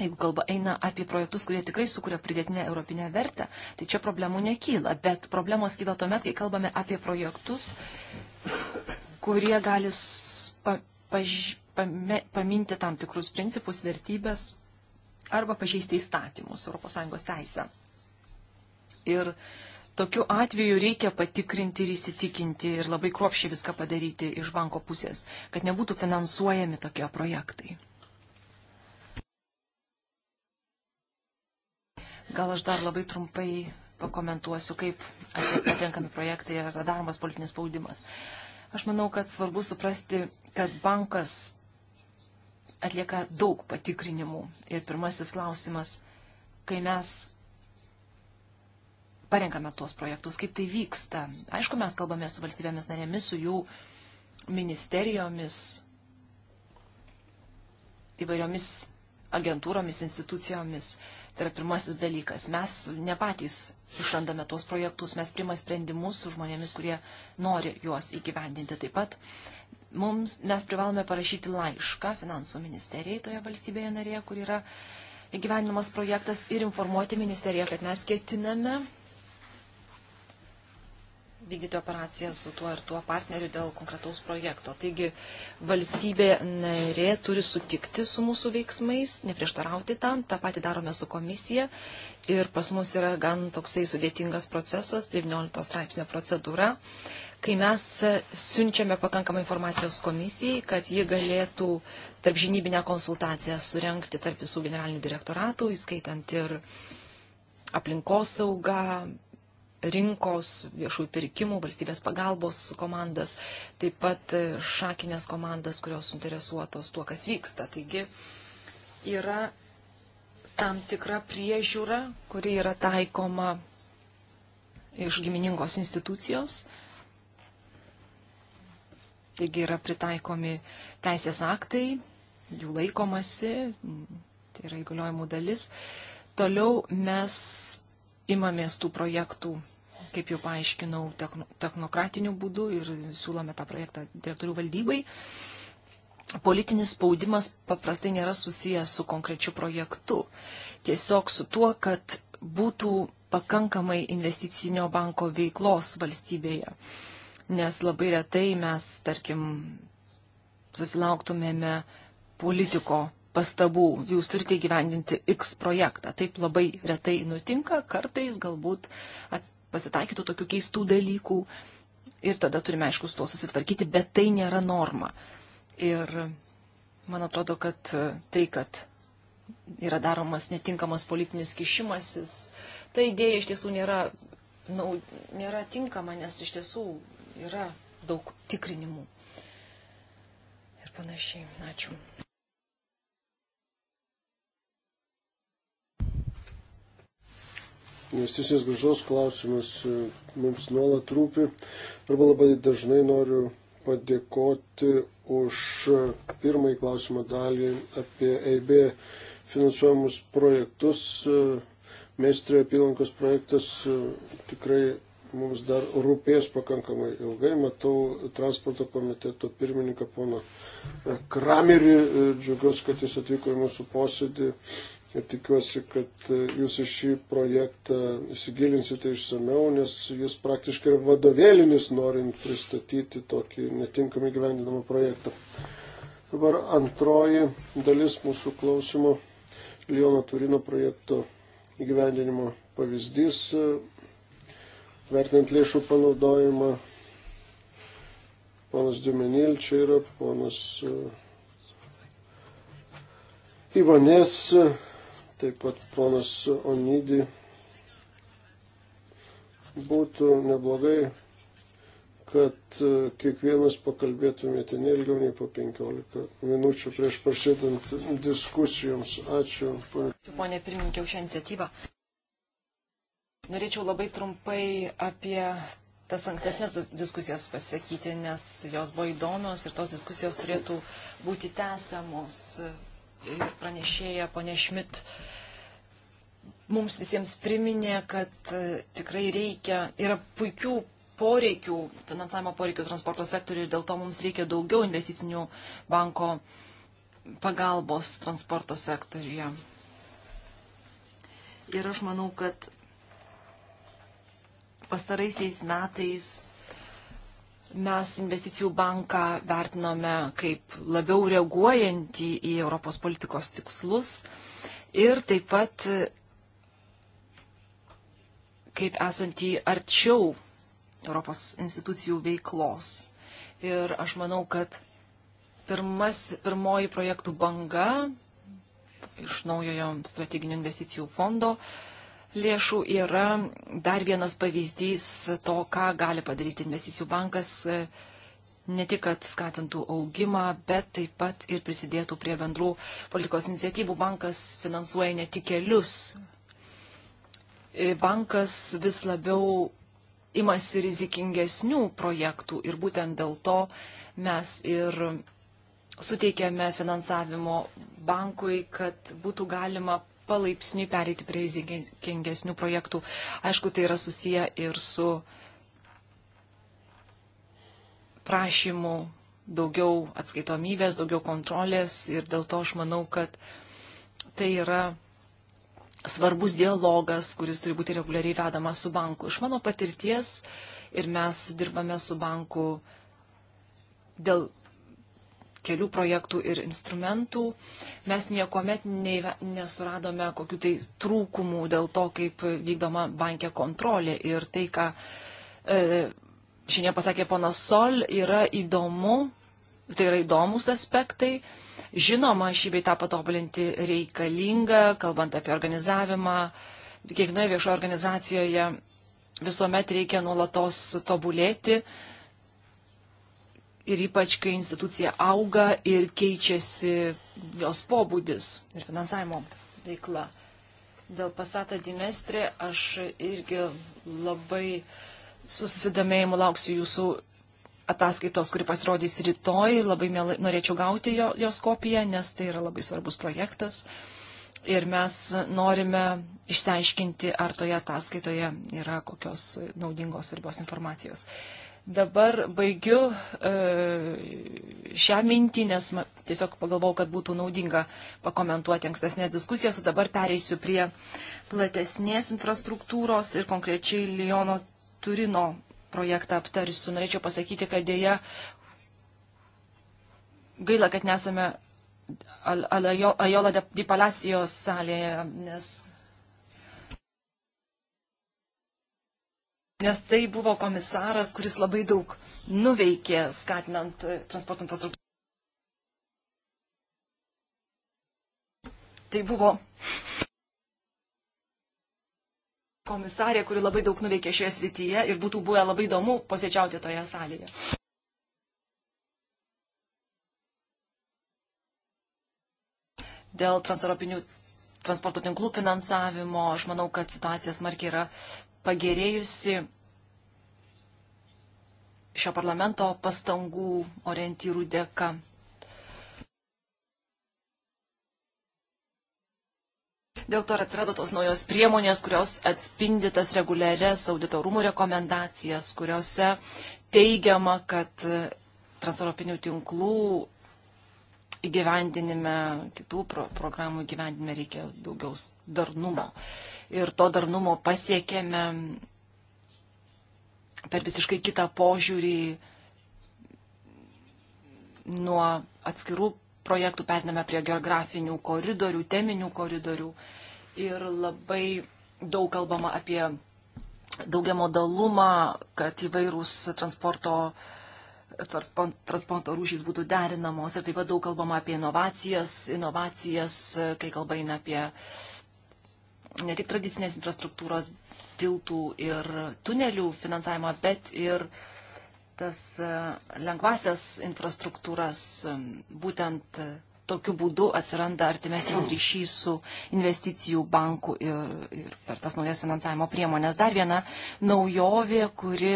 jeigu kalba eina apie projektus, kurie tikrai sukuria pridėtinę europinę vertę, tai čia problemų nekyla. Bet problemos kyla tuomet, kai kalbame apie projektus, kurie gali pa, paž, pame, paminti tam tikrus principus, vertybės arba pažeisti įstatymus ES teisę. Ir tokiu atveju reikia patikrinti ir įsitikinti ir labai kruopšiai viską padaryti iš banko pusės, kad nebūtų finansuojami tokie projektai. Gal aš dar labai trumpai pakomentuosiu, kaip patenkami projektai ir daromas politinis spaudimas. Aš manau, kad svarbu suprasti, kad bankas atlieka daug patikrinimų. Ir pirmasis klausimas, kai mes parenkame tuos projektus, kaip tai vyksta. Aišku, mes kalbame su valstybėmis narėmis, su jų ministerijomis, įvairiomis agentūromis, institucijomis. Tai yra pirmasis dalykas. Mes ne patys išrandame tuos projektus, mes primame sprendimus su žmonėmis, kurie nori juos įgyvendinti. Taip pat mums, mes privalome parašyti laišką finansų ministerijai toje valstybėje narėje, kur yra įgyvendinamas projektas ir informuoti ministeriją, kad mes ketiname vykdyti operaciją su tuo ir tuo partneriu dėl konkretaus projekto. Taigi valstybė narė turi sutikti su mūsų veiksmais, neprieštarauti tam, tą patį darome su komisija ir pas mus yra gan toksai sudėtingas procesas, 19 straipsnio procedūra, kai mes siunčiame pakankamą informacijos komisijai, kad ji galėtų tarp žinybinę konsultaciją surenkti tarp visų generalinių direktoratų, įskaitant ir aplinkosaugą, rinkos, viešųjų pirkimų, valstybės pagalbos komandas, taip pat e, šakinės komandas, kurios suinteresuotos tuo, kas vyksta. Taigi yra tam tikra priežiūra, kuri yra taikoma iš giminingos institucijos. Taigi yra pritaikomi teisės aktai, jų laikomasi, tai yra įgaliojimų dalis. Toliau mes imamės tų projektų kaip jau paaiškinau, technokratiniu būdu ir siūlome tą projektą direktorių valdybai. Politinis spaudimas paprastai nėra susijęs su konkrečiu projektu, tiesiog su tuo, kad būtų pakankamai investicinio banko veiklos valstybėje. Nes labai retai mes, tarkim, susilauktumėme politiko pastabų, jūs turite gyvendinti X projektą. Taip labai retai nutinka, kartais galbūt pasitaikytų tokių keistų dalykų ir tada turime, aišku, su tuo susitvarkyti, bet tai nėra norma. Ir man atrodo, kad e, tai, kad yra daromas netinkamas politinis kišimasis, ta idėja iš tiesų nėra, nau, nėra tinkama, nes iš tiesų yra daug tikrinimų ir panašiai. Ačiū. investicinės gražos klausimas e, mums nuolat rūpi. Arba labai dažnai noriu padėkoti už pirmąjį klausimo dalį apie EIB finansuojamus projektus. E, Meistrė apylankos projektas e, tikrai mums dar rūpės pakankamai ilgai. Matau transporto komiteto pirmininką poną Kramerį. Džiugiuosi, kad jis atvyko į mūsų posėdį ir tikiuosi, kad e, jūs į šį projektą įsigilinsite išsameu, nes jis praktiškai yra vadovėlinis, norint pristatyti tokį netinkamai gyvendinamą projektą. Dabar antroji dalis mūsų klausimo Liono Turino projekto įgyvendinimo pavyzdys, e, vertinant lėšų panaudojimą. Ponas Diumenil čia yra, ponas e, Ivanės taip pat ponas Onydį būtų neblogai, kad e, kiekvienas pakalbėtumėte ne ilgiau nei po 15 minučių prieš prasidant diskusijoms. Ačiū. Pone pirmininkė, už šią iniciatyvą. Norėčiau labai trumpai apie tas ankstesnės diskusijas pasakyti, nes jos buvo įdomios ir tos diskusijos turėtų būti tęsiamos. Ir pranešėja ponė Šmit uh, mums visiems priminė, kad e, tikrai reikia, yra puikių poreikių, finansavimo poreikių transporto sektoriui ir dėl to mums reikia daugiau investicinių banko pagalbos transporto sektoriuje. Ir aš manau, kad pastaraisiais metais mes investicijų banką vertinome kaip labiau reaguojantį į Europos politikos tikslus ir taip pat kaip esantį arčiau Europos institucijų veiklos. Ir aš manau, kad pirmas, pirmoji projektų banga iš naujojo strateginių investicijų fondo lėšų yra dar vienas pavyzdys to, ką gali padaryti investicijų bankas, ne tik, kad skatintų augimą, bet taip pat ir prisidėtų prie bendrų politikos iniciatyvų. Bankas finansuoja ne tik kelius, E, bankas vis labiau imasi rizikingesnių projektų ir būtent dėl to mes ir suteikėme finansavimo bankui, kad būtų galima palaipsniui pereiti prie rizikingesnių projektų. Aišku, tai yra susiję ir su prašymu daugiau atskaitomybės, daugiau kontrolės ir dėl to aš manau, kad tai yra svarbus dialogas, kuris turi būti reguliariai vedamas su banku. Iš mano patirties ir mes dirbame su banku dėl kelių projektų ir instrumentų. Mes niekuomet ne, nesuradome kokių tai trūkumų dėl to, kaip vykdoma bankė kontrolė. Ir tai, ką e, šiandien pasakė ponas Sol, yra įdomu, tai yra įdomus aspektai. E, Žinoma, šį beitą patobulinti reikalinga, kalbant apie organizavimą. Kiekvienoje viešoje organizacijoje visuomet reikia nuolatos tobulėti. Ir ypač, kai institucija auga ir keičiasi jos pobūdis ir finansavimo veikla. Dėl pasatą dimestrį aš irgi labai susidomėjimu lauksiu jūsų ataskaitos, kuri pasirodys rytoj. Labai mėlai, norėčiau gauti jo, jos kopiją, nes tai yra labai svarbus projektas. Ir mes norime išsiaiškinti, ar toje ataskaitoje yra kokios naudingos svarbios informacijos. Dabar baigiu e, šią mintį, nes tiesiog pagalvojau, kad būtų naudinga pakomentuoti ankstesnės diskusijas, o dabar pereisiu prie platesnės infrastruktūros ir konkrečiai Liono Turino projektą aptarsiu. Norėčiau pasakyti, kad dėja gaila, kad nesame Ajola di Palacijos salėje, nes, nes tai buvo komisaras, kuris labai daug nuveikė skatinant e, transporto infrastruktūrą. Tai buvo komisarė, kuri labai daug nuveikė šioje srityje ir būtų buvę labai įdomu posėdžiauti toje salėje. Dėl transeuropinių transporto tinklų finansavimo, aš manau, kad situacija smarkiai yra pagerėjusi šio parlamento pastangų orientyrų dėka. Dėl to ir atsirado tos naujos priemonės, kurios atspindi tas reguliarias auditorumų rekomendacijas, kuriuose teigiama, kad e, transeuropinių tinklų įgyvendinime, kitų pro programų įgyvendinime reikia daugiau darnumo. Ir to darnumo pasiekėme per visiškai kitą požiūrį nuo atskirų projektų periname prie geografinių koridorių, teminių koridorių ir labai daug kalbama apie daugiamodalumą, kad įvairūs transporto transporto rūšys būtų derinamos ir taip pat daug kalbama apie inovacijas, inovacijas, kai kalba eina apie ne tik tradicinės infrastruktūros tiltų ir tunelių finansavimą, bet ir uh, tas e, lengvasias infrastruktūras, e, būtent e, tokiu būdu atsiranda artimesnis ryšys su investicijų banku ir, ir per tas naujas finansavimo priemonės. Dar viena naujovė, kuri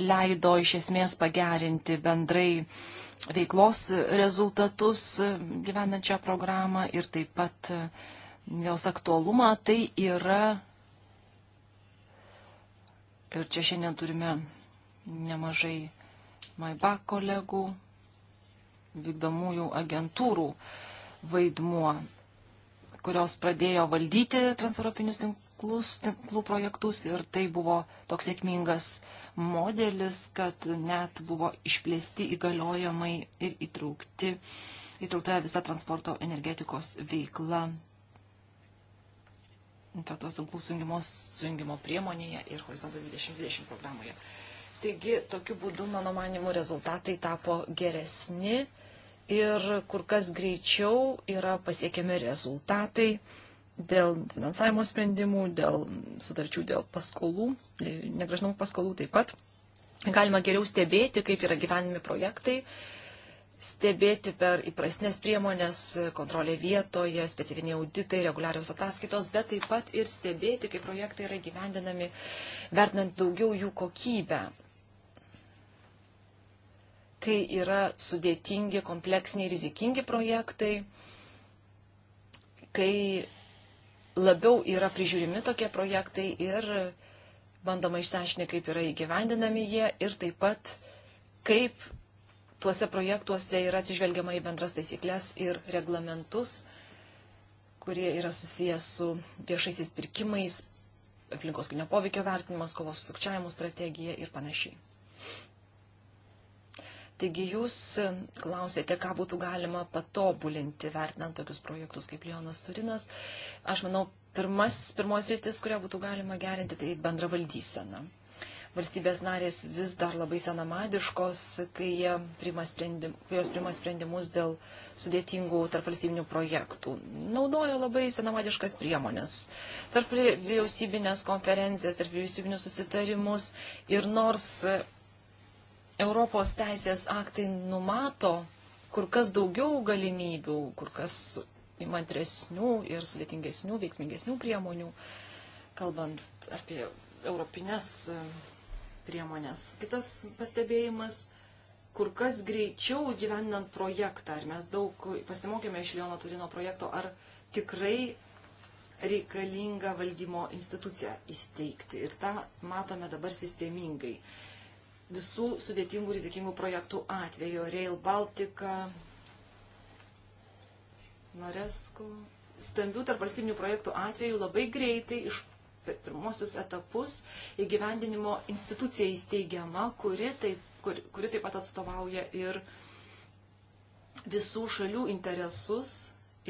leido iš esmės pagerinti bendrai veiklos rezultatus gyvenančią programą ir taip pat jos aktualumą, tai yra, ir čia šiandien turime nemažai MAIBA kolegų, vykdomųjų agentūrų vaidmuo, kurios pradėjo valdyti transeuropinius tinklus, tinklų projektus ir tai buvo toks sėkmingas modelis, kad net buvo išplėsti įgaliojimai ir įtraukti, įtraukta visa transporto energetikos veikla infektos tinklų sujungimo priemonėje ir Horizontas 2020 programoje. Taigi, tokiu būdu, mano manimu, rezultatai tapo geresni ir kur kas greičiau yra pasiekiami rezultatai dėl finansavimo sprendimų, dėl sutarčių, dėl paskolų, e, negražinamų paskolų taip pat. Galima geriau stebėti, kaip yra gyvenimi projektai, stebėti per įprastinės priemonės, kontrolė vietoje, specifiniai auditai, reguliarios ataskaitos, bet taip pat ir stebėti, kaip projektai yra gyvendinami, vertinant daugiau jų kokybę kai yra sudėtingi, kompleksiniai, rizikingi projektai, kai labiau yra prižiūrimi tokie projektai ir bandoma išsiaiškinti, kaip yra įgyvendinami jie ir taip pat kaip tuose projektuose yra atsižvelgiama į bendras taisyklės ir reglamentus, kurie yra susijęs su viešaisiais pirkimais, aplinkos poveikio vertinimas, kovos su sukčiavimu strategija ir panašiai. Taigi jūs e, klausėte, ką būtų galima patobulinti, vertinant tokius projektus kaip Lionas Turinas. Aš manau, pirmas, pirmos rytis, kurią būtų galima gerinti, tai bendra valdysena. Valstybės narės vis dar labai senamadiškos, kai prima sprendim, kai jos prima sprendimus dėl sudėtingų tarpvalstybinių projektų. Naudoja labai senamadiškas priemonės. Tarp vyriausybinės konferencijas, tarp vyriausybinius susitarimus. Ir nors Europos teisės aktai numato kur kas daugiau galimybių, kur kas įmantresnių ir sudėtingesnių, veiksmingesnių priemonių, kalbant apie europinės e, priemonės. Kitas pastebėjimas, kur kas greičiau gyvenant projektą, ar mes daug pasimokėme iš Liono Turino projekto, ar tikrai reikalinga valdymo institucija įsteigti. Ir tą matome dabar sistemingai visų sudėtingų rizikingų projektų atveju. Rail Baltica, Noresku. Stambių tarp valstybinių projektų atveju labai greitai iš pirmosius etapus įgyvendinimo institucija įsteigiama, kuri taip, kur, kuri taip pat atstovauja ir visų šalių interesus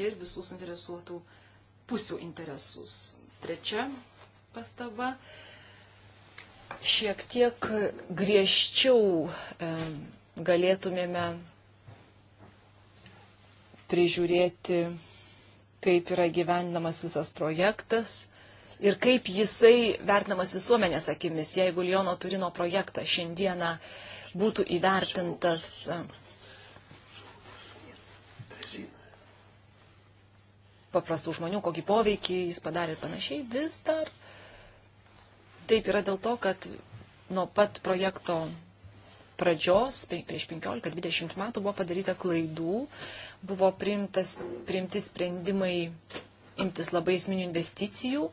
ir visų suinteresuotų pusių interesus. Trečia pastaba šiek tiek griežčiau galėtumėme prižiūrėti, kaip yra gyvendinamas visas projektas ir kaip jisai vertinamas visuomenės akimis, jeigu Liono Turino projektas šiandieną būtų įvertintas. Paprastų žmonių, kokį poveikį jis padarė ir panašiai, vis dar Taip yra dėl to, kad nuo pat projekto pradžios, prieš 15-20 metų, buvo padaryta klaidų, buvo priimtas, priimti sprendimai imtis labai esminių investicijų,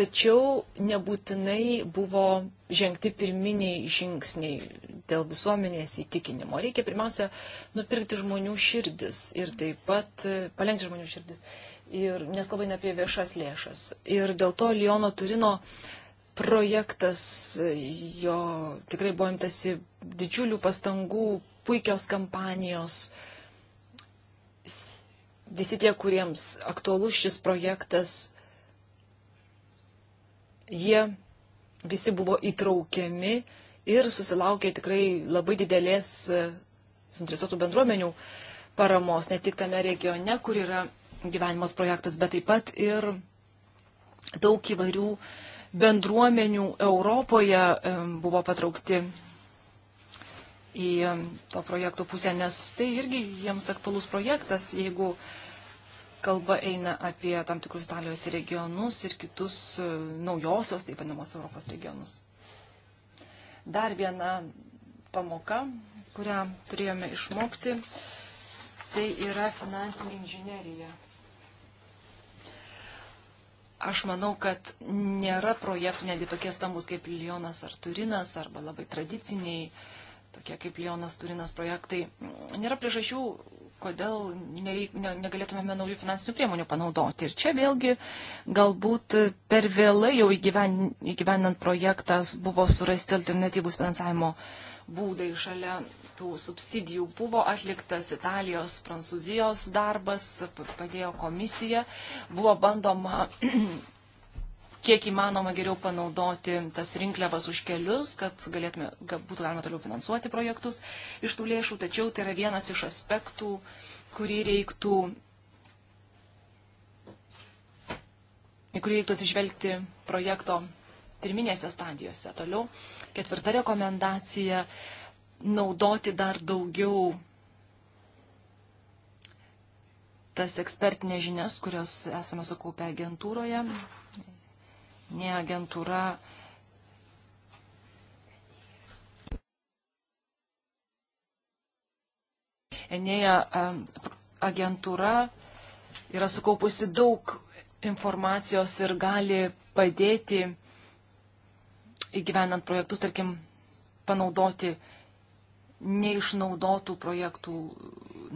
tačiau nebūtinai buvo žengti pirminiai žingsniai dėl visuomenės įtikinimo. Reikia pirmiausia nupirkti žmonių širdis ir taip pat palengti žmonių širdis. Ir nes kalbame apie viešas lėšas. Ir dėl to Liono Turino uh, projektas, jo tikrai buvo imtasi didžiulių pastangų, puikios kampanijos. Visi tie, kuriems aktualus šis projektas, jie visi buvo įtraukiami ir susilaukė tikrai labai didelės e, suinteresuotų bendruomenių paramos, ne tik tame regione, kur yra gyvenimas projektas, bet taip pat ir daug įvairių uh, bendruomenių Europoje buvo patraukti į to projekto pusę, nes tai irgi jiems aktualus projektas, jeigu kalba eina apie tam tikrus Italijos regionus ir kitus e, naujosios, taip vadinamos Europos regionus. Dar viena pamoka, kurią turėjome išmokti, tai yra finansinė inžinerija. Aš manau, kad nėra projektų netgi tokie stambus kaip Lyonas ar Turinas, arba labai tradiciniai, tokie kaip Lyonas Turinas projektai. Nėra priežasčių, kodėl nereik, ne, negalėtumėme naujų finansinių priemonių panaudoti. Ir čia vėlgi galbūt per vėlai jau įgyven, įgyvenant projektas buvo surasti alternatyvus finansavimo uh, būdai šalia tų subsidijų. Buvo atliktas Italijos, Prancūzijos darbas, padėjo komisija, buvo bandoma kiek įmanoma geriau panaudoti tas rinkliavas už kelius, kad galėtume, kad būtų galima toliau finansuoti projektus iš tų lėšų, tačiau tai yra vienas iš aspektų, kurį reiktų, į kurį reiktų atsižvelgti projekto pirminėse stadijose. Toliau Ketvirta rekomendacija - naudoti dar daugiau tas ekspertinės žinias, kurias esame sukaupę agentūroje. Ne agentūra. Enėja agentūra yra sukaupusi daug informacijos ir gali padėti įgyvenant projektus, tarkim, panaudoti neišnaudotų projektų,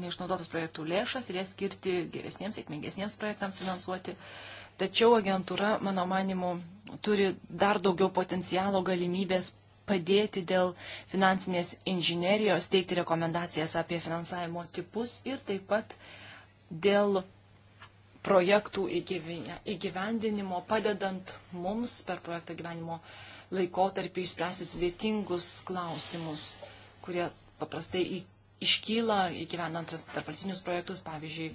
neišnaudotas projektų lėšas ir jas skirti geresniems, sėkmingesniems projektams finansuoti. Tačiau agentūra, mano manimu, turi dar daugiau potencialo galimybės padėti dėl finansinės inžinerijos, teikti rekomendacijas apie finansavimo tipus ir taip pat dėl projektų įgyvendinimo, padedant mums per projekto gyvenimo laikotarpį išspręsti sudėtingus klausimus, kurie paprastai iškyla įgyvenant tarpvalstybinius projektus, pavyzdžiui,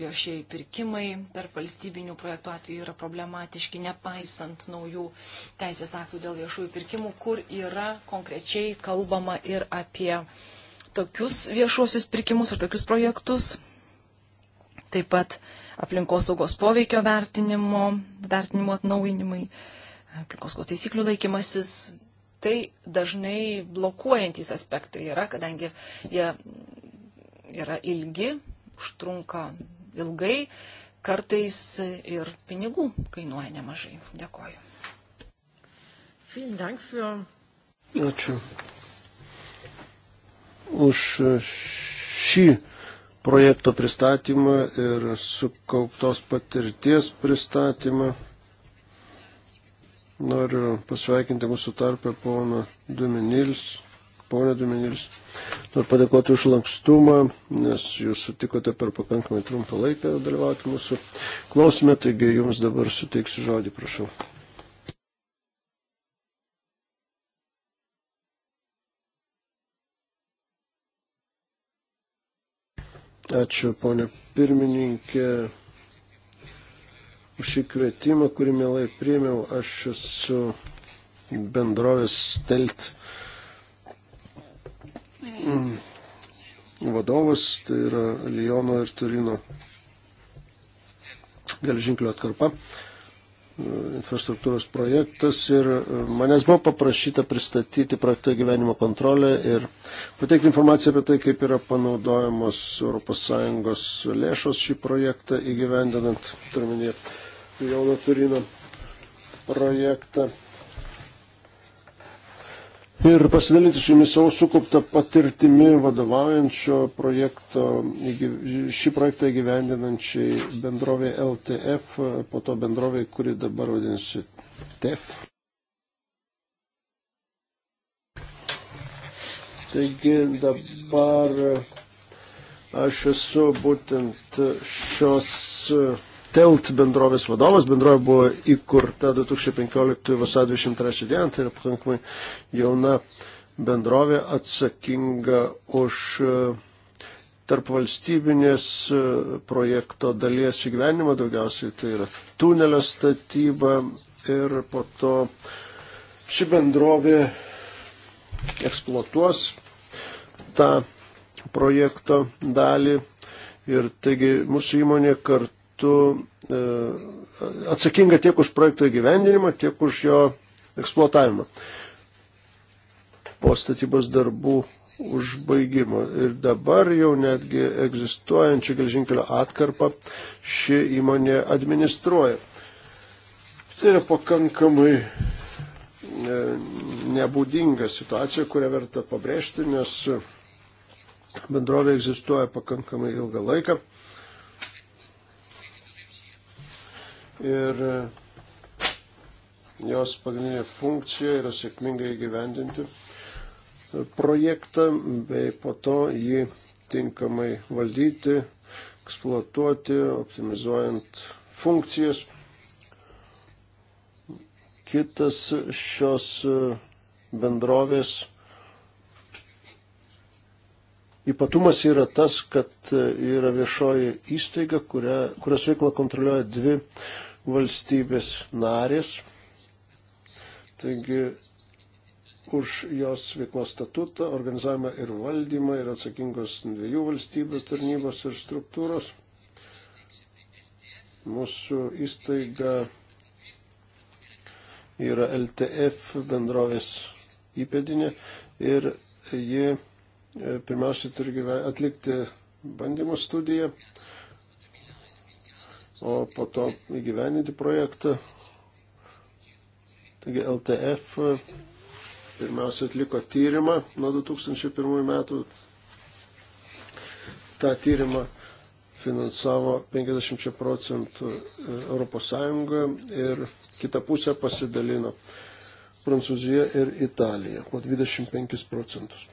viešieji pirkimai tarp valstybinių projektų atveju yra problematiški, nepaisant naujų teisės aktų dėl viešųjų pirkimų, kur yra konkrečiai kalbama ir apie tokius viešuosius pirkimus ir tokius projektus. Taip pat aplinkosaugos poveikio vertinimo, vertinimo atnauinimai aplinkoskos taisyklių laikymasis. Tai dažnai blokuojantys aspektai yra, kadangi jie yra ilgi, užtrunka ilgai, kartais ir pinigų kainuoja nemažai. Dėkoju. Ačiū už šį projekto pristatymą ir sukauptos patirties pristatymą. Noriu pasveikinti mūsų tarpę poną Duminils. Pone Duminils, noriu padėkoti už lankstumą, nes jūs sutikote per pakankamai trumpą laiką dalyvauti mūsų klausime, taigi jums dabar suteiksiu žodį, prašau. Ačiū, ponė pirmininkė už šį kvietimą, kurį mielai priėmiau. Aš esu bendrovės stelt mm, vadovas, tai yra Liono ir Turino gelžinklio atkarpa e, infrastruktūros projektas ir e, manęs buvo paprašyta pristatyti projekto gyvenimo kontrolę ir pateikti informaciją apie tai, kaip yra panaudojamos ES lėšos šį projektą įgyvendinant, turiminėje Jono Turino projektą ir pasidalinti su jumis savo sukauptą patirtimi vadovaujančio projekto, šį projektą įgyvendinančiai bendrovė LTF, po to bendrovė, kuri dabar vadinasi TEF. Taigi dabar aš esu būtent šios Telt bendrovės vadovas. Bendrovė buvo įkurta 2015 vasarą 23 dieną, tai yra pakankamai jauna bendrovė atsakinga už e, tarp valstybinės e, projekto dalies įgyvenimą, daugiausiai tai yra tunelio statyba ir po to ši bendrovė eksploatuos tą projekto dalį ir taigi mūsų įmonė kartu būtų e, atsakinga tiek už projekto įgyvendinimą, tiek už jo eksploatavimą po statybos darbų užbaigimo. Ir dabar jau netgi egzistuojančią gelžinkelio atkarpą ši įmonė administruoja. Tai yra pakankamai e, nebūdinga situacija, kurią verta pabrėžti, nes bendrovė egzistuoja pakankamai ilgą laiką. ir e, jos pagrindinė funkcija yra sėkmingai gyvendinti e, projektą bei po to jį tinkamai valdyti, eksploatuoti, optimizuojant funkcijas. Kitas šios e, bendrovės ypatumas yra tas, kad yra viešoji įstaiga, kurią, kurios veiklą kontroliuoja dvi uh, valstybės narės. Taigi už jos veiklos statutą, organizavimą ir valdymą yra atsakingos dviejų valstybių tarnybos ir struktūros. Mūsų įstaiga yra LTF bendrovės įpėdinė ir ji e, pirmiausia turi atlikti bandymų studiją, o po to įgyveninti projektą. Taigi LTF e, pirmiausia atliko tyrimą nuo 2001 metų. Ta tyrimą finansavo 50 procentų ES ir kitą pusę pasidalino Prancūzija ir Italija po 25 procentus.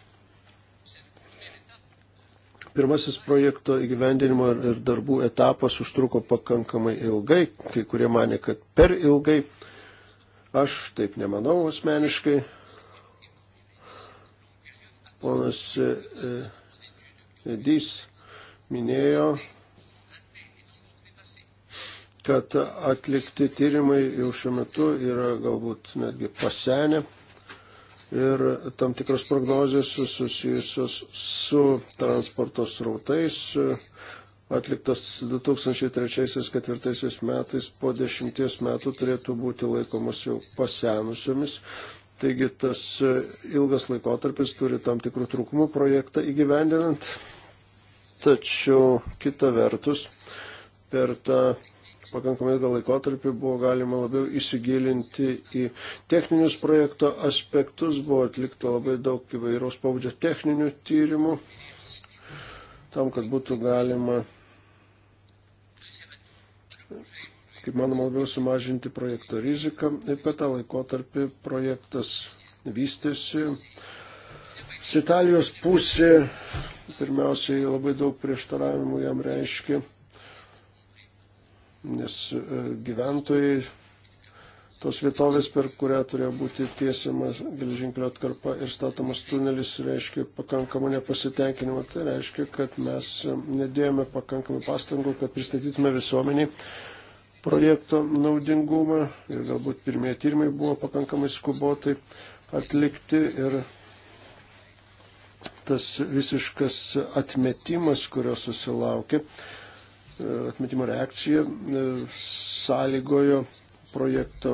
Pirmasis projekto įgyvendinimo ir darbų etapas užtruko pakankamai ilgai, kai kurie mane, kad per ilgai. Aš taip nemanau asmeniškai. Ponas Edys e, minėjo, kad atlikti tyrimai jau šiuo metu yra galbūt netgi pasenę ir tam tikros prognozijos susijusios su transporto srautais, atliktas 2003-2004 metais po dešimties metų turėtų būti laikomas jau pasenusiomis. Taigi tas ilgas laikotarpis turi tam tikrų trūkumų projektą įgyvendinant. Tačiau kita vertus, per tą pakankamai ilgą laikotarpį buvo galima labiau įsigilinti į techninius projekto aspektus, buvo atlikta labai daug įvairiaus pavadžio techninių tyrimų, tam, kad būtų galima, kaip manoma, labiau sumažinti projekto riziką ir per tą laikotarpį projektas vystėsi. Italijos pusė pirmiausiai labai daug prieštaravimų jam reiškia nes e, gyventojai tos vietovės, per kurią turėjo būti tiesiama geležinkelio atkarpa ir statomas tunelis, reiškia pakankamą nepasitenkinimą. Tai reiškia, kad mes e, nedėjome pakankamai pastangų, kad pristatytume visuomeniai projekto naudingumą ir galbūt pirmieji tyrimai buvo pakankamai skubotai atlikti ir tas visiškas atmetimas, kurio susilaukė, E, atmetimo reakcija e, sąlygojo projekto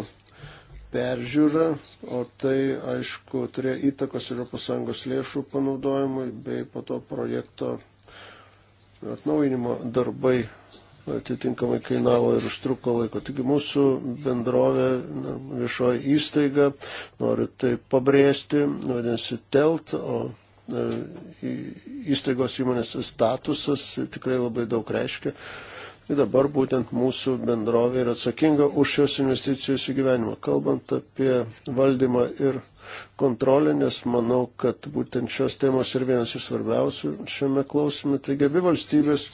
peržiūrą, o tai, aišku, turėjo įtakos ES lėšų panaudojimui bei po to projekto atnaujinimo darbai atitinkamai kainavo ir užtruko laiko. Taigi mūsų bendrovė, na, viešoji įstaiga, noriu tai pabrėžti, vadinasi TELT, o E, įstaigos įmonės statusas tikrai labai daug reiškia. Ir dabar būtent mūsų bendrovė yra atsakinga už šios investicijos įgyvenimą. Kalbant apie valdymą ir kontrolę, nes manau, kad būtent šios temos ir vienas iš svarbiausių šiame klausime. Taigi abi valstybės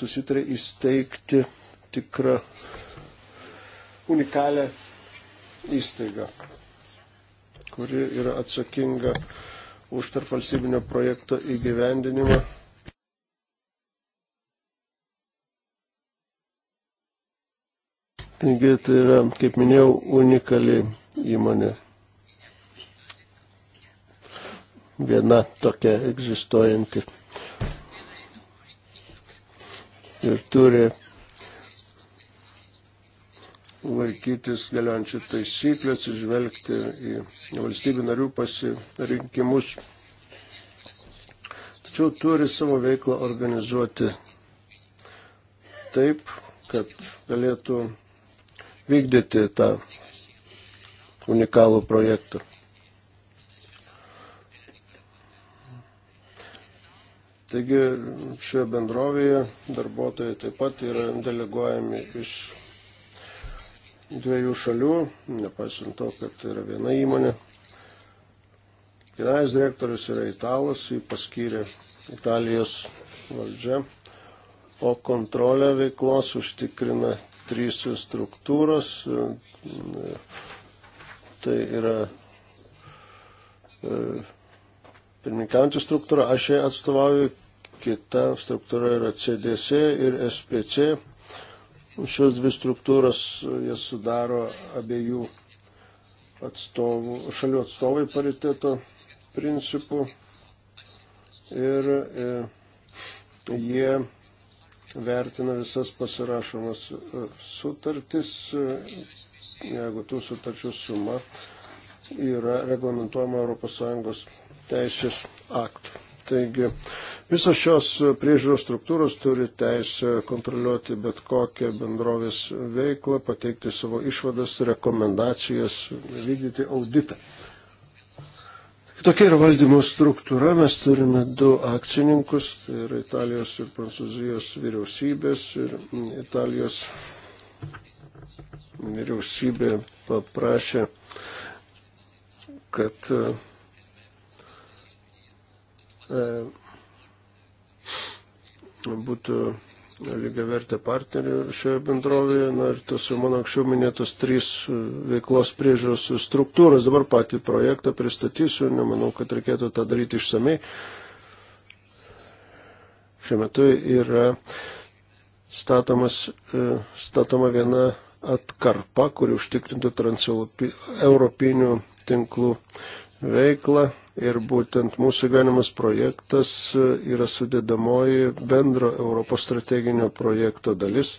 susitarė įsteigti tikrą unikalią įstaigą, kuri yra atsakinga už tarp valstybinio projekto įgyvendinimą. Taigi tai yra, kaip minėjau, unikali įmonė. Viena tokia egzistuojanti. Ir turi laikytis galiojančių taisyklių, atsižvelgti į valstybių narių pasirinkimus. Tačiau turi savo veiklą organizuoti taip, kad galėtų vykdyti tą unikalų projektą. Taigi šioje bendrovėje darbuotojai taip pat yra deleguojami iš dviejų šalių, nepaisant to, kad tai yra viena įmonė. Generalinis direktorius yra italas, jį paskyrė Italijos valdžia, o kontrolę veiklos užtikrina trys struktūros. Tai yra e, pirmininkaujanti struktūra, aš ją atstovauju, kita struktūra yra CDC ir SPC Šios dvi struktūros jas sudaro abiejų atstovų, šalių atstovai pariteto principų ir e, jie vertina visas pasirašomas e, sutartis, e, jeigu tų sutarčių suma yra reglamentuojama ES teisės aktų. Taigi Visos šios priežiūros struktūros turi teisę kontroliuoti bet kokią bendrovės veiklą, pateikti savo išvadas, rekomendacijas, vykdyti auditą. Tokia yra valdymo struktūra, mes turime du akcininkus, tai yra Italijos ir Prancūzijos vyriausybės ir Italijos vyriausybė paprašė, kad e, būtų lygiavertė partnerė šioje bendrovėje. Na ir tos jau mano anksčiau minėtos trys e, veiklos priežiūros struktūros. Dabar patį projektą pristatysiu, nemanau, kad reikėtų tą daryti išsamei. Šiuo metu yra statomas, e, statoma viena atkarpa, kuri užtikrintų transeuropinių tinklų veiklą Ir būtent mūsų gyvenimas projektas yra sudėdamoji bendro Europos strateginio projekto dalis.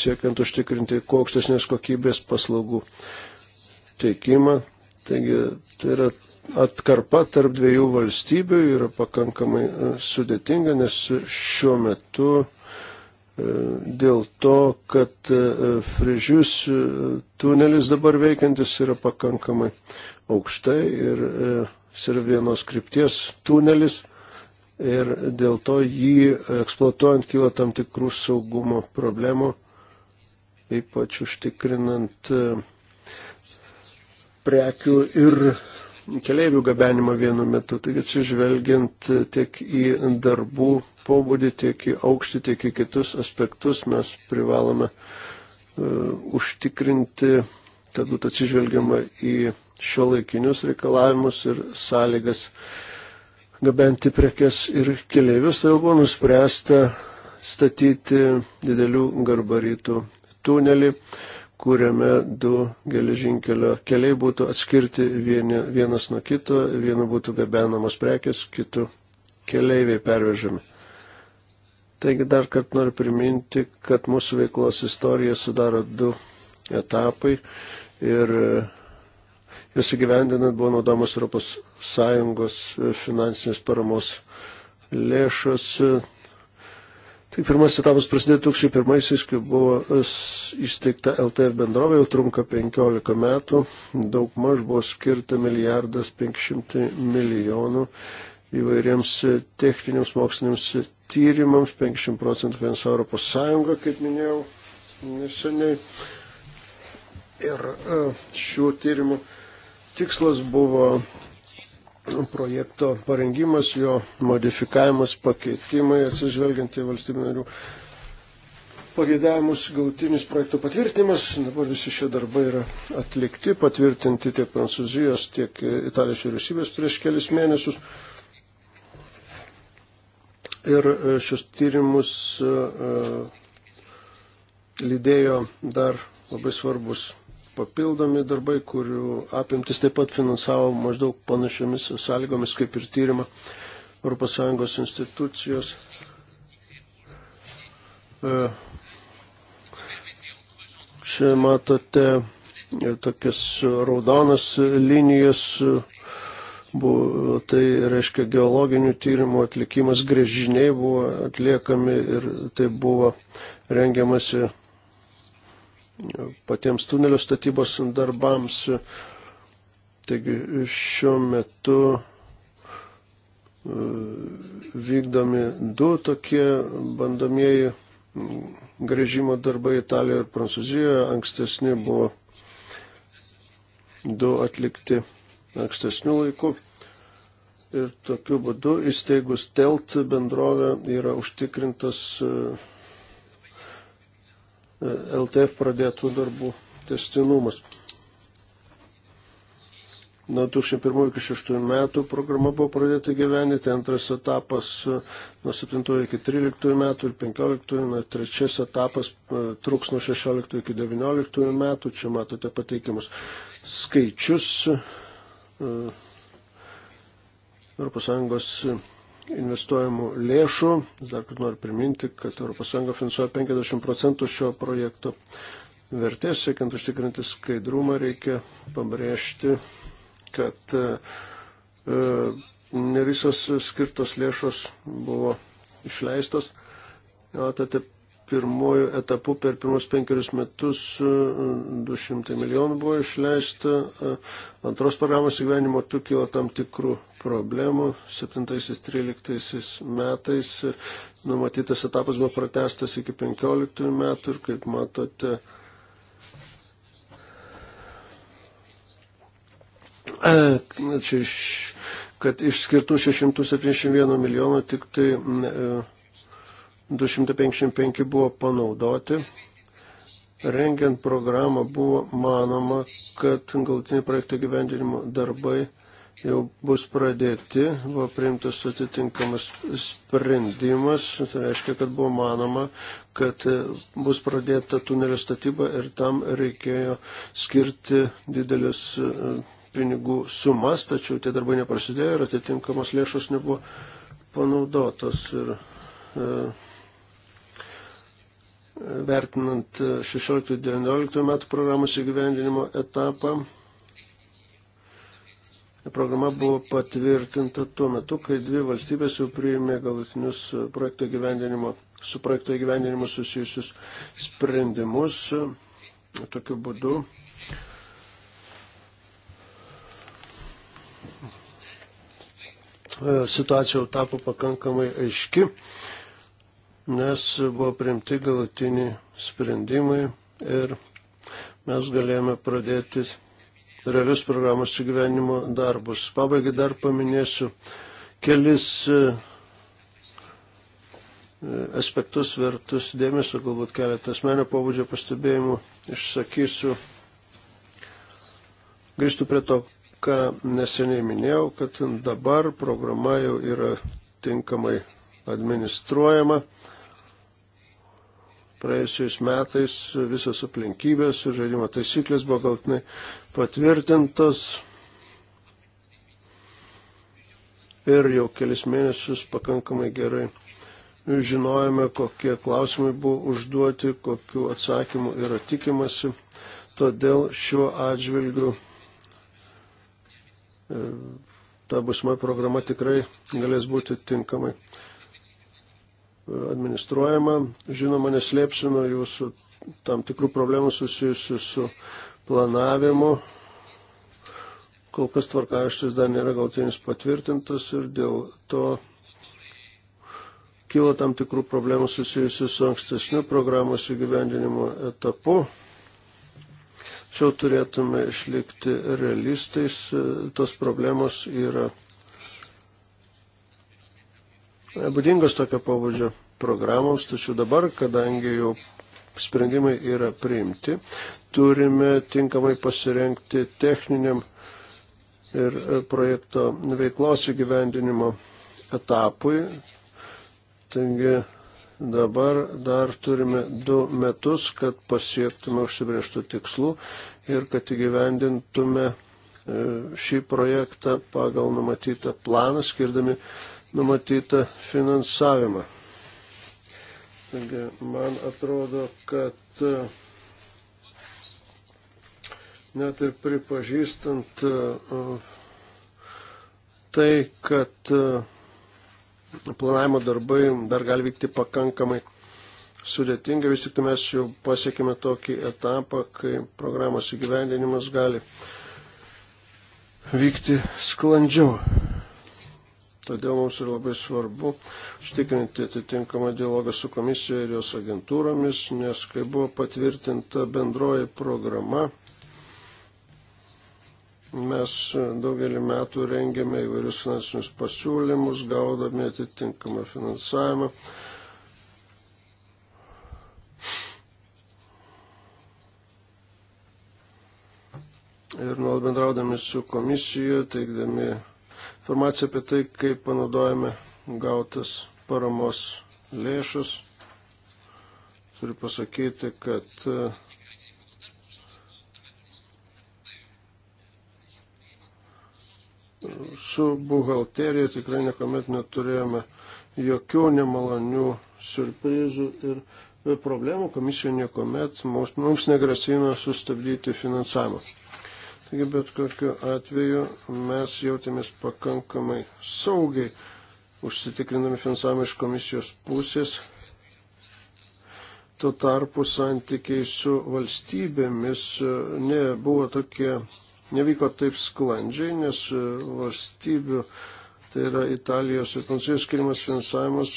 siekiant užtikrinti kuo aukštesnės kokybės paslaugų teikimą. Taigi tai yra atkarpa tarp dviejų valstybių yra pakankamai e, sudėtinga, nes šiuo metu E, dėl to, kad e, frižius e, tunelis dabar veikiantis yra pakankamai aukštai ir jis yra vienos krypties tunelis ir dėl to jį eksploatuojant kyla tam tikrų saugumo problemų, ypač užtikrinant prekių ir keliaivių gabenimą vienu metu. Taigi atsižvelgiant tiek į darbų pobūdį, tiek į aukštį, tiek į kitus aspektus mes privalome uh, užtikrinti, kad būtų atsižvelgiama į šio laikinius reikalavimus ir sąlygas gabenti prekes ir keliaivius. Tai buvo nuspręsta statyti didelių garbarytų tunelį, kuriame du geležinkelio keliai būtų atskirti vieni, vienas nuo kito, vienu būtų gabenamos prekes, kitu keliaiviai pervežami. Taigi dar kart noriu priminti, kad mūsų veiklos istorija sudaro du etapai ir e, juos įgyvendinant buvo naudojamos ES e, finansinės paramos lėšos. E, tai pirmas etapas prasidėjo 2001-aisiais, kai buvo įsteigta LTF bendrovė, jau trunka 15 metų, daug maž buvo skirta milijardas 500 milijonų įvairiems techniniams moksliniams tyrimams, 50 procentų finansavo Europos Sąjunga, kaip minėjau neseniai. Ir e, šių tyrimų tikslas buvo projekto parengimas, jo modifikavimas, pakeitimai, atsižvelgiant į valstybių narių pageidavimus, galutinis projekto patvirtinimas. Dabar visi šie darbai yra atlikti, patvirtinti tiek Prancūzijos, tiek Italijos vyriausybės prieš kelis mėnesius. Ir e, šios tyrimus e, e, lydėjo dar labai svarbus papildomi darbai, kurių apimtis taip pat finansavo maždaug panašiomis sąlygomis kaip ir tyrimą ES institucijos. Čia matote tokias raudonas linijas buvo, tai reiškia geologinių tyrimų atlikimas, grėžiniai buvo atliekami ir tai buvo rengiamasi patiems tunelio statybos darbams. Taigi šiuo metu e, vykdomi du tokie bandomieji grėžimo darbai Italijoje ir Prancūzijoje, ankstesni buvo du atlikti ankstesnių laikų. Ir tokiu būdu įsteigus telt bendrovę yra užtikrintas e, e, LTF pradėtų darbų testinumas. Nuo 2001 iki 2006 metų programa buvo pradėta gyveninti, antras etapas e, nuo 7 iki 13 metų ir 15, na, trečias etapas truks nuo 16 iki 19 metų, čia matote pateikimus skaičius ES investuojamų lėšų. Dar kartą noriu priminti, kad ES finansuoja 50 procentų šio projekto vertės, siekiant užtikrinti skaidrumą, reikia pabrėžti, kad e, ne visos skirtos lėšos buvo išleistos. ATTP pirmojų etapų per pirmus penkerius metus 200 e, milijonų buvo išleista. E, antros programos įgyvenimo tu kilo tam tikrų problemų. 7-13 metais e, numatytas etapas buvo pratestas iki 15 metų ir kaip matote. Čia iš, kad iš skirtų 671 milijonų tik tai 255 buvo panaudoti. Rengiant programą buvo manoma, kad galtiniai projektų gyvendinimo darbai jau bus pradėti, buvo priimtas atitinkamas sprendimas, tai reiškia, kad buvo manoma, kad bus pradėta tunelio statyba ir tam reikėjo skirti didelis e, pinigų sumas, tačiau tie darbai neprasidėjo ir atitinkamos lėšos nebuvo panaudotos. Ir, e, vertinant 16-19 metų programos įgyvendinimo etapą. Programa buvo patvirtinta tuo metu, kai dvi valstybės jau priėmė galutinius projekto gyvendinimo, su projekto įgyvendinimu susijusius sprendimus. Tokiu būdu situacija jau tapo pakankamai aiški nes buvo priimti galutiniai sprendimai ir mes galėjome pradėti realius programos įgyvenimo darbus. Pabaigai dar paminėsiu kelis e, aspektus vertus dėmesio, galbūt keletą asmenio pobūdžio pastebėjimų išsakysiu. Grįžtu prie to, ką neseniai minėjau, kad dabar programa jau yra tinkamai administruojama. Praėjusiais metais visas aplinkybės ir žaidimo taisyklės buvo galtinai patvirtintos. Ir jau kelis mėnesius pakankamai gerai žinojame, kokie klausimai buvo užduoti, kokiu atsakymu yra tikimasi. Todėl šiuo atžvilgiu e, ta busma programa tikrai galės būti tinkamai administruojama. Žinoma, neslėpsiu nuo jūsų tam tikrų problemų susijusių su planavimu. Kol kas tvarkaraštis dar nėra gautinis patvirtintas ir dėl to kilo tam tikrų problemų susijusių su ankstesniu programos įgyvendinimo etapu. Čia turėtume išlikti realistais, tos problemos yra būdingos tokio pobūdžio programoms, tačiau dabar, kadangi jau sprendimai yra priimti, turime tinkamai pasirengti techniniam ir e, projekto veiklos įgyvendinimo etapui. Taigi dabar dar turime du metus, kad pasiektume užsibrieštų tikslų ir kad įgyvendintume e, šį projektą pagal numatytą planą, skirdami numatytą finansavimą. Taigi, man atrodo, kad e, net ir pripažįstant e, e, tai, kad planavimo darbai dar gali vykti pakankamai sudėtinga, vis tik tai mes jau pasiekime tokį etapą, kai programos įgyvendinimas gali vykti sklandžiau. Todėl mums yra labai svarbu užtikrinti atitinkamą dialogą su komisija ir jos agentūromis, nes kai buvo patvirtinta bendroji programa, mes daugelį metų rengėme įvairius finansinius pasiūlymus, gaudami atitinkamą finansavimą. Ir nuolat bendraudami su komisija, teikdami informaciją apie tai, kaip panaudojame gautas paramos lėšus. Turiu pasakyti, kad e, su buhalterija tikrai niekuomet neturėjome jokių nemalonių surprizų ir e, problemų komisija niekuomet mums, mums negrasino sustabdyti finansavimą. Taigi bet kokiu atveju mes jautėmės pakankamai saugiai užsitikrinami finansavimą iš komisijos pusės. Tuo tarpu santykiai su valstybėmis e, nebuvo tokie, nevyko taip sklandžiai, nes e, valstybių, tai yra Italijos ir Prancūzijos skirimas finansavimas,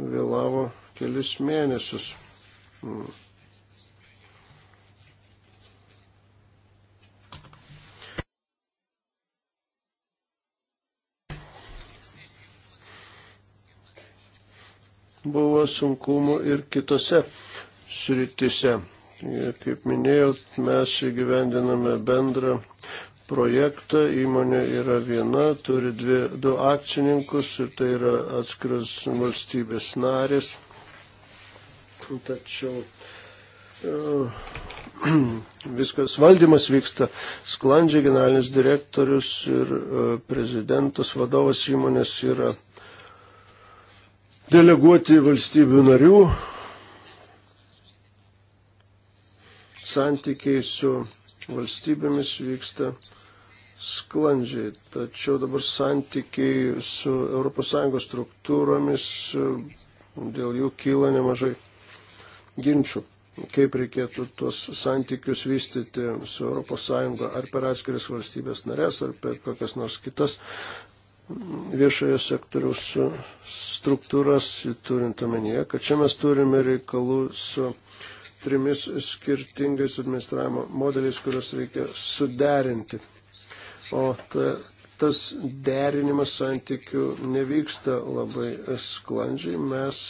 vėlavo kelis mėnesius. Hmm. buvo sunkumų ir kitose sritise. Kaip minėjau, mes įgyvendiname bendrą projektą, įmonė yra viena, turi dvi, du akcininkus ir tai yra atskiras valstybės narės. Tačiau e, viskas valdymas vyksta sklandžiai, generalinis direktorius ir e, prezidentas vadovas įmonės yra deleguoti valstybių narių santykiai su valstybėmis vyksta sklandžiai, tačiau dabar santykiai su ES struktūromis dėl jų kyla nemažai ginčių, kaip reikėtų tuos santykius vystyti su ES ar per atskiris valstybės narės, ar per kokias nors kitas viešojo sektoriaus struktūras, turint omenyje, kad čia mes turime reikalų su trimis skirtingais administravimo modeliais, kuriuos reikia suderinti. O ta, tas derinimas santykių nevyksta labai sklandžiai. Mes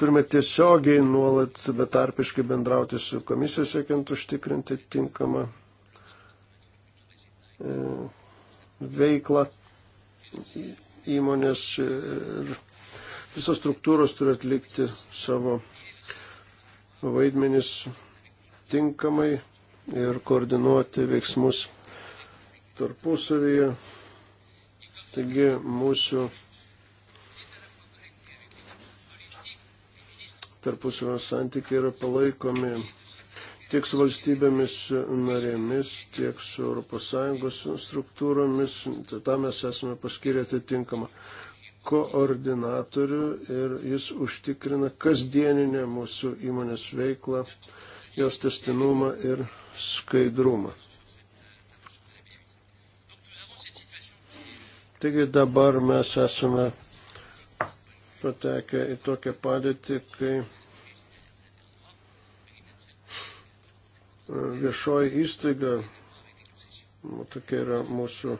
turime tiesiogiai nuolat betarpiškai bendrauti su komisija, siekiant užtikrinti tinkamą E, veiklą įmonės ir visos struktūros turi atlikti savo vaidmenis tinkamai ir koordinuoti veiksmus tarpusavyje. Taigi mūsų tarpusavio santykiai yra palaikomi tiek su valstybėmis narėmis, tiek su ES struktūromis. Tai tam mes esame paskirę atitinkamą koordinatorių ir jis užtikrina kasdieninę mūsų įmonės veiklą, jos testinumą ir skaidrumą. Taigi dabar mes esame patekę į tokią padėtį, kai viešoji įstaiga, nu, tokia yra mūsų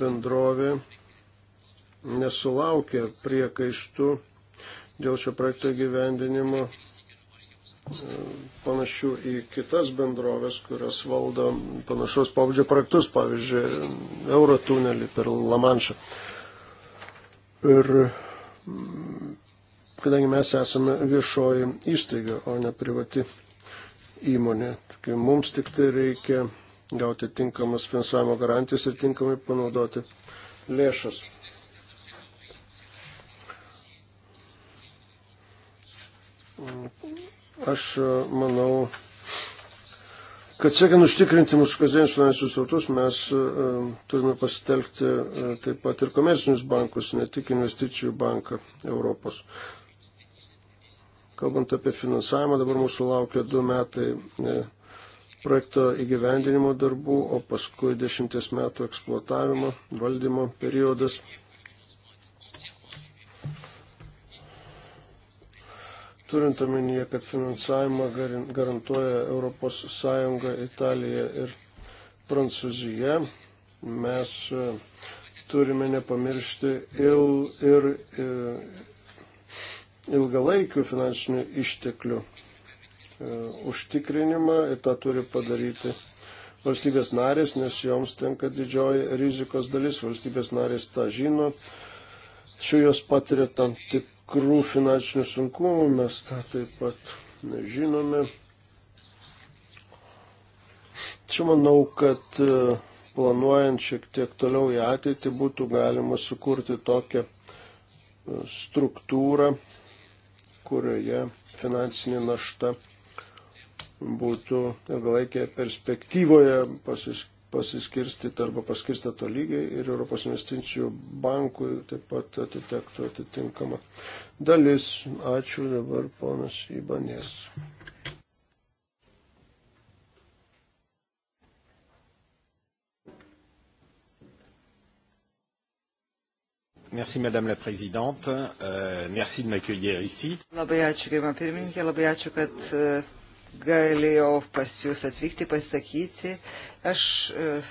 bendrovė, nesulaukė priekaištų dėl šio projekto gyvendinimo e, panašių į kitas bendrovės, kurios valdo panašaus pobūdžio projektus, pavyzdžiui, euro tunelį per Lamanšą. Ir kadangi mes esame viešoji įstaiga, o ne privati įmonė. Taigi, mums tik tai reikia gauti tinkamas finansavimo garantijas ir tinkamai panaudoti lėšas. Aš e, manau, kad siekiant užtikrinti mūsų kasdienius finansinius srautus, mes uh, turime pasitelkti uh, taip pat ir komercinius bankus, ne tik investicijų banką Europos. Uh, Kalbant apie finansavimą, dabar mūsų laukia du metai e, projekto įgyvendinimo darbų, o paskui dešimties metų eksploatavimo, valdymo periodas. Turint omenyje, kad finansavimą garantuoja ES, Italija ir Prancūzija, mes e, turime nepamiršti il, ir, ir e, ilgalaikių finansinių išteklių e, užtikrinimą ir tą turi padaryti valstybės narės, nes joms tenka didžioji rizikos dalis, valstybės narės tą žino, šių jos patiria tam tikrų finansinių sunkumų, mes tą taip pat žinome. Čia manau, kad e, planuojant šiek tiek toliau į ateitį būtų galima sukurti tokią e, struktūrą, kurioje finansinė našta būtų ilgalaikėje perspektyvoje pasis, pasiskirstyti arba paskirstyta lygiai ir Europos investicijų bankui taip pat atitektų atitinkama dalis. Ačiū dabar ponas Ibanės. Merci, Madame la Présidente. Uh, merci de m'accueillir ici. Labai ačiū, gerima pirmininkė, labai ačiū, kad uh, galėjau pas Jūs atvykti, pasakyti. Aš uh,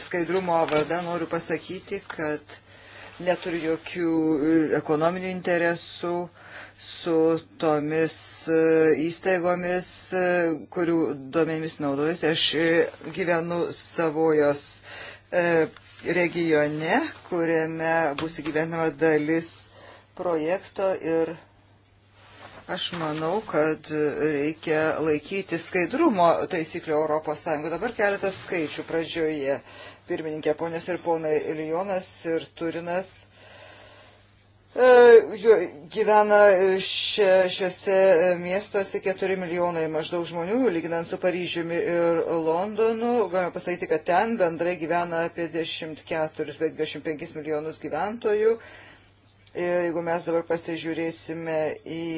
skaidrumo vardą noriu pasakyti, kad neturiu jokių e, ekonominių interesų su tomis įstaigomis, kurių duomenimis naudojusi. Aš gyvenu savojos regione, kuriame bus įgyvenama dalis projekto ir aš manau, kad reikia laikyti skaidrumo taisyklių ES. Dabar keletas skaičių pradžioje. Pirmininkė, ponės ir ponai Iljonas ir Turinas E, gyvena e, šiuose e, miestuose 4 milijonai maždaug žmonių, lyginant su Paryžiumi ir Londonu. Galime pasakyti, kad ten bendrai gyvena apie 24, beveik 25 milijonus gyventojų. Ir jeigu mes dabar pasižiūrėsime į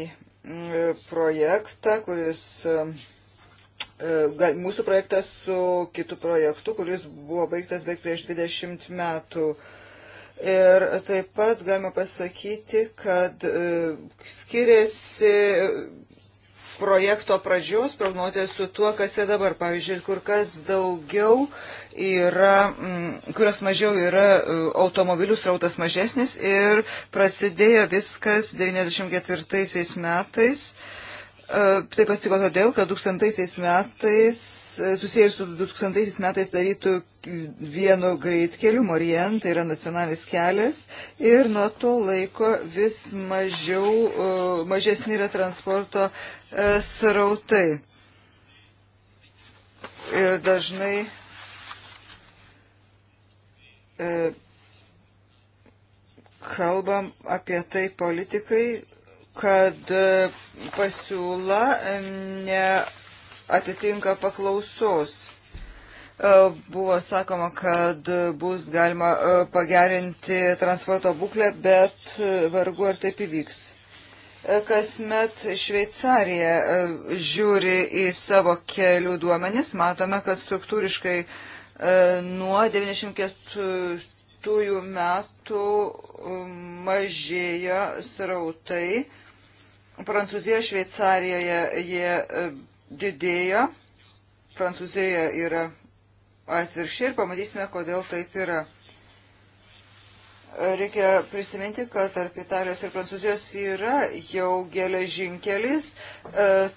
projektą, kuris mūsų projektas su kitu projektu, kuris buvo baigtas beveik prieš 20 metų Ir taip pat galima pasakyti, kad e, skiriasi e, projekto pradžios prognozijas su tuo, kas yra dabar. Pavyzdžiui, kur kas daugiau yra, mm, kurios mažiau yra e, automobilių srautas mažesnis ir prasidėjo viskas 94 metais E, tai pasiko todėl, kad 2000 metais, e, susijęs su 2000 metais darytų vienu greitkeliu, Morien, tai yra nacionalinis kelias, ir nuo to laiko vis mažiau, e, mažesni yra transporto srautai. Ir dažnai kalbam apie tai politikai, kad e, pasiūla neatitinka paklausos. E, buvo sakoma, kad bus galima e, pagerinti transporto būklę, bet vargu ar taip įvyks. Kasmet Šveicarija žiūri į savo kelių duomenis, matome, kad struktūriškai nuo 94 metų mažėjo srautai Prancūzijoje, Šveicarijoje jie e, didėjo, Prancūzijoje yra atvirkščiai ir pamatysime, kodėl taip yra. E, reikia prisiminti, kad tarp Italijos ir Prancūzijos yra jau geležinkelis, e,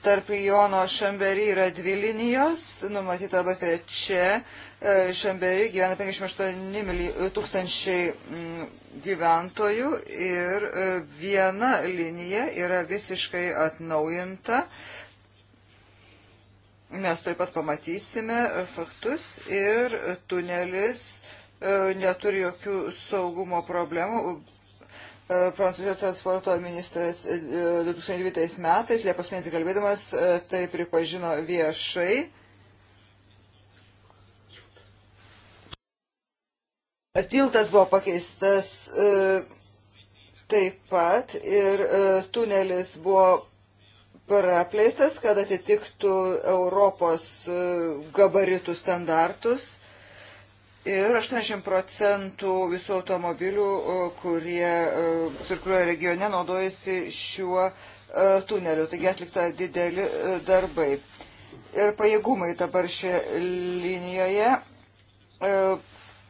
tarp Jono Šamberį yra dvi linijos, numatyta arba trečia Šamberi gyvena 58 tūkstančiai mm, gyventojų ir e, viena linija yra visiškai atnaujinta. Mes taip pat pamatysime e, faktus ir tunelis e, neturi jokių saugumo problemų. Prancūzijos transporto ministras 2009 metais, Liepos mėnesį kalbėdamas, tai pripažino viešai Tiltas buvo pakeistas e, taip pat ir e, tunelis buvo prapleistas, kad atitiktų Europos e, gabaritų standartus. Ir 80 procentų visų automobilių, kurie cirkuliuoja regione, naudojasi šiuo tuneliu. Taigi atlikta dideli darbai. Ir pajėgumai dabar šioje linijoje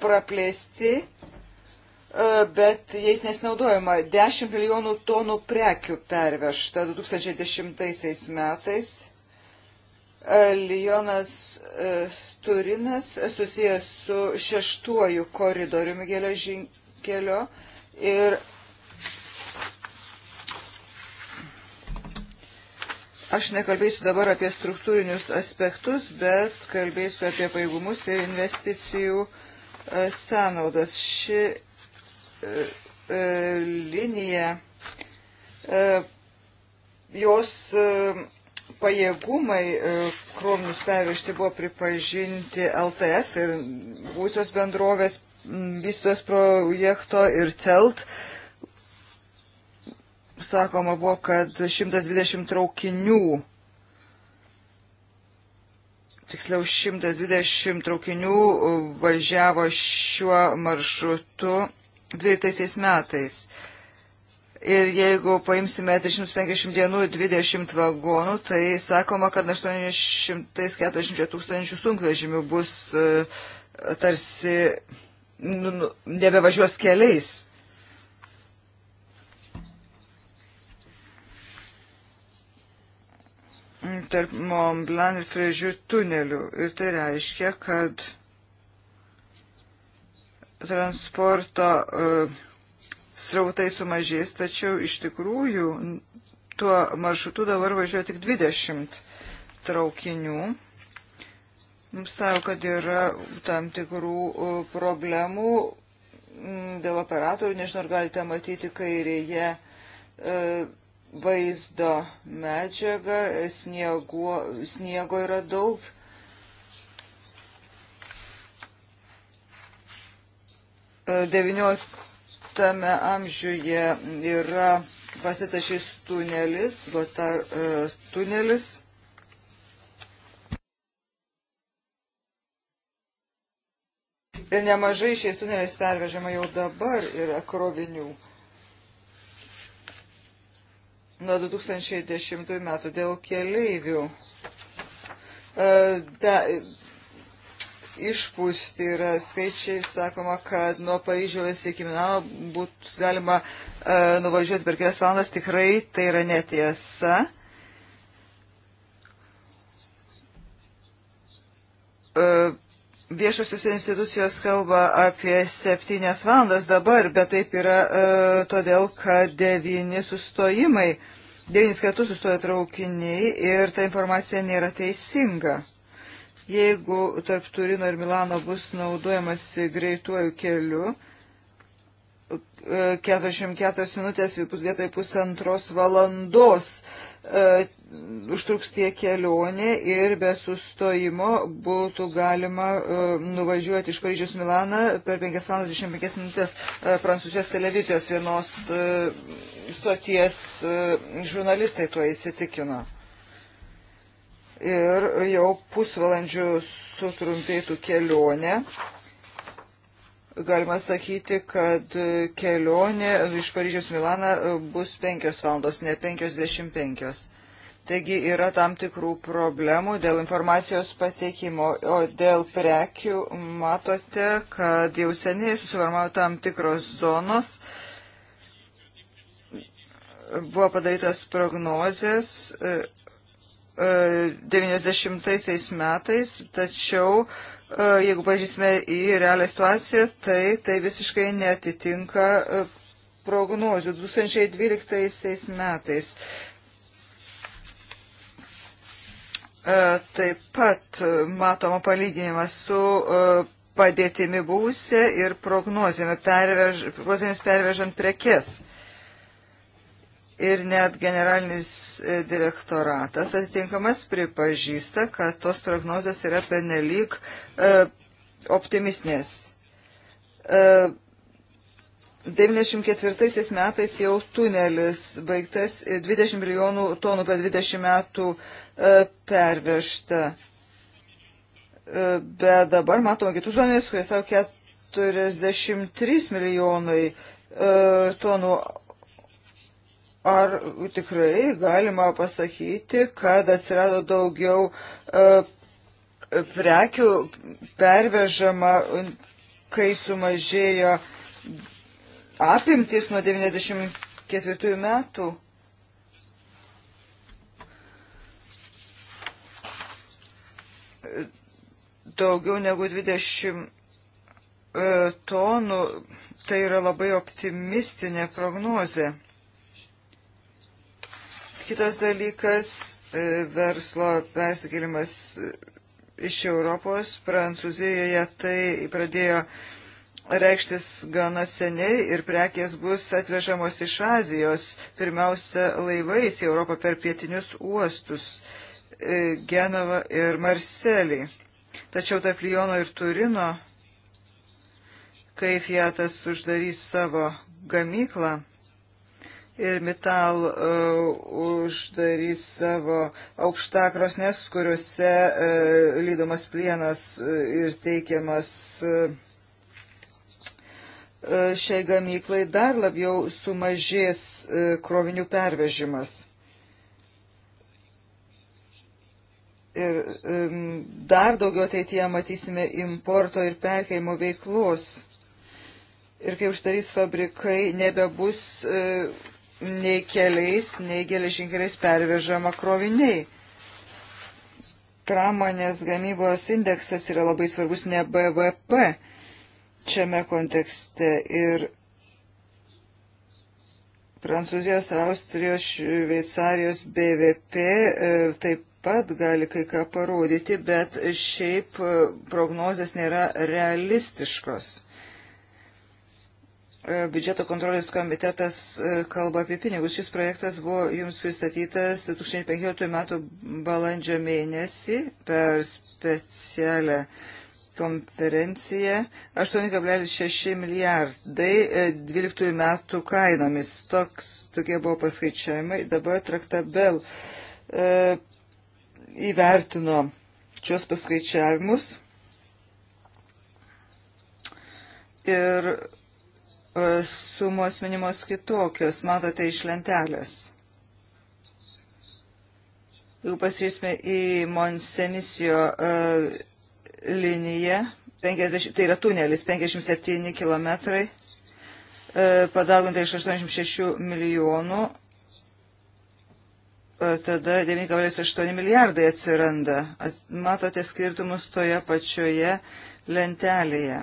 praplėsti, e, bet jais nesinaudojama. 10 milijonų tonų prekių pervežta 2010 metais. E, Lionas e, Turinas susijęs su šeštuoju koridoriumi geležinkelio ir Aš nekalbėsiu dabar apie struktūrinius aspektus, bet kalbėsiu apie paėgumus ir investicijų E, sąnaudas. Ši e, e, linija, jos pajėgumai krovinius pervežti buvo pripažinti LTF ir būsios bendrovės vystytos projekto ir CELT. Sakoma buvo, kad 120 traukinių tiksliau 120 traukinių e, važiavo šiuo maršrutu 12 metais. Ir jeigu paimsime 350 dienų 20 vagonų, tai sakoma, kad 840 tūkstančių sunkvežimių bus e, tarsi nu, nu, nebevažiuos keliais. tarp Montblanc ir Frežių tunelių. Ir tai reiškia, kad transporto e, srautai sumažės, tačiau iš tikrųjų tuo maršrutu dabar važiuoja tik 20 traukinių. Mums savo, kad yra tam tikrų e, problemų dėl operatorių, nežinau, ar galite matyti kairėje e, vaizdo medžiagą, sniego, sniego yra daug. XIX amžiuje yra pastatytas šis tunelis, Lotar e, tunelis. Ir nemažai šiais tuneliais pervežama jau dabar yra krovinių nuo 2010 metų dėl keleivių. E, be, išpūsti yra skaičiai, sakoma, kad nuo Paryžiaus iki Milano būtų galima e, nuvažiuoti per kelias valandas, tikrai tai yra netiesa. E, viešosios institucijos kalba apie septynias valandas dabar, bet taip yra e, todėl, kad devyni sustojimai e, devynis kartus sustoja traukiniai ir ta informacija nėra teisinga. Jeigu tarp Turino ir Milano bus naudojamas greituoju keliu, 44 e, minutės vietoj pusantros valandos e, užtruks tie kelionė ir be sustojimo būtų galima e, nuvažiuoti iš Paryžiaus Milaną per 5 valandas 25 minutės e, Prancūzijos televizijos vienos e, stoties e, žurnalistai tuo įsitikino. Ir jau pusvalandžių sutrumpėtų kelionė. Galima sakyti, kad kelionė iš Paryžiaus Milaną bus 5 valandos, ne 5.25. Taigi yra tam tikrų problemų dėl informacijos pateikimo, o dėl prekių matote, kad jau seniai susivarmavo tam tikros zonos. E, Buvo padarytos prognozės 90 e, e, metais, tačiau e, jeigu pažįsime į realią situaciją, tai tai visiškai netitinka prognozių 2012 metais. Taip pat matoma palyginimas su padėtimi būsė ir prognozėmis pervežant prekes ir net generalinis e, direktoratas atitinkamas pripažįsta, kad tos prognozijos yra penelyg e, optimistinės. E, 94 metais jau tunelis baigtas 20 milijonų tonų per 20 metų e, pervežta. E, bet dabar matome kitus duomenys, kurie savo 43 milijonai e, tonų Ar tikrai galima pasakyti, kad atsirado daugiau e, prekių pervežama, kai sumažėjo apimtis nuo 94 metų? Daugiau negu 20 e, tonų, tai yra labai optimistinė prognozė. Kitas dalykas e, - verslo persikėlimas e, iš Europos. Prancūzijoje tai pradėjo reikštis gana seniai ir prekės bus atvežamos iš Azijos, pirmiausia laivais į Europą per pietinius uostus e, - Genovą ir Marselį. Tačiau tarp Lyono ir Turino, kai Fiatas uždarys savo gamyklą, ir Mital e, uždarys savo aukštakrosnes, kuriuose e, lydomas plienas e, ir teikiamas šiai gamyklai dar labiau sumažės krovinių pervežimas. Ir dar daugiau ateityje matysime importo ir perkeimo veiklos. Ir kai uždarys fabrikai, nebebus nei keliais, nei geležinkeliais pervežama kroviniai. Pramonės gamybos indeksas yra labai svarbus ne BVP šiame kontekste ir Prancūzijos, Austrijos, Šveicarijos BVP e, taip pat gali kai ką parodyti, bet šiaip e, prognozės nėra realistiškos. E, biudžeto kontrolės komitetas e, kalba apie pinigus. Šis projektas buvo jums pristatytas 2015 m. balandžio mėnesį per specialią konferenciją 8,6 milijardai 12 e, metų kainomis. Toks, tokie buvo paskaičiavimai. Dabar Traktabel e, įvertino šios paskaičiavimus ir E, sumos minimos kitokios, matote iš lentelės. Jeigu pasižiūrėsime į Monsenisio e, liniją, 50, tai yra tunelis 57 km, e, padauginta iš 86 milijonų, tada 9,8 milijardai atsiranda. Matote skirtumus toje pačioje lentelėje.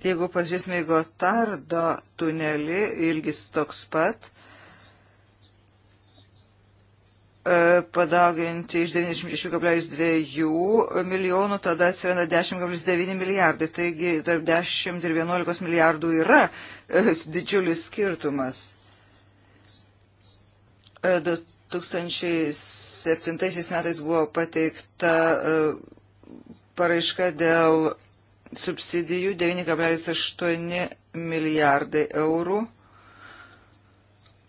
Jeigu pažiūrėsime į Gotardo tunelį, ilgis toks pat, e, padauginti iš 96,2 milijonų, tada atsiranda 10,9 milijardai. Taigi tarp 10 ir 11 milijardų yra e, didžiulis skirtumas. 2007 e, metais buvo pateikta paraiška dėl subsidijų 9,8 milijardai eurų,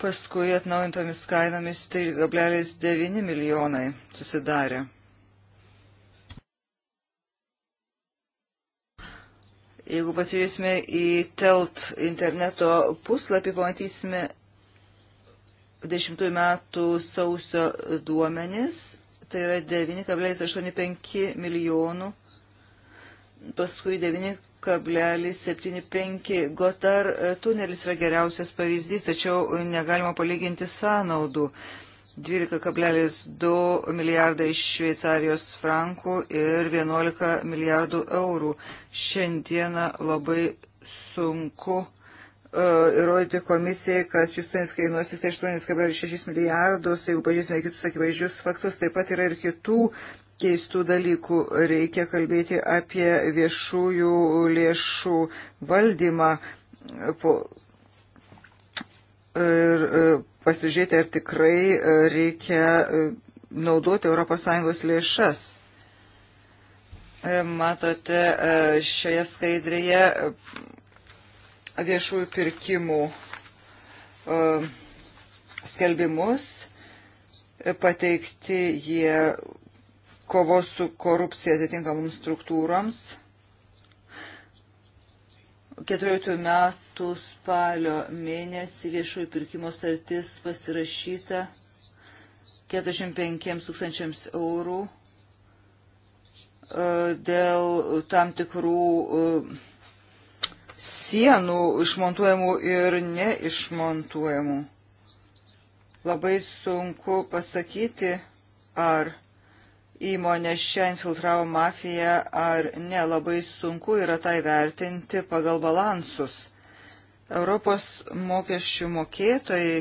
paskui atnaujintomis kainomis 3,9 milijonai susidarė. Jeigu pasižiūrėsime į TELT interneto puslapį, pamatysime 10 metų sausio duomenis, tai yra 9,85 milijonų eurų paskui 9,75 Gotar e, tunelis yra geriausias pavyzdys, tačiau negalima palyginti sąnaudų. 12,2 milijardai šveicarijos frankų ir 11 milijardų eurų. Šiandieną labai sunku uh, įrodyti komisijai, kad šis turinys kainuos tik tai 8,6 milijardus. Jeigu pažiūrėsime kitus akivaizdžius faktus, taip pat yra ir kitų keistų dalykų. Reikia kalbėti apie viešųjų lėšų valdymą ir e, pasižiūrėti, ar tikrai e, reikia e, naudoti ES lėšas. Matote šioje skaidrėje viešųjų pirkimų skelbimus pateikti jie kovos su korupcija atitinkamoms struktūroms. 14 metų spalio mėnesį viešųjų pirkimo startis pasirašyta 45 tūkstančiams eurų e, dėl tam tikrų e, sienų išmontuojamų ir neišmontuojamų. Labai sunku pasakyti, ar įmonė šią infiltravo mafiją ar ne, labai sunku yra tai vertinti pagal balansus. Europos mokesčių mokėtojai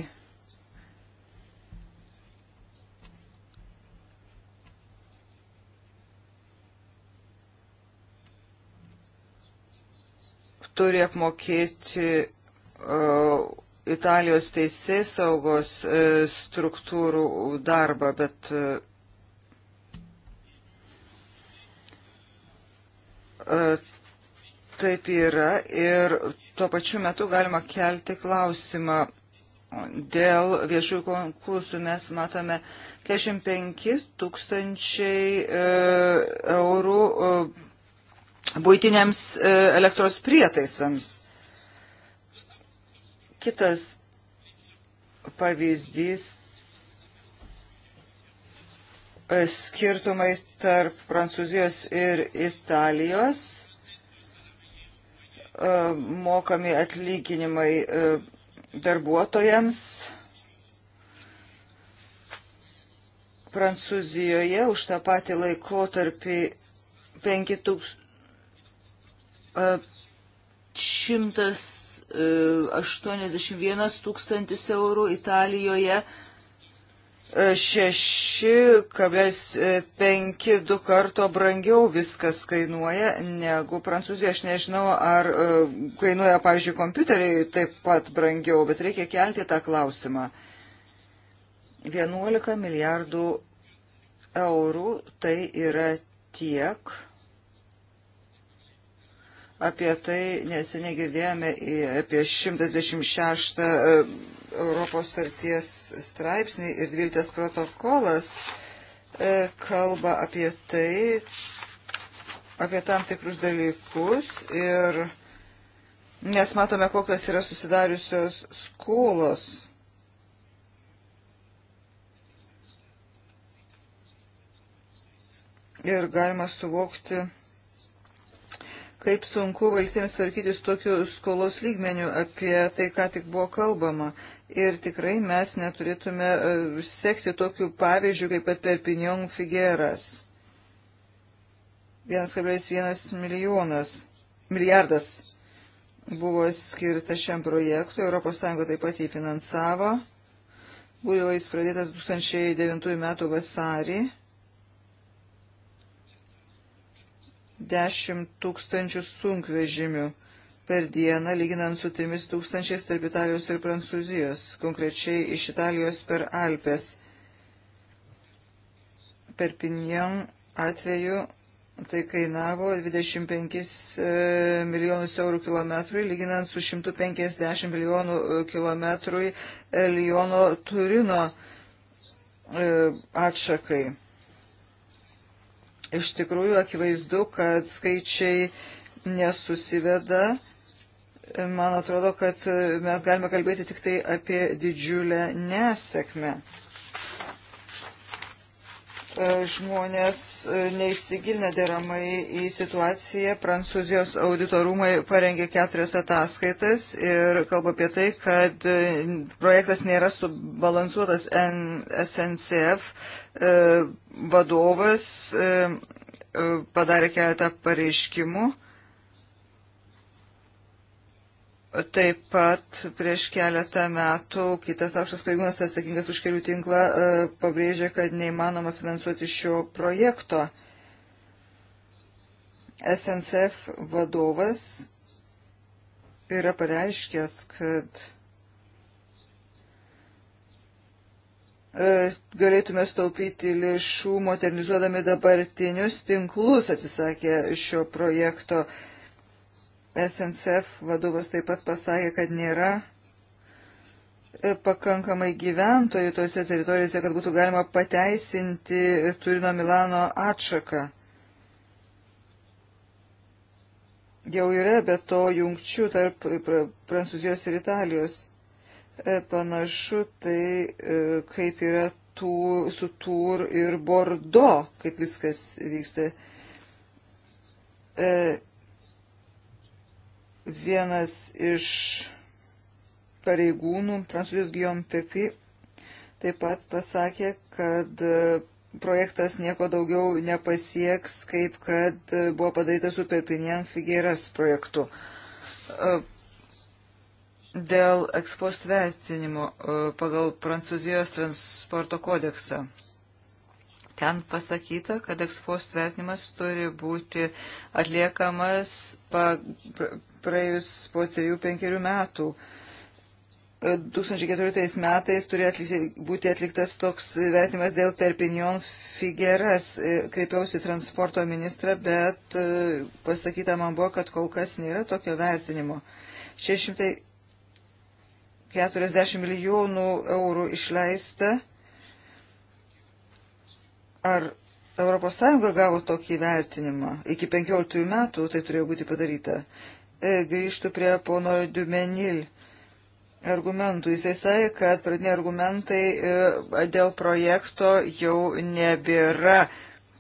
turi apmokėti uh, Italijos teisės saugos uh, e, struktūrų darbą, bet uh, E, taip yra ir tuo pačiu metu galima kelti klausimą dėl viešųjų konkursų. Mes matome 45 tūkstančiai e, eurų e, būtiniams elektros prietaisams. Kitas pavyzdys skirtumai tarp Prancūzijos ir Italijos, e, mokami atlyginimai e, darbuotojams. Prancūzijoje už tą patį laikotarpį 181 e, tūkstantis eurų, Italijoje 5 6,52 karto brangiau viskas kainuoja negu Prancūzija. Aš nežinau, ar e, kainuoja, pavyzdžiui, kompiuteriai taip pat brangiau, bet reikia kelti tą klausimą. 11 milijardų eurų tai yra tiek. Apie tai neseniai girdėjome apie 126 Europos starties straipsniai ir 12 protokolas e, kalba apie tai, apie tam tikrus dalykus ir nes matome, kokios yra susidariusios skolos. Ir galima suvokti, kaip sunku valstybėms tvarkytis tokiu skolos lygmeniu, apie tai, ką tik buvo kalbama. Ir tikrai mes neturėtume e, sekti tokių pavyzdžių, kaip pat Perpignon Figueras. 1,1 milijonas, milijardas buvo skirta šiam projektui, ES taip pat jį finansavo. Buvo jis pradėtas 2009 m. vasarį. 10 tūkstančių sunkvežimių per dieną, lyginant su 3000 tarp Italijos ir Prancūzijos, konkrečiai iš Italijos per Alpes. Per Pinjan atveju tai kainavo 25 e, milijonus eurų kilometrui, lyginant su 150 milijonų e, kilometrui e, Liono Turino atšakai. Iš tikrųjų, akivaizdu, kad skaičiai nesusiveda man atrodo, kad mes galime kalbėti tik tai apie didžiulę nesėkmę. Žmonės neįsigilina deramai į situaciją. Prancūzijos auditorumai parengė keturias ataskaitas ir kalba apie tai, kad projektas nėra subalansuotas. SNCF vadovas e, e, padarė keletą pareiškimų Taip pat prieš keletą metų kitas aukštas pareigūnas atsakingas už kelių tinklą e, pabrėžė, kad neįmanoma finansuoti šio projekto. SNCF vadovas yra pareiškęs, kad e, galėtume staupyti lėšų modernizuodami dabartinius tinklus, atsisakė šio projekto uh, SNCF vadovas taip pat pasakė, kad nėra e, pakankamai gyventojų tose teritorijose, kad būtų galima pateisinti Turino Milano atšaką. Jau yra be to jungčių tarp Prancūzijos ir Italijos. E, panašu tai, e, kaip yra tų, su Tur ir Bordo, kaip viskas vyksta. Vienas iš pareigūnų, prancūzijos Guillaume Pepi, taip pat pasakė, kad e, projektas nieko daugiau nepasieks, kaip kad e, buvo padaryta su Perpinien Figueras projektu. E, dėl ekspost vertinimo pagal Prancūzijos transporto kodeksą. Ten pasakyta, kad ekspost vertinimas turi būti atliekamas praėjus po 3-5 metų. 2014 e, metais turėjo atlikti, būti atliktas toks vertimas dėl Perpignon Figueras. E, kreipiausi transporto ministrą, bet e, pasakyta man buvo, kad kol kas nėra tokio vertinimo. 640 milijonų eurų išleista. Ar ES gavo tokį vertinimą? Iki 15 metų tai turėjo būti padaryta. E, grįžtų prie pono Dumenil argumentų. Jisai sakė, kad pradiniai argumentai e, dėl projekto jau nebėra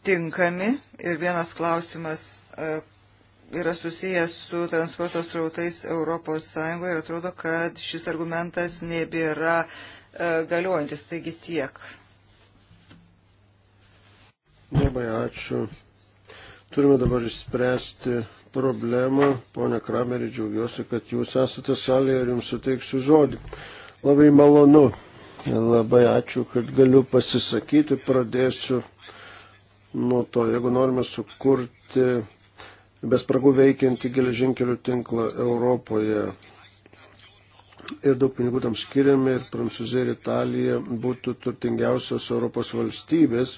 tinkami ir vienas klausimas e, yra susijęs su transporto srautais ES ir atrodo, kad šis argumentas nebėra galiojantis, taigi tiek. Labai ačiū. Turime dabar išspręsti problemą. Pone Kramerį, džiaugiuosi, kad jūs esate salėje ir jums suteiksiu žodį. Labai malonu. Labai ačiū, kad galiu pasisakyti. Pradėsiu nuo to, jeigu norime sukurti bespragų veikiantį geležinkelių tinklą Europoje, ir daug pinigų tam skiriame ir Prancūzija ir Italija būtų turtingiausios Europos valstybės,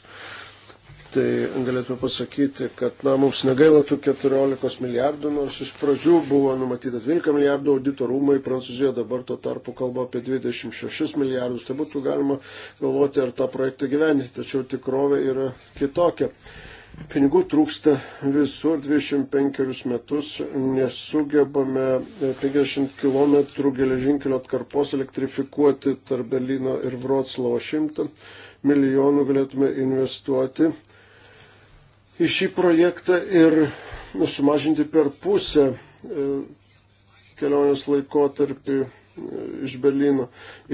tai galėtume pasakyti, kad na, mums negaila tų 14 milijardų, nors iš pradžių buvo numatyta 12 milijardų auditorumai, Prancūzija dabar tuo tarpu kalba apie 26 milijardus, tai būtų galima galvoti, ar tą projektą gyveninti, tačiau tikrovė yra kitokia. Pinigų trūksta visur 25 metus, nesugebame 50 km geležinkelio atkarpos elektrifikuoti tarp Berlyno ir Vroclavo 100 milijonų galėtume investuoti į šį projektą ir sumažinti per pusę e, kelionės laikotarpį e, iš Berlyno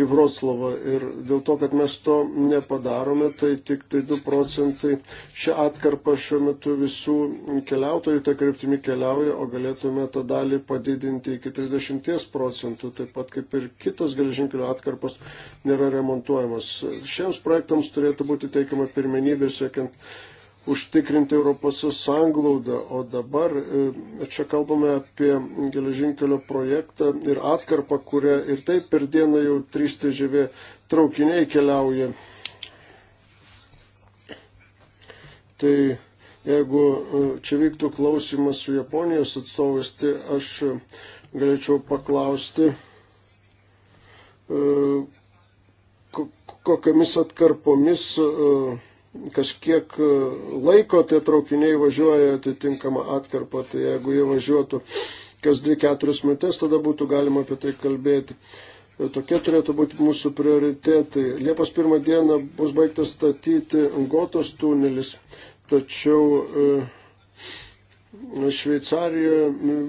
į Vroclavą. Ir dėl to, kad mes to nepadarome, tai tik tai 2 procentai šią atkarpą šiuo metu visų keliautojų tą kryptimį keliauja, o galėtume tą dalį padidinti iki 30 procentų, taip pat kaip ir kitos geležinkelio atkarpos nėra remontuojamos. Šiems projektams turėtų būti teikiama pirmenybė, siekiant užtikrinti Europos sąnglaudą, o dabar e, čia kalbame apie geležinkelio projektą ir atkarpą, kurią ir taip per dieną jau trys težyvė traukiniai keliauja. Tai jeigu e, čia vyktų klausimas su Japonijos atstovais, tai aš e, galėčiau paklausti, kokiamis atkarpomis uh, kažkiek e, laiko tie traukiniai važiuoja atitinkamą atkarpą, tai jeigu jie važiuotų kas 2-4 minutės, tada būtų galima apie tai kalbėti. E, tokie turėtų būti mūsų prioritetai. Liepos pirmą dieną bus baigtas statyti Gotos tunelis, tačiau e, Nu, Šveicarijoje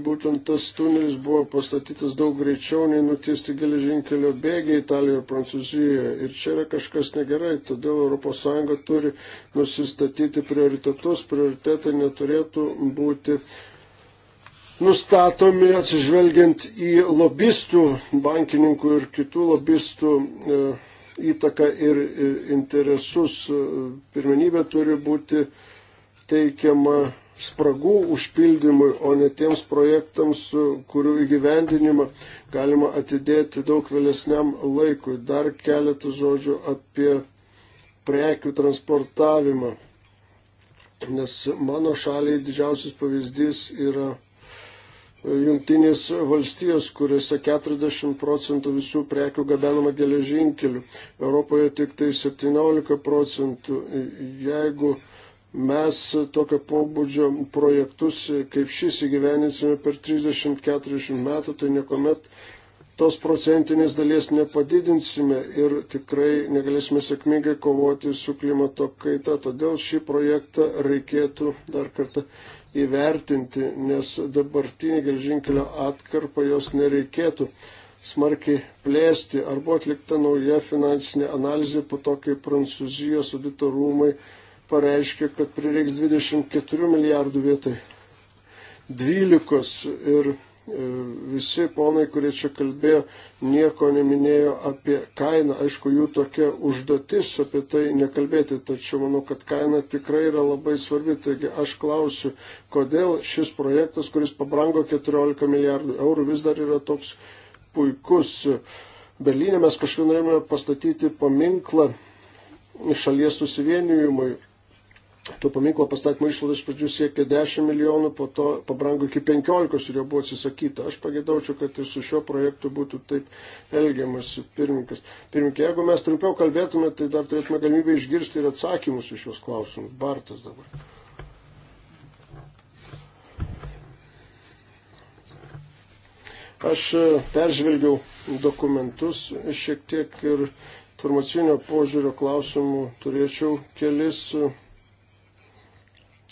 būtent tas tunelis buvo pastatytas daug greičiau nei nutiesti geležinkelio bėgiai Italijoje ir Prancūzijoje. Ir čia yra kažkas negerai, todėl ES turi nusistatyti prioritetus. Prioritetai neturėtų būti nustatomi atsižvelgiant į lobistų, bankininkų ir kitų lobistų. E, Įtaka ir e, interesus e, pirmenybė turi būti teikiama spragų užpildymui, o ne tiems projektams, e, kurių įgyvendinimą galima atidėti daug vėlesniam laikui. Dar keletą žodžių apie prekių transportavimą. Nes mano šaliai didžiausias pavyzdys yra e, Junktinės valstijos, kuriuose 40 procentų visų prekių gabenama geležinkeliu, Europoje tik tai 17 procentų. Jeigu mes tokio pobūdžio projektus kaip šis įgyveninsime per 30-40 metų, tai niekuomet tos procentinės dalies nepadidinsime ir tikrai negalėsime sėkmingai kovoti su klimato kaita. Todėl šį projektą reikėtų dar kartą įvertinti, nes dabartinį gelžinkelio atkarpą jos nereikėtų smarkiai plėsti. Ar buvo atlikta nauja finansinė analizė po to, kai Prancūzijos auditorumai rūmai pareiškė, kad prireiks 24 milijardų vietoj 12 ir e, visi ponai, kurie čia kalbėjo, nieko neminėjo apie kainą. Aišku, jų tokia užduotis apie tai nekalbėti, tačiau manau, kad kaina tikrai yra labai svarbi. Taigi aš klausiu, kodėl šis projektas, kuris pabrango 14 milijardų eurų, vis dar yra toks puikus. Berlyne mes kažkaip norėjome pastatyti paminklą šalies susivienijimui to paminklo pastatymo išlaidos iš pradžių siekė 10 milijonų, po to pabrango iki 15 ir jo buvo atsisakyta. Aš pagėdaučiau, kad ir su šiuo projektu būtų taip elgiamas pirmininkas. Pirmininkė, jeigu mes trumpiau kalbėtume, tai dar turėtume galimybę išgirsti ir atsakymus iš šios klausimus. Bartas dabar. Aš e, peržvelgiau dokumentus šiek tiek ir informacinio požiūrio klausimų turėčiau kelis e,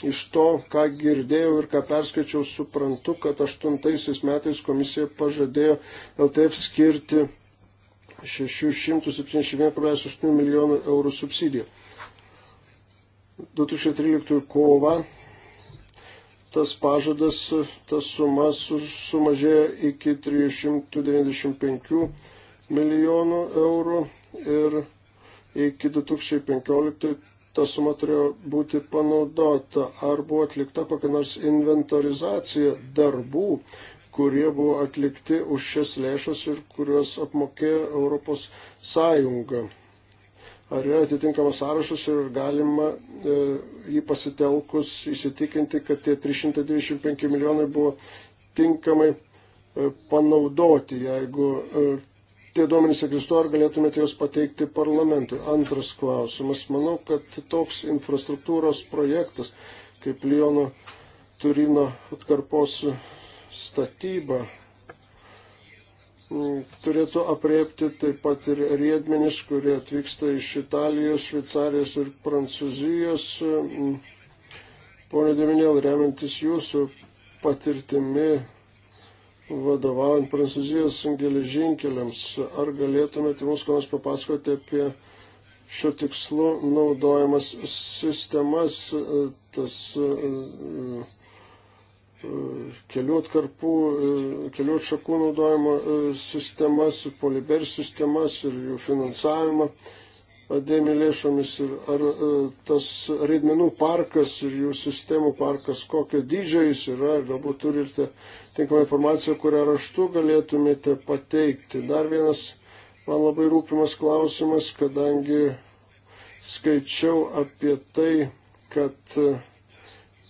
iš to, ką girdėjau ir ką perskaičiau, suprantu, kad aštuntaisiais metais komisija pažadėjo LTF skirti 671,8 milijonų eurų subsidiją. 2013 kova tas pažadas, tas suma sumažėjo iki 395 milijonų eurų ir iki 2015 ta suma turėjo būti panaudota, ar buvo atlikta kokia nors inventorizacija darbų, kurie buvo atlikti už šias lėšas ir kuriuos apmokėjo Europos Sąjunga. Ar yra atitinkamas sąrašas ir galima e, jį pasitelkus įsitikinti, kad tie 325 milijonai buvo tinkamai e, panaudoti, jeigu e, tie duomenys egzistuoja ar galėtumėte juos pateikti parlamentui? Antras klausimas. Manau, kad toks infrastruktūros projektas kaip Liono Turino atkarpos statyba mm, turėtų apriepti taip pat ir riedmenis, kurie atvyksta iš Italijos, Šveicarijos ir Prancūzijos. Mm, Pone Deminėl, remiantis jūsų patirtimi vadovaujant Prancūzijos geležinkeliams. Ar galėtumėte mums ką nors papasakoti apie šiuo tikslu naudojamas sistemas, tas e, e, kelių atkarpų, e, kelių atšakų naudojimo sistemas, poliber sistemas ir jų finansavimą dėmi lėšomis ir ar tas reidmenų parkas ir jų sistemų parkas, kokio dydžio jis yra, galbūt turite tinkamą informaciją, kurią raštu galėtumėte pateikti. Dar vienas man labai rūpimas klausimas, kadangi skaičiau apie tai, kad e,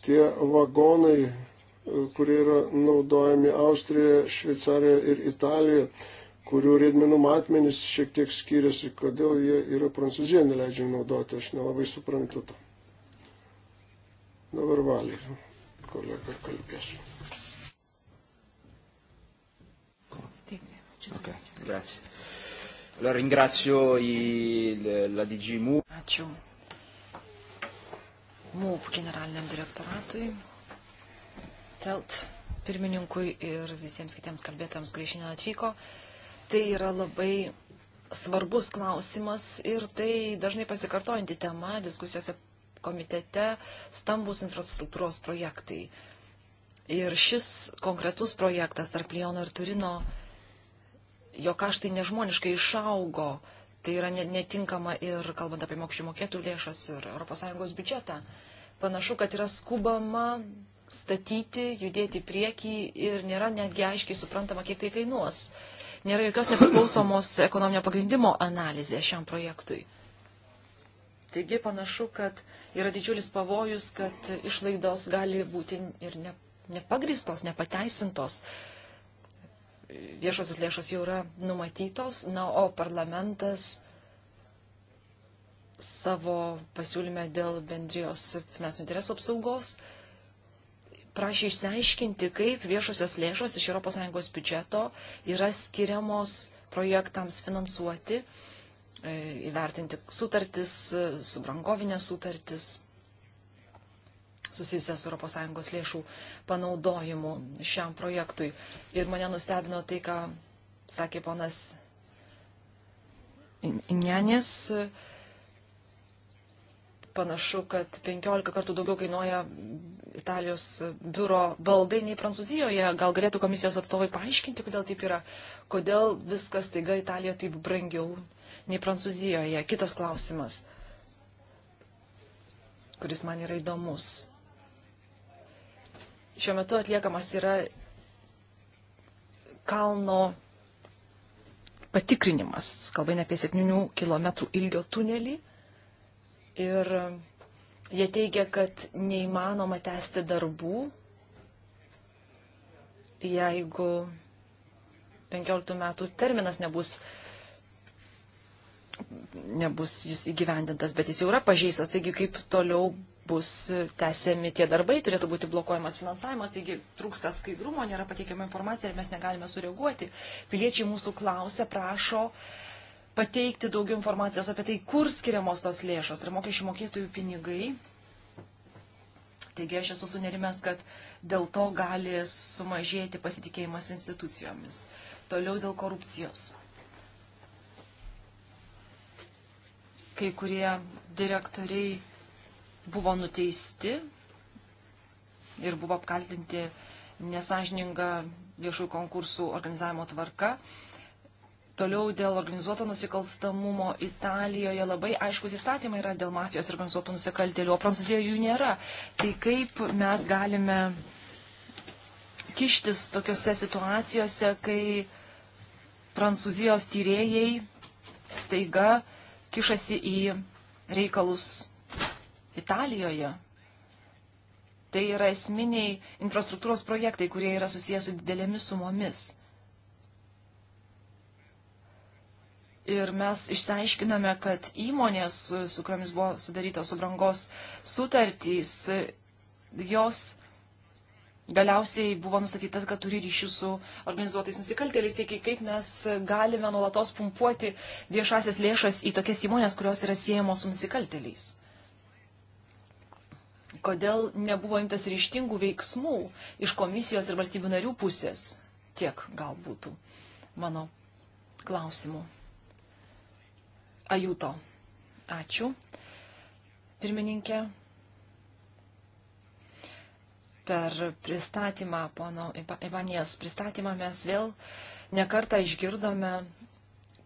tie vagonai, e, kurie yra naudojami Austrijoje, Šveicarijoje ir Italijoje, kurių riedmenų matmenys šiek tiek skiriasi, kodėl jie yra Prancūzijoje neleidžiami naudoti, aš nelabai suprantu to. Dabar valiai, kolega, kalbėsiu. Ok, grazie. Allora ringrazio i, la DGMU. Ačiū. MUF generaliniam direktoratui, TELT pirmininkui ir visiems kitiems kalbėtams, kurie šiandien atvyko. Tai yra labai svarbus klausimas ir tai dažnai pasikartojanti tema diskusijose komitete stambus infrastruktūros projektai. Ir šis konkretus projektas tarp Liono ir Turino jo kaštai nežmoniškai išaugo. Tai yra netinkama ir kalbant apie mokesčių mokėtų lėšas ir ES biudžetą. Panašu, kad yra skubama statyti, judėti priekį ir nėra netgi aiškiai suprantama, kiek tai kainuos. Nėra jokios nepriklausomos ekonominio pagrindimo analizės šiam projektui. Taigi panašu, kad yra didžiulis pavojus, kad išlaidos gali būti ir ne, nepagristos, nepateisintos. Uh, viešosios lėšos jau yra numatytos, na, o parlamentas savo pasiūlyme dėl bendrijos finansinių interesų apsaugos prašė išsiaiškinti, kaip viešosios lėšos iš ES biudžeto yra skiriamos projektams finansuoti, e, įvertinti sutartis, subrangovinės sutartis susijusias su ES lėšų panaudojimu šiam projektui. Ir mane nustebino tai, ką sakė ponas Injanis. Panašu, kad 15 kartų daugiau kainuoja Italijos biuro baldai nei Prancūzijoje. Gal galėtų komisijos atstovai paaiškinti, kodėl taip yra, kodėl viskas taiga Italijoje taip brangiau nei Prancūzijoje. Kitas klausimas kuris man yra įdomus šiuo metu atliekamas yra kalno patikrinimas, kalbame apie 7 km ilgio tunelį. Ir jie teigia, kad neįmanoma tęsti darbų, jeigu 15 metų terminas nebus, nebus jis įgyvendintas, bet jis jau yra pažįstas, taigi kaip toliau bus tęsiami tie darbai, turėtų būti blokuojamas finansavimas, taigi trūksta skaidrumo, nėra pateikiama informacija ir mes negalime sureaguoti. Piliečiai mūsų klausia, prašo pateikti daugiau informacijos apie tai, kur skiriamos tos lėšos, tai mokesčių mokėtojų pinigai. Taigi aš esu sunerimęs, kad dėl to gali sumažėti pasitikėjimas institucijomis. Toliau dėl korupcijos. Kai kurie direktoriai buvo nuteisti ir buvo apkaltinti nesažininga viešų konkursų organizavimo tvarka. Toliau dėl organizuoto nusikalstamumo Italijoje labai aiškus įstatymai yra dėl mafijos ir organizuotų nusikaltėlių, o Prancūzijoje jų nėra. Tai kaip mes galime kištis tokiuose situacijose, kai Prancūzijos tyrėjai staiga kišasi į reikalus Italijoje. Tai yra esminiai infrastruktūros projektai, kurie yra susijęs su didelėmis sumomis. Ir mes išsiaiškiname, kad įmonės, su kuriomis buvo sudarytos subrangos sutartys, jos galiausiai buvo nustatyta, kad turi ryšių su organizuotais nusikaltėliais. Taigi, kaip mes galime nuolatos pumpuoti viešasias lėšas į tokias įmonės, kurios yra siejamos su nusikaltėliais kodėl nebuvo imtas ryštingų veiksmų iš komisijos ir valstybių narių pusės. Tiek gal būtų mano klausimų. Ajuto. Ačiū. Pirmininkė. Per pristatymą, pono Ivanijas pristatymą mes vėl nekartą išgirdome,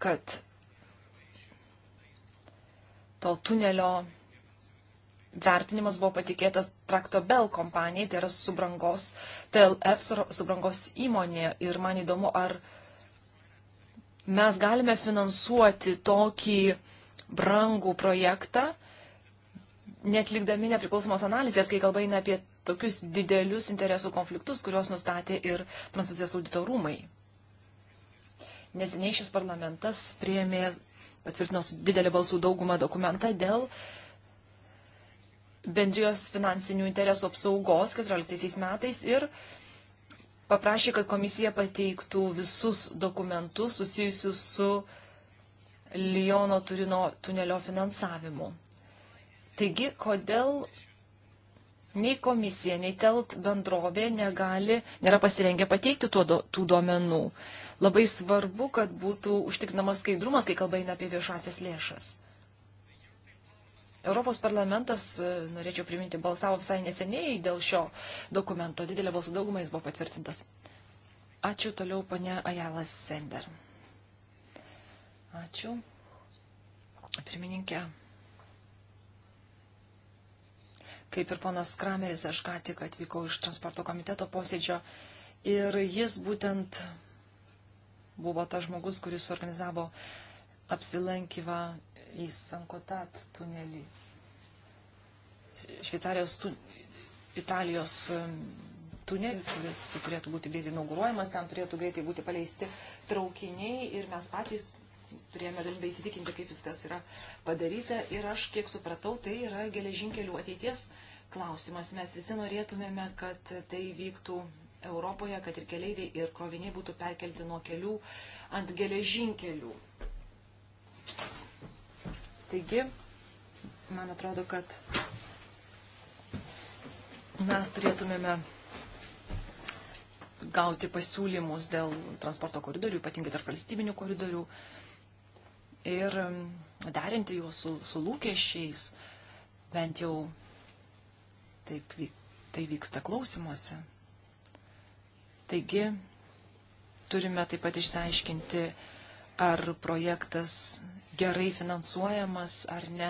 kad to tunelio vertinimas buvo patikėtas Tractobel kompanijai, tai yra subrangos TLF, subrangos įmonė. Ir man įdomu, ar mes galime finansuoti tokį brangų projektą, netlikdami nepriklausomos analizės, kai kalba eina apie tokius didelius interesų konfliktus, kuriuos nustatė ir Prancūzijos audito rūmai. Neseniai šis parlamentas priėmė, patvirtino didelį balsų daugumą dokumentą dėl uh, bendrijos finansinių interesų apsaugos 14 metais ir paprašė, kad komisija pateiktų visus dokumentus susijusius su Liono Turino tunelio finansavimu. Taigi, kodėl nei komisija, nei telt bendrovė negali, nėra pasirengę pateikti tuo, tų duomenų. Labai svarbu, kad būtų užtikrinamas skaidrumas, kai kalba eina apie viešasias lėšas. Europos parlamentas, e, norėčiau priminti, balsavo visai neseniai dėl šio dokumento. Didelė balsų dauguma jis buvo patvirtintas. Ačiū toliau, ponia Ajalas Sender. Ačiū. Pirmininkė. Kaip ir ponas Krameris, aš ką tik atvykau iš transporto komiteto posėdžio ir jis būtent buvo tas žmogus, kuris organizavo apsilankymą į Sankotat tunelį. Šveicarijos, tu, Italijos tunelį, kuris turėtų būti greitai inauguruojamas, ten turėtų greitai būti paleisti traukiniai ir mes patys turėjome galimybę įsitikinti, kaip viskas yra padaryta. Ir aš, kiek supratau, tai yra geležinkelių ateities klausimas. Mes visi norėtumėme, kad tai vyktų Europoje, kad ir keleiviai, ir kroviniai būtų perkelti nuo kelių ant geležinkelių. Taigi, man atrodo, kad mes turėtumėme gauti pasiūlymus dėl transporto koridorių, ypatingai tarp valstybinių koridorių ir um, derinti juos su, su lūkesčiais, bent jau taip vyk, tai vyksta klausimuose. Taigi turime taip pat išsiaiškinti, ar projektas gerai finansuojamas ar ne.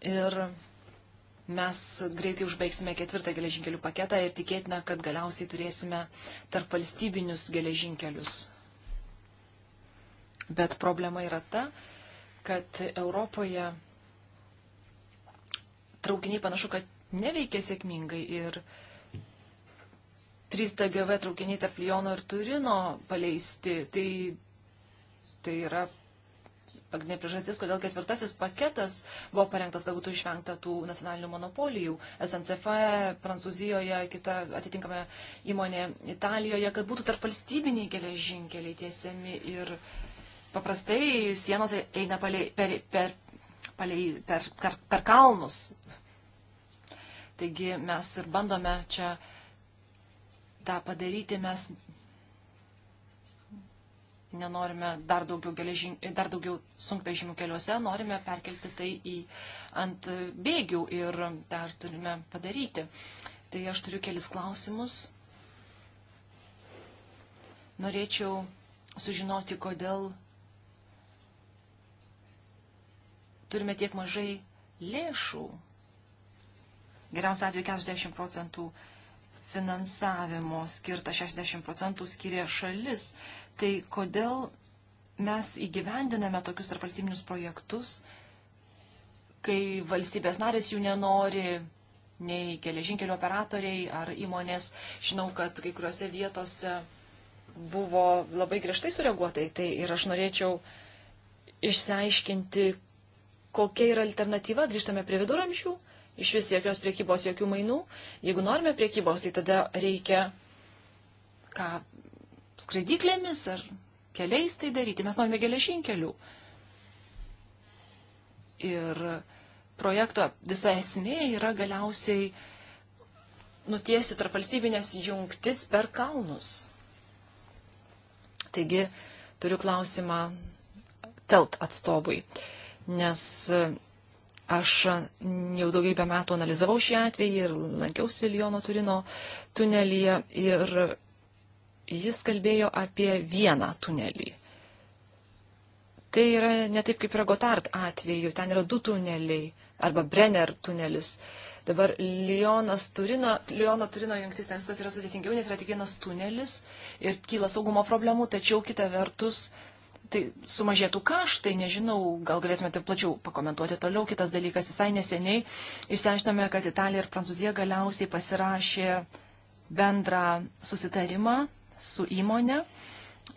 Ir mes greitai užbaigsime ketvirtą geležinkelių paketą ir tikėtina, kad galiausiai turėsime tarp valstybinius geležinkelius. Bet problema yra ta, kad Europoje traukiniai panašu, kad neveikia sėkmingai ir 3DGV traukiniai tarp Liono ir Turino paleisti. Tai Tai yra pagrindinė priežastis, kodėl ketvirtasis paketas buvo parengtas, kad būtų išvengta tų nacionalinių monopolijų. SNCF Prancūzijoje, kita atitinkama įmonė Italijoje, kad būtų tarp valstybiniai geležinkeliai tiesiami ir paprastai sienos eina palei, per, per, palei, per, per, per kalnus. Taigi mes ir bandome čia tą padaryti, mes nenorime dar daugiau, geležin, dar daugiau sunkvežimių keliuose, norime perkelti tai į, ant bėgių ir dar turime padaryti. Tai aš turiu kelis klausimus. Norėčiau sužinoti, kodėl turime tiek mažai lėšų. Geriausiu atveju 40 procentų finansavimo skirta 60 procentų skiria šalis. Tai kodėl mes įgyvendiname tokius tarp valstybinius projektus, kai valstybės narės jų nenori, nei geležinkelių operatoriai ar įmonės. Žinau, kad kai kuriuose vietose buvo labai griežtai sureaguota į tai ir aš norėčiau išsiaiškinti, kokia yra alternatyva, grįžtame prie viduramžių, iš vis jokios priekybos, jokių mainų. Jeigu norime priekybos, tai tada reikia ką skraidyklėmis ar keliais tai daryti. Mes norime geležinkelių. Ir projekto visa esmė yra galiausiai nutiesi tarp valstybinės jungtis per kalnus. Taigi turiu klausimą telt atstovui, nes aš jau daugybę metų analizavau šį atvejį ir lankiausi Liono Turino tunelyje ir jis kalbėjo apie vieną tunelį. Tai yra ne taip kaip Ragotart atveju, ten yra du tuneliai arba Brenner tunelis. Dabar Lionas Turino, Liono Turino jungtis ten viskas yra sudėtingiau, nes yra tik vienas tunelis ir kyla saugumo problemų, tačiau kita vertus tai sumažėtų kaštai, nežinau, gal galėtumėte plačiau pakomentuoti toliau. Kitas dalykas, visai neseniai išsiaiškinome, kad Italija ir Prancūzija galiausiai pasirašė bendrą susitarimą su įmonė,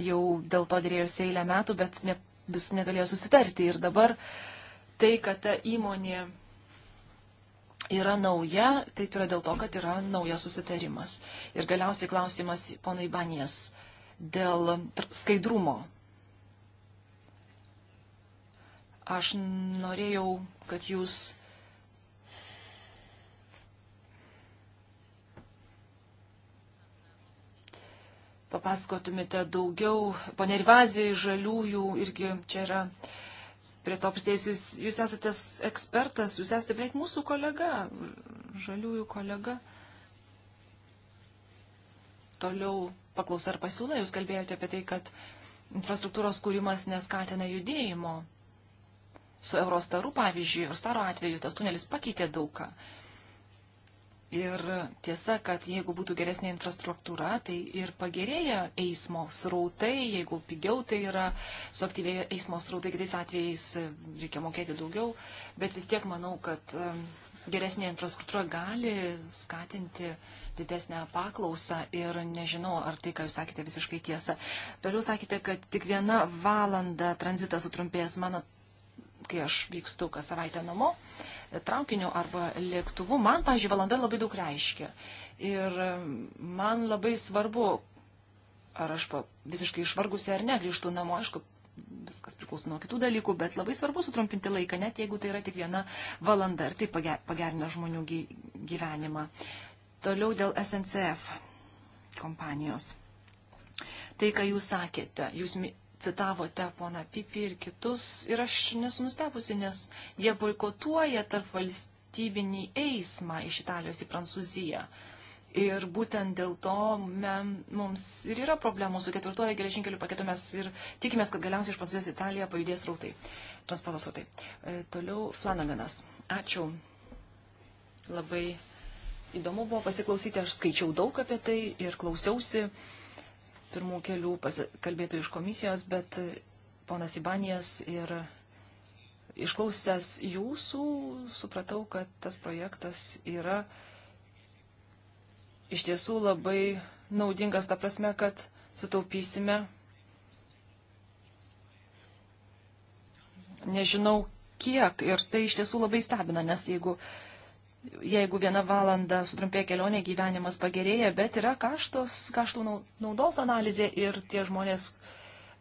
jau dėl to dėrėjusi eilę metų, bet ne, vis negalėjo susitarti. Ir dabar tai, kad ta įmonė yra nauja, taip yra dėl to, kad yra naujas susitarimas. Ir galiausiai klausimas ponai Banės dėl skaidrumo. Aš norėjau, kad jūs papasakotumėte daugiau. Pane Rivazė, žaliųjų irgi čia yra prie to prisidėjus. Jūs, jūs esate ekspertas, jūs esate beveik mūsų kolega, žaliųjų kolega. Toliau paklausa ar pasiūla, jūs kalbėjote apie tai, kad infrastruktūros kūrimas neskatina judėjimo. Su Eurostaru, pavyzdžiui, Eurostaro atveju tas tunelis pakeitė daugą. Ir tiesa, kad jeigu būtų geresnė infrastruktūra, tai ir pagerėja eismo srautai, jeigu pigiau tai yra, suaktyvėja eismo srautai, kitais atvejais e, reikia mokėti daugiau, bet vis tiek manau, kad e, geresnė infrastruktūra gali skatinti didesnę paklausą ir nežinau, ar tai, ką jūs sakėte, visiškai tiesa. Toliau sakėte, kad tik viena valanda tranzitas sutrumpės mano, kai aš vykstu kas savaitę namo. Uh, traukiniu arba lėktuvu, man, pažiūrėjau, valanda labai daug reiškia. Ir man labai svarbu, ar aš pa, visiškai išvargusi ar ne, grįžtu namo, aišku, viskas priklauso nuo kitų dalykų, bet labai svarbu sutrumpinti laiką, net jeigu tai yra tik viena valanda ir tai pagerina žmonių gyvenimą. Toliau dėl SNCF kompanijos. Tai, ką jūs sakėte, jūs citavote poną Pipį ir kitus, ir aš nesu nustebusi, nes jie boikotuoja tarp valstybinį eismą iš Italijos į Prancūziją. Ir būtent dėl to me, mums ir yra problemų su ketvirtojo geležinkelių paketu, mes ir tikimės, kad galiausiai iš Prancūzijos į Italiją pajudės rautai, transporto rautai. E, toliau Flanaganas. Ačiū. Labai įdomu buvo pasiklausyti, aš skaičiau daug apie tai ir klausiausi. E, pirmų kelių kalbėtų iš komisijos, bet e, ponas Ibanijas ir išklausęs jūsų, supratau, kad tas projektas yra iš tiesų labai naudingas, ta prasme, kad sutaupysime. Nežinau, kiek ir tai iš tiesų labai stebina, nes jeigu uh, jeigu vieną valandą sutrumpėja kelionė, gyvenimas pagerėja, bet yra kaštos, kaštų naudos analizė ir tie žmonės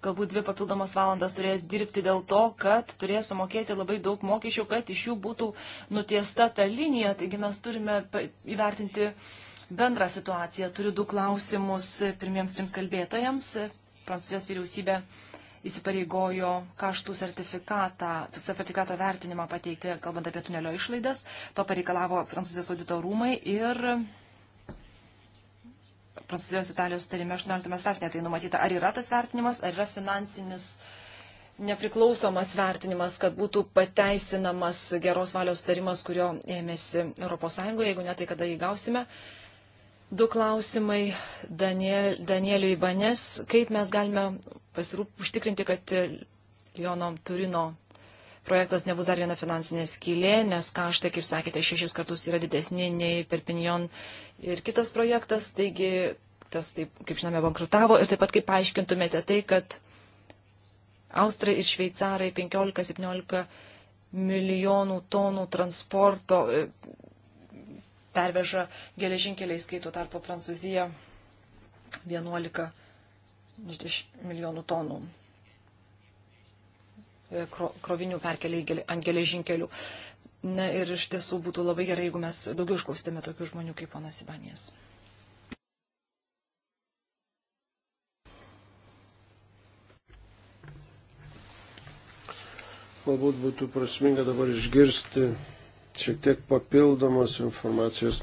galbūt dvi papildomas valandas turės dirbti dėl to, kad turės sumokėti labai daug mokesčių, kad iš jų būtų nutiesta ta linija. Taigi mes turime įvertinti bendrą situaciją. Turiu du klausimus pirmiems trims kalbėtojams. Prancūzijos vyriausybė įsipareigojo kaštų sertifikatą, sertifikato vertinimą pateikti, kalbant apie tunelio išlaidas. To pareikalavo Prancūzijos audito rūmai ir Prancūzijos Italijos sutarime 18 straipsnė tai numatyta, ar yra tas vertinimas, ar yra finansinis nepriklausomas vertinimas, kad būtų pateisinamas geros valios sutarimas, kurio ėmėsi ES, jeigu ne tai kada įgausime. gausime Du klausimai Danie, Danieliui Banes. Kaip mes galime pasirūp, užtikrinti, kad Liono Turino projektas nebus dar viena finansinė skylė, nes kaštai, kaip sakėte, šešis kartus yra didesni nei Perpignon ir kitas projektas. Taigi, tas, taip, kaip žinome, bankrutavo ir taip pat kaip paaiškintumėte tai, kad Austrai ir Šveicarai 15-17 milijonų tonų transporto perveža geležinkeliais, kai tuo tarpu Prancūzija 11 milijonų tonų e, krovinių perkeliai ant geležinkelių. Na ir iš tiesų būtų labai gerai, jeigu mes daugiau išklausytume tokių žmonių kaip ponas Ibanės. Galbūt būtų prasminga dabar išgirsti šiek tiek papildomos informacijos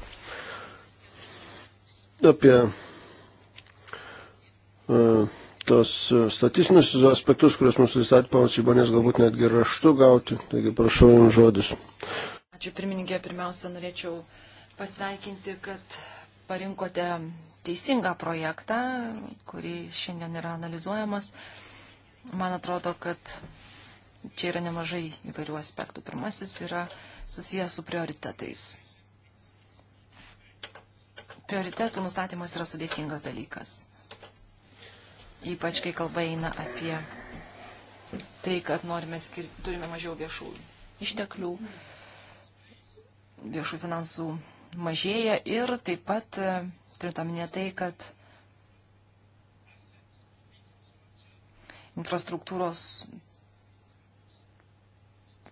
apie uh, tos statistinius aspektus, kuriuos mums pristatė panas Ibonės, galbūt netgi raštu gauti. Taigi prašau Jums žodis. Ačiū pirmininkė, pirmiausia, norėčiau pasveikinti, kad parinkote teisingą projektą, kurį šiandien yra analizuojamas. Man atrodo, kad čia yra nemažai įvairių aspektų. Pirmasis yra susijęs su prioritetais. Prioritetų nustatymas yra sudėtingas dalykas. Ypač, kai kalba eina apie tai, kad norime skirti, turime mažiau viešų išteklių, viešų finansų mažėja ir taip pat e, turintominė tai, kad infrastruktūros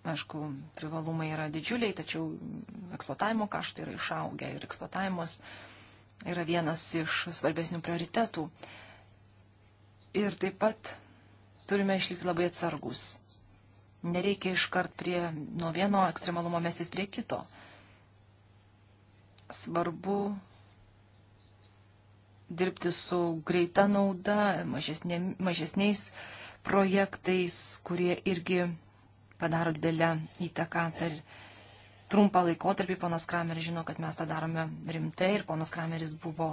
Aišku, privalumai yra didžiuliai, tačiau eksploatavimo kaštai yra išaugę ir eksploatavimas yra vienas iš svarbesnių prioritetų. Ir taip pat turime išlikti labai atsargus. Nereikia iškart prie nuo vieno ekstremalumo mestis prie kito. Svarbu dirbti su greita nauda, mažesnė, mažesniais projektais, kurie irgi padaro didelę įtaką per trumpą laikotarpį. Ponas Krameris žino, kad mes tą darome rimtai ir ponas Krameris buvo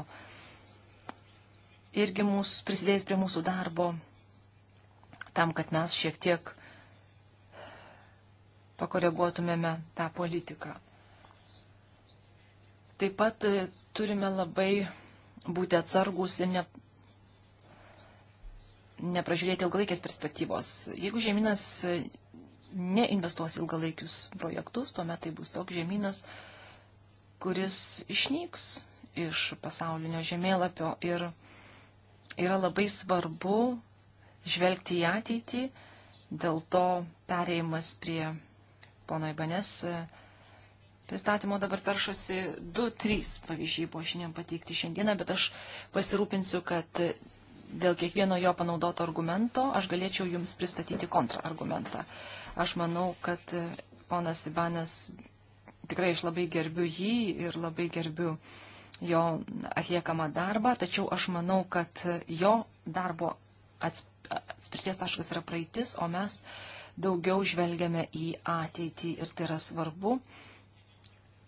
irgi mūsų, prisidėjęs prie mūsų darbo tam, kad mes šiek tiek pakoreguotumėme tą politiką. Taip pat e, turime labai būti atsargus ir ne, nepražiūrėti ilgalaikės perspektyvos. Jeigu žemynas neinvestuos ilgalaikius projektus, tuomet tai bus toks žemynas, kuris išnyks iš pasaulinio žemėlapio ir yra labai svarbu žvelgti į ateitį, dėl to pereimas prie pono Ibanės e, pristatymo dabar peršasi 2-3 pavyzdžiai buvo šiandien pateikti šiandieną, bet aš pasirūpinsiu, kad dėl kiekvieno jo panaudoto argumento aš galėčiau jums pristatyti kontrargumentą. argumentą Aš manau, kad ponas Ibanas, tikrai aš labai gerbiu jį ir labai gerbiu jo atliekamą darbą, tačiau aš manau, kad jo darbo atspirties taškas yra praeitis, o mes daugiau žvelgiame į ateitį ir tai yra svarbu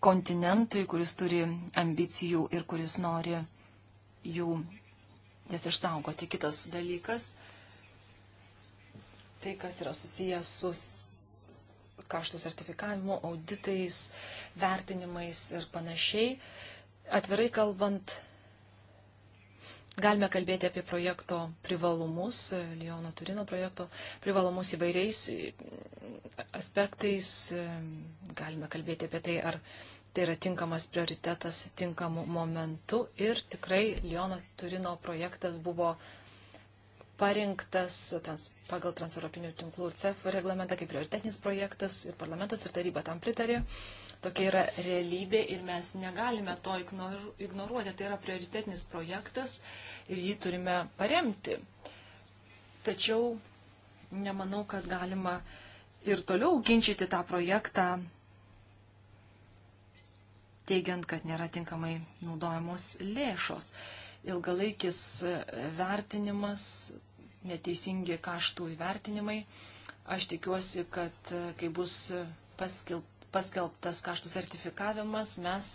kontinentui, kuris turi ambicijų ir kuris nori jų jas išsaugoti. Kitas dalykas tai, kas yra susijęs su kaštų sertifikavimu, auditais, vertinimais ir panašiai. Atvirai kalbant, galime kalbėti apie projekto privalumus, Liono Turino projekto privalumus įvairiais mm, aspektais. Galime kalbėti apie tai, ar tai yra tinkamas prioritetas tinkamu momentu. Ir tikrai Liono Turino projektas buvo parinktas trans, pagal transeuropinių tinklų CEF reglamentą kaip prioritetinis projektas ir parlamentas ir taryba tam pritarė. Tokia yra realybė ir mes negalime to ignoruoti. Tai yra prioritetinis projektas ir jį turime paremti. Tačiau nemanau, kad galima ir toliau ginčyti tą projektą, teigiant, kad nėra tinkamai naudojamos lėšos ilgalaikis vertinimas neteisingi kaštų įvertinimai. Aš tikiuosi, kad e, kai bus paskelbtas kaštų sertifikavimas, mes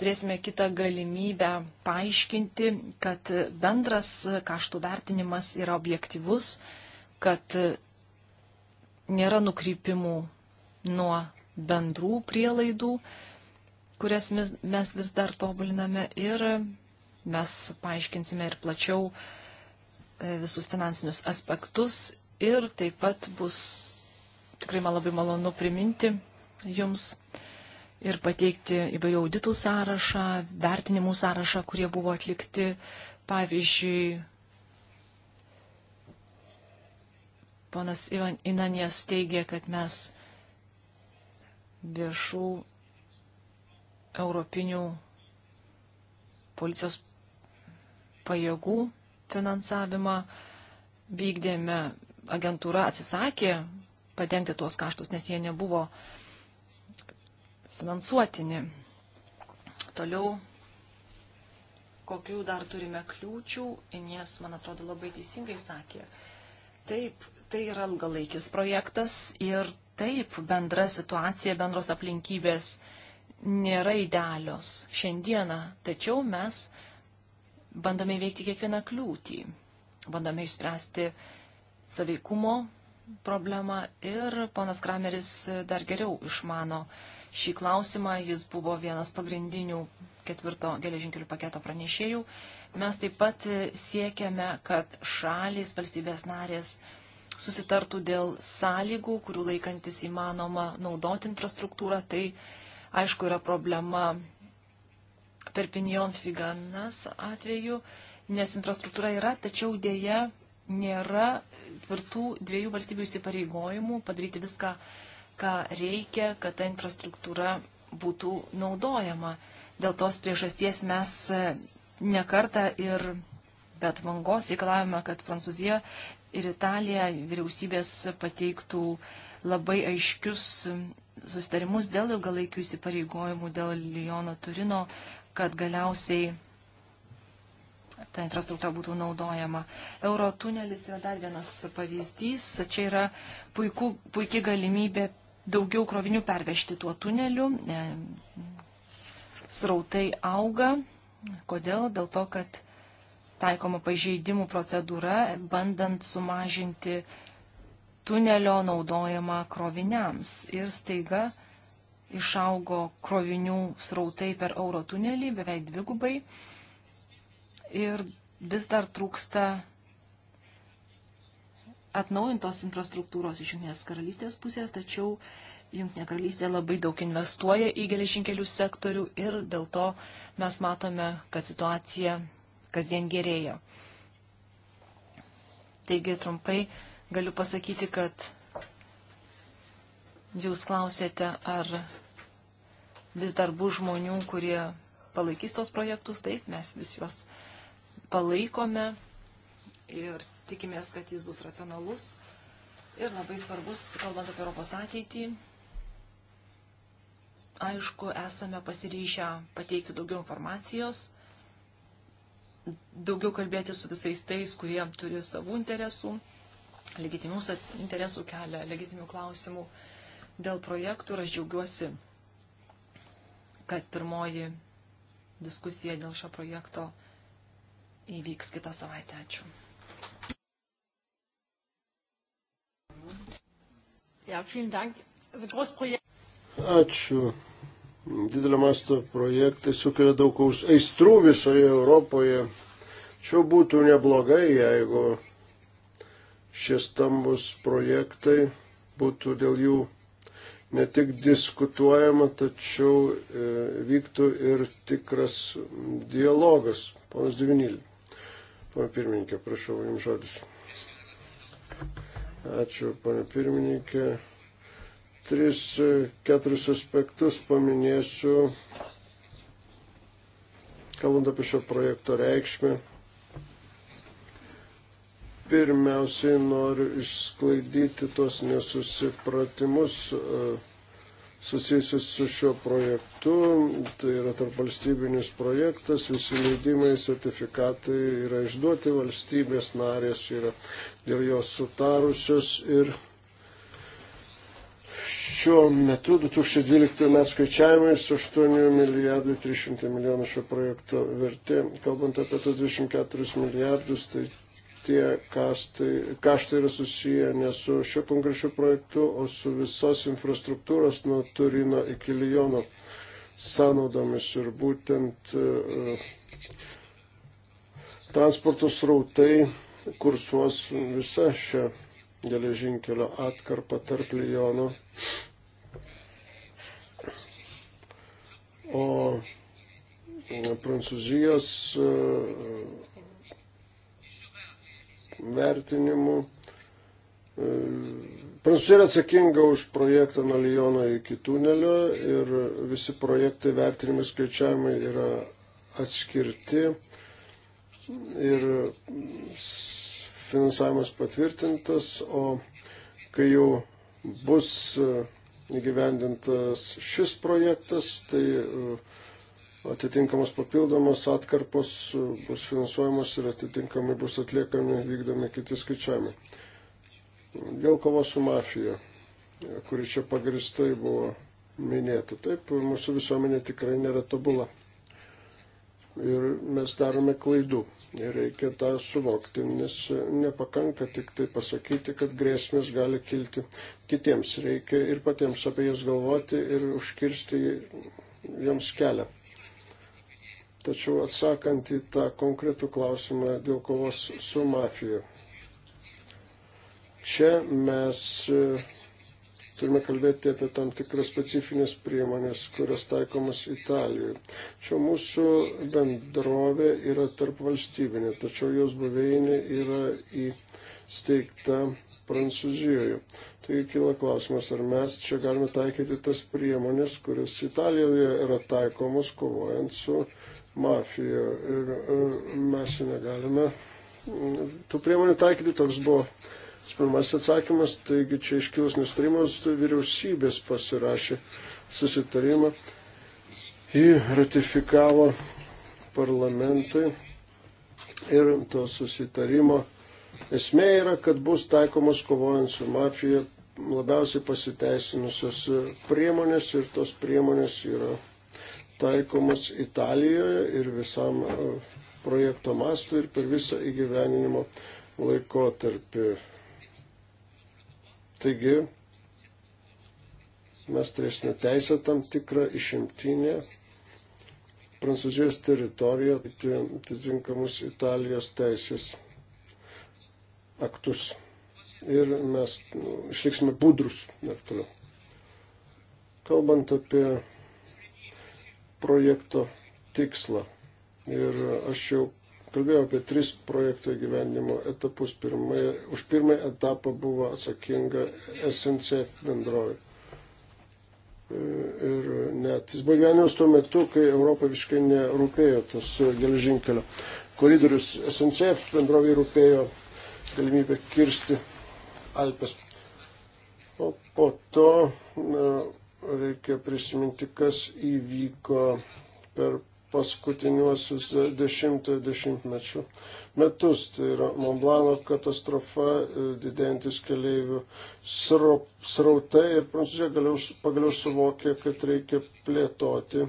turėsime kitą galimybę paaiškinti, kad bendras kaštų vertinimas yra objektivus, kad e, nėra nukrypimų nuo bendrų prielaidų, kurias mes vis dar tobuliname ir mes paaiškinsime ir plačiau, uh, E, visus finansinius aspektus ir taip pat bus tikrai man labai malonu priminti jums ir pateikti įvairių auditų sąrašą, vertinimų sąrašą, kurie buvo atlikti. Pavyzdžiui, ponas Ivan Inanės teigia, kad mes viešų europinių policijos pajėgų finansavimą vykdėme, agentūra atsisakė padengti tuos kaštus, nes jie nebuvo finansuotini. Toliau, kokių dar turime kliūčių, Inies, man atrodo, labai teisingai sakė. Taip, tai yra ilgalaikis projektas ir taip bendra situacija, bendros aplinkybės nėra idealios šiandieną, tačiau mes bandome įveikti kiekvieną kliūtį, bandome išspręsti saveikumo problemą ir ponas Krameris dar geriau išmano šį klausimą, jis buvo vienas pagrindinių ketvirto geležinkelių paketo pranešėjų. Mes taip pat siekiame, kad šalis, valstybės narės susitartų dėl sąlygų, kurių laikantis įmanoma naudoti infrastruktūrą. Tai aišku yra problema Perpignon Figanas atveju, nes infrastruktūra yra, tačiau dėja nėra tvirtų dviejų valstybių įsipareigojimų padaryti viską, ką reikia, kad ta infrastruktūra būtų naudojama. Dėl tos priežasties mes nekarta ir bet vangos reikalavome, kad Prancūzija ir Italija vyriausybės pateiktų labai aiškius susitarimus dėl ilgalaikių įsipareigojimų, dėl Lyono Turino kad galiausiai ta infrastruktūra būtų naudojama. Eurotunelis yra dar vienas pavyzdys. Čia yra puiku, puikia galimybė daugiau krovinių pervežti tuo tuneliu. E, srautai auga. Kodėl? Dėl to, kad taikoma pažeidimų procedūra, bandant sumažinti tunelio naudojimą kroviniams. Ir staiga išaugo krovinių srautai per euro tunelį beveik dvigubai ir vis dar trūksta atnaujintos infrastruktūros iš Junkinės karalystės pusės, tačiau Junkinė karalystė labai daug investuoja į geležinkelių sektorių ir dėl to mes matome, kad situacija kasdien gerėja. Taigi trumpai galiu pasakyti, kad Jūs klausėte, ar vis dar bus žmonių, kurie palaikys tos projektus. Taip, mes vis juos palaikome ir tikimės, kad jis bus racionalus ir labai svarbus, kalbant apie Europos ateitį. Aišku, esame pasiryžę pateikti daugiau informacijos, daugiau kalbėti su visais tais, kurie turi savų interesų, legitimius interesų kelia, legitimių klausimų dėl projektų ir aš džiaugiuosi, kad pirmoji diskusija dėl šio projekto įvyks kitą savaitę. Ačiū. Ja, Ačiū. Didelio masto projektai sukelia daug aistrų visoje Europoje. Čia būtų neblogai, jeigu šie stambus projektai būtų dėl jų ne tik diskutuojama, tačiau e, vyktų ir tikras dialogas. Ponas Divinylė. Pana pirmininkė, prašau, jums žodis. Ačiū, pana pirmininkė. Tris, e, keturis aspektus paminėsiu, kalbant apie šio projekto reikšmę. Pirmiausiai noriu išsklaidyti tos nesusipratimus e, susijusius su šiuo projektu. Tai yra tarp valstybinis projektas, visi leidimai, sertifikatai yra išduoti, valstybės narės yra dėl jos sutarusios ir šiuo metu 2012 mes skaičiavimais 8 milijardai 300 milijonų šio projekto vertė. Kalbant apie tos 24 milijardus, tai tie kaštai, kaštai yra susiję ne su šiuo konkrečiu projektu, o su visos infrastruktūros nuo Turino iki Lijono sąnaudomis ir būtent uh, transporto srautai kursuos visą šią geležinkelio atkarpą tarp Lijono. O Prancūzijos uh, vertinimu. E, Prancūzija yra atsakinga už projektą nuo Lyono iki tunelio ir visi projektai vertinimai skaičiavimai yra atskirti ir finansavimas patvirtintas, o kai jau bus e, įgyvendintas šis projektas, tai uh, atitinkamos papildomos atkarpos bus finansuojamos ir atitinkamai bus atliekami, vykdomi kiti skaičiavimai. Dėl kovos su mafija, kuri čia pagristai buvo minėta. Taip, mūsų visuomenė tikrai nėra tobula. Ir mes darome klaidų. Ir reikia tą suvokti, nes nepakanka tik tai pasakyti, kad grėsmės gali kilti kitiems. Reikia ir patiems apie jas galvoti ir užkirsti joms kelią. Tačiau atsakant į tą konkretų klausimą dėl kovos su mafija. Čia mes e, turime kalbėti apie tam tikras specifinės priemonės, kurios taikomas Italijoje. Čia mūsų bendrovė yra tarp valstybinė, tačiau jos buveinė yra įsteigta Prancūzijoje. Taigi kyla klausimas, ar mes čia galime taikyti tas priemonės, kurios Italijoje yra taikomos kovojant su mafija ir e, mes negalime tų priemonių taikyti, toks buvo pirmasis atsakymas, taigi čia iškilus nustarimas vyriausybės pasirašė susitarimą, jį ratifikavo parlamentai ir to susitarimo esmė yra, kad bus taikomos kovojant su mafija labiausiai pasiteisinusios priemonės ir tos priemonės yra taikomas Italijoje ir visam e, projekto mastui ir per visą įgyveninimo laikotarpį. Taigi, mes turėsime teisę tam tikrą išimtinę Prancūzijos teritoriją, tai atitinkamus Italijos teisės aktus. Ir mes nu, išliksime budrus dar toliau. Kalbant apie projekto tikslą. Ir aš jau kalbėjau apie tris projekto gyvenimo etapus. Pirmai, už pirmąjį etapą buvo atsakinga SNCF bendrovė. Ir net jis buvo gyvenimas tuo metu, kai Europai visiškai nerūpėjo tas geležinkelio koridorius. SNCF bendrovė rūpėjo galimybę kirsti Alpes. O po to reikia prisiminti, kas įvyko per paskutiniuosius dešimtojo dešimtmečių metus. Tai yra Monblano katastrofa, didėjantis keleivių srautai ir Prancūzija pagaliau suvokė, kad reikia plėtoti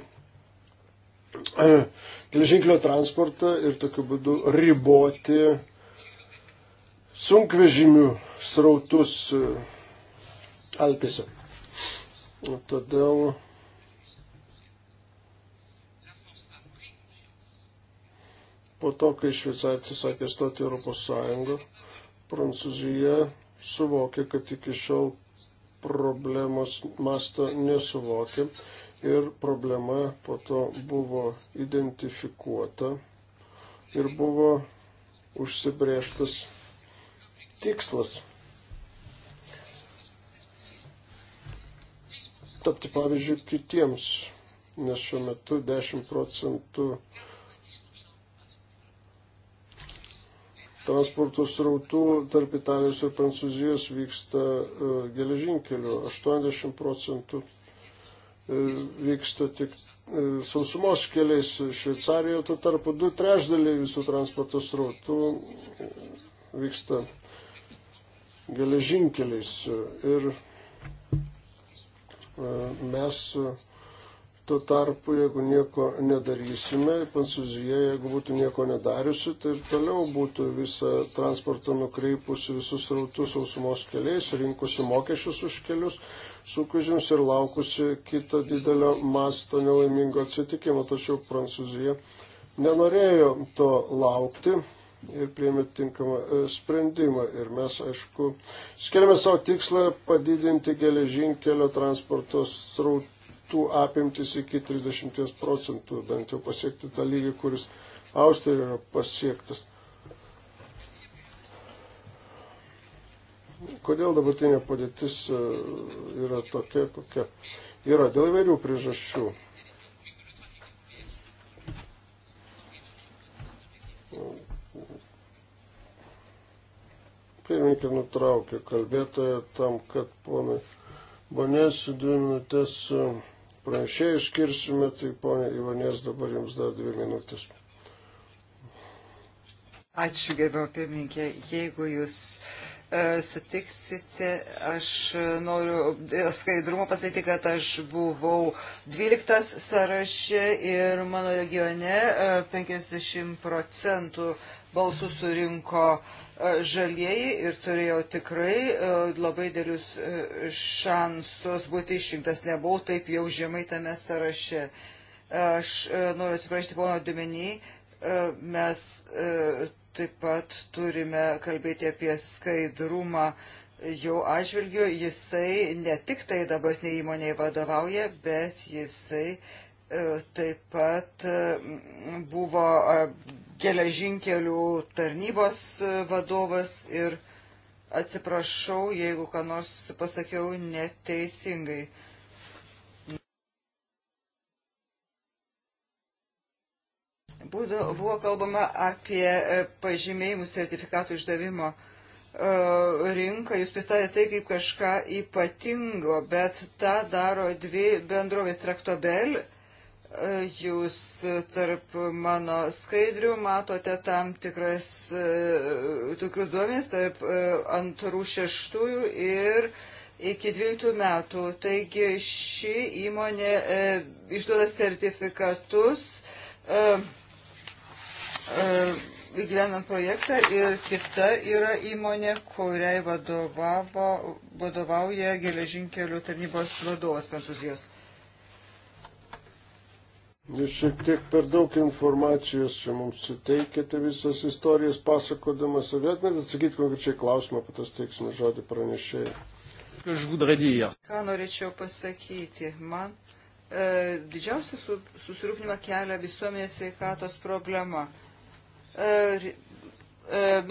geležinkelio transportą ir tokiu būdu riboti sunkvežimių srautus e, Alpėse. Todėl po to, kai Šveicarija atsisakė stoti Europos Sąjungą, Prancūzija suvokė, kad iki šiol problemos masto nesuvokė ir problema po to buvo identifikuota ir buvo užsibrieštas tikslas tapti pavyzdžių kitiems, nes šiuo metu 10 procentų transporto srautų tarp Italijos ir Prancūzijos vyksta e, geležinkeliu, 80 procentų e, vyksta tik e, sausumos keliais Šveicarijoje, tuo tarpu du trešdaliai visų transporto srautų vyksta geležinkeliais. Ir E, mes e, tuo tarpu, jeigu nieko nedarysime, Prancūzija, jeigu būtų nieko nedariusi, tai ir toliau būtų visą transportą nukreipusi visus rautus sausumos keliais, rinkusi mokesčius už kelius, sukužins ir laukusi kitą didelio masto nelaimingo atsitikimo. Tačiau Prancūzija nenorėjo to laukti ir priėmė tinkamą e, sprendimą. Ir mes, aišku, skeliame savo tikslą padidinti geležinkelio transporto srautų apimtis iki 30 procentų, bent jau pasiekti tą lygį, kuris Austrijoje yra pasiektas. Kodėl dabartinė padėtis e, yra tokia, kokia yra? Dėl įvairių priežasčių. Pirminkė nutraukė kalbėtoją tam, kad ponai Bonės dvi minutės e, pranešėjai skirsime, tai ponė Ivanės dabar jums dar dvi minutės. Ačiū, gerbiamo pirmininkė. Jeigu jūs e, sutiksite, aš noriu skaidrumo pasakyti, kad aš buvau 12 sąraše ir mano regione 50 e, procentų balsų surinko E, žalieji ir turėjau tikrai e, labai dėlius e, šansus būti išrinktas. Nebuvau taip jau žemai tame sąraše. Aš noriu atsiprašyti pono Dumenį, mes taip pat turime kalbėti apie skaidrumą jo atžvilgiu. Jisai ne tik tai dabartiniai įmoniai vadovauja, bet jisai taip pat buvo geležinkelių tarnybos e, vadovas ir atsiprašau, jeigu ką nors pasakiau neteisingai. Būdo, buvo kalbama apie e, pažymėjimų sertifikatų išdavimo e, rinką, jūs pristatėte tai kaip kažką ypatingo, bet tą daro dvi bendrovės Traktobel Jūs tarp mano skaidrių matote tam tikras, e, tikrus duomenys tarp e, antrų šeštųjų ir iki 12 metų. Taigi ši įmonė e, išduoda sertifikatus e, e, įgyvenant projektą ir kita yra įmonė, kuriai vadovavo, vadovauja geležinkelių tarnybos vadovas Prancūzijos. Jūs šiek tiek per daug informacijos čia mums suteikėte visas istorijas pasakodamas, o galėtumėte atsakyti konkrečiai klausimą, po to steiksime žodį pranešėjai. Ką norėčiau pasakyti? Man e, didžiausia su, susirūpinimą kelia visuomenės sveikatos problema. E, e,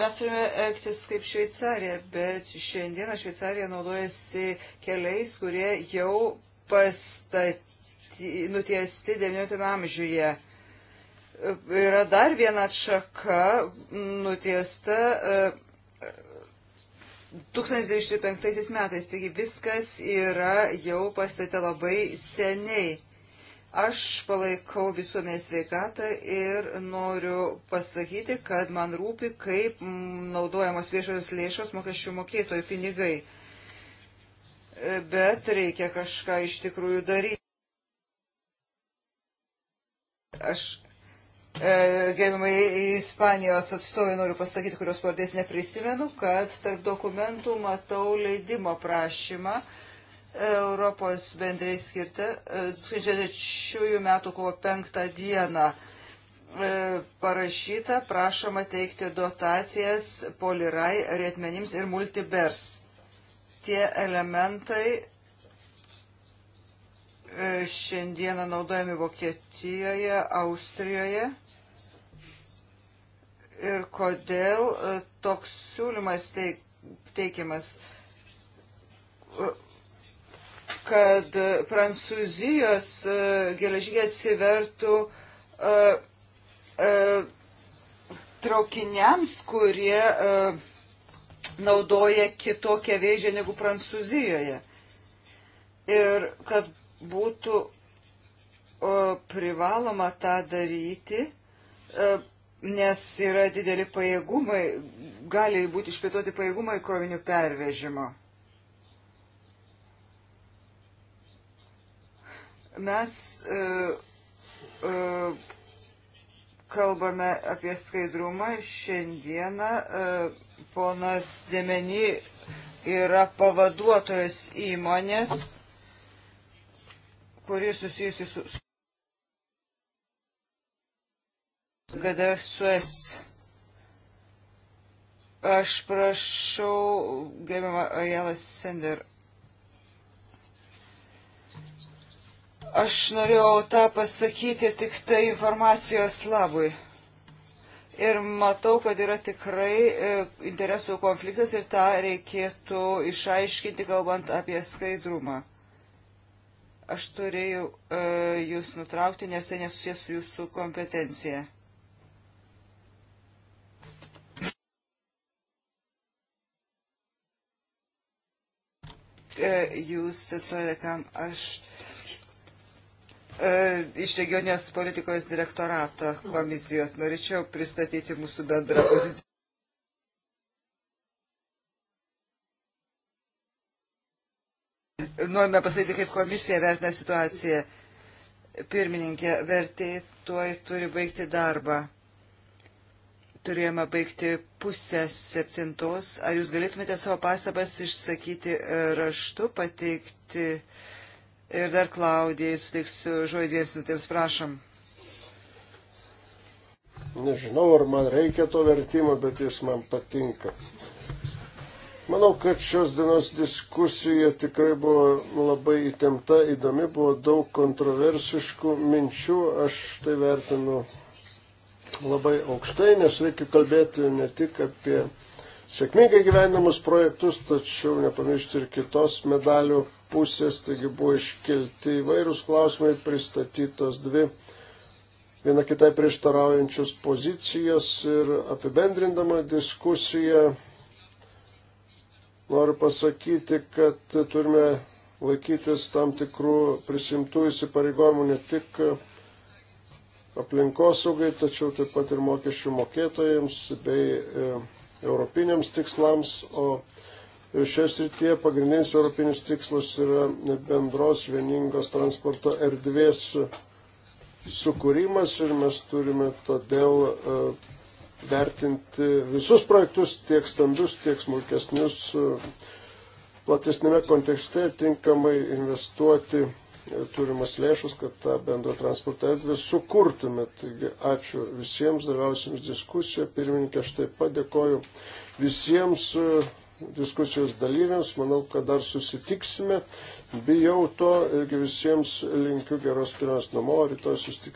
Mes turime elgtis kaip Šveicarija, bet šiandieną Šveicarija naudojasi keliais, kurie jau pastatyti nutiesti XIX amžiuje. Yra dar viena atšaka nutiesta 1905 e, metais, taigi viskas yra jau pastatyta labai seniai. Aš palaikau visuomenės sveikatą ir noriu pasakyti, kad man rūpi, kaip naudojamos viešos lėšos mokesčių mokėtojų pinigai. E, bet reikia kažką iš tikrųjų daryti. Aš e, gerbiamai Ispanijos atstovai noriu pasakyti, kurios pavardės neprisimenu, kad tarp dokumentų matau leidimo prašymą Europos bendrai skirtą 2003 e, metų kovo 5 dieną e, parašyta, prašoma teikti dotacijas polirai, rietmenims ir multibers. Tie elementai E, šiandieną naudojami Vokietijoje, Austrijoje ir kodėl e, toks siūlymas teikiamas, e, kad Prancūzijos geležinė atsivertų traukiniams, kurie naudoja kitokią vėžę negu Prancūzijoje. Ir kad būtų privaloma tą daryti, e, nes yra dideli pajėgumai, gali būti išplėtoti pajėgumai krovinių pervežimo. Mes e, e, kalbame apie skaidrumą ir šiandieną ponas Demeny yra pavaduotojas įmonės kuri susijusi su kada sues. Aš prašau, gerbiamą Ajelas Sender. Aš norėjau tą pasakyti tik tai informacijos labui. Ir matau, kad yra tikrai e, interesų konfliktas ir tą reikėtų išaiškinti, kalbant apie skaidrumą. Aš turėjau e, jūs nutraukti, nes tai nesusijęs su jūsų kompetencija. E, jūs atstovėte, kam aš e, iš regioninės politikos direktorato komisijos norėčiau pristatyti mūsų bendrą poziciją. norime pasakyti, kaip komisija vertina situaciją. Pirmininkė, vertėjai tuoj turi baigti darbą. Turėjome baigti pusę septintos. Ar jūs galėtumėte savo pastabas išsakyti e, raštu, pateikti ir dar Klaudijai suteiksiu žodį dviems minutėms, prašom. Nežinau, ar man reikia to vertimo, bet jis man patinka. Manau, kad šios dienos diskusija tikrai buvo labai įtempta, įdomi, buvo daug kontroversiškų minčių, aš tai vertinu labai aukštai, nes reikia kalbėti ne tik apie sėkmingai gyvenimus projektus, tačiau nepamiršti ir kitos medalių pusės, taigi buvo iškelti įvairūs klausimai, pristatytos dvi viena kitai prieštaraujančios pozicijos ir apibendrindama diskusiją Noriu pasakyti, kad turime laikytis tam tikrų prisimtų įsipareigojimų ne tik aplinkosaugai, tačiau taip pat ir mokesčių mokėtojams bei e, europiniams tikslams, o šios rytie pagrindinis europinis tikslas yra bendros vieningos transporto erdvės sukūrimas ir mes turime todėl e, vertinti visus projektus, tiek stambius, tiek smulkesnius, platesnėme kontekste tinkamai investuoti turimas lėšus, kad tą bendrą transporto erdvę sukurtume. Taigi ačiū visiems dalyvausiems diskusiją. Pirmininkė, aš taip pat dėkoju visiems e, diskusijos dalyviams. Manau, kad dar susitiksime. Bijau to irgi visiems linkiu geros kelionės namo, rytoj susitikime.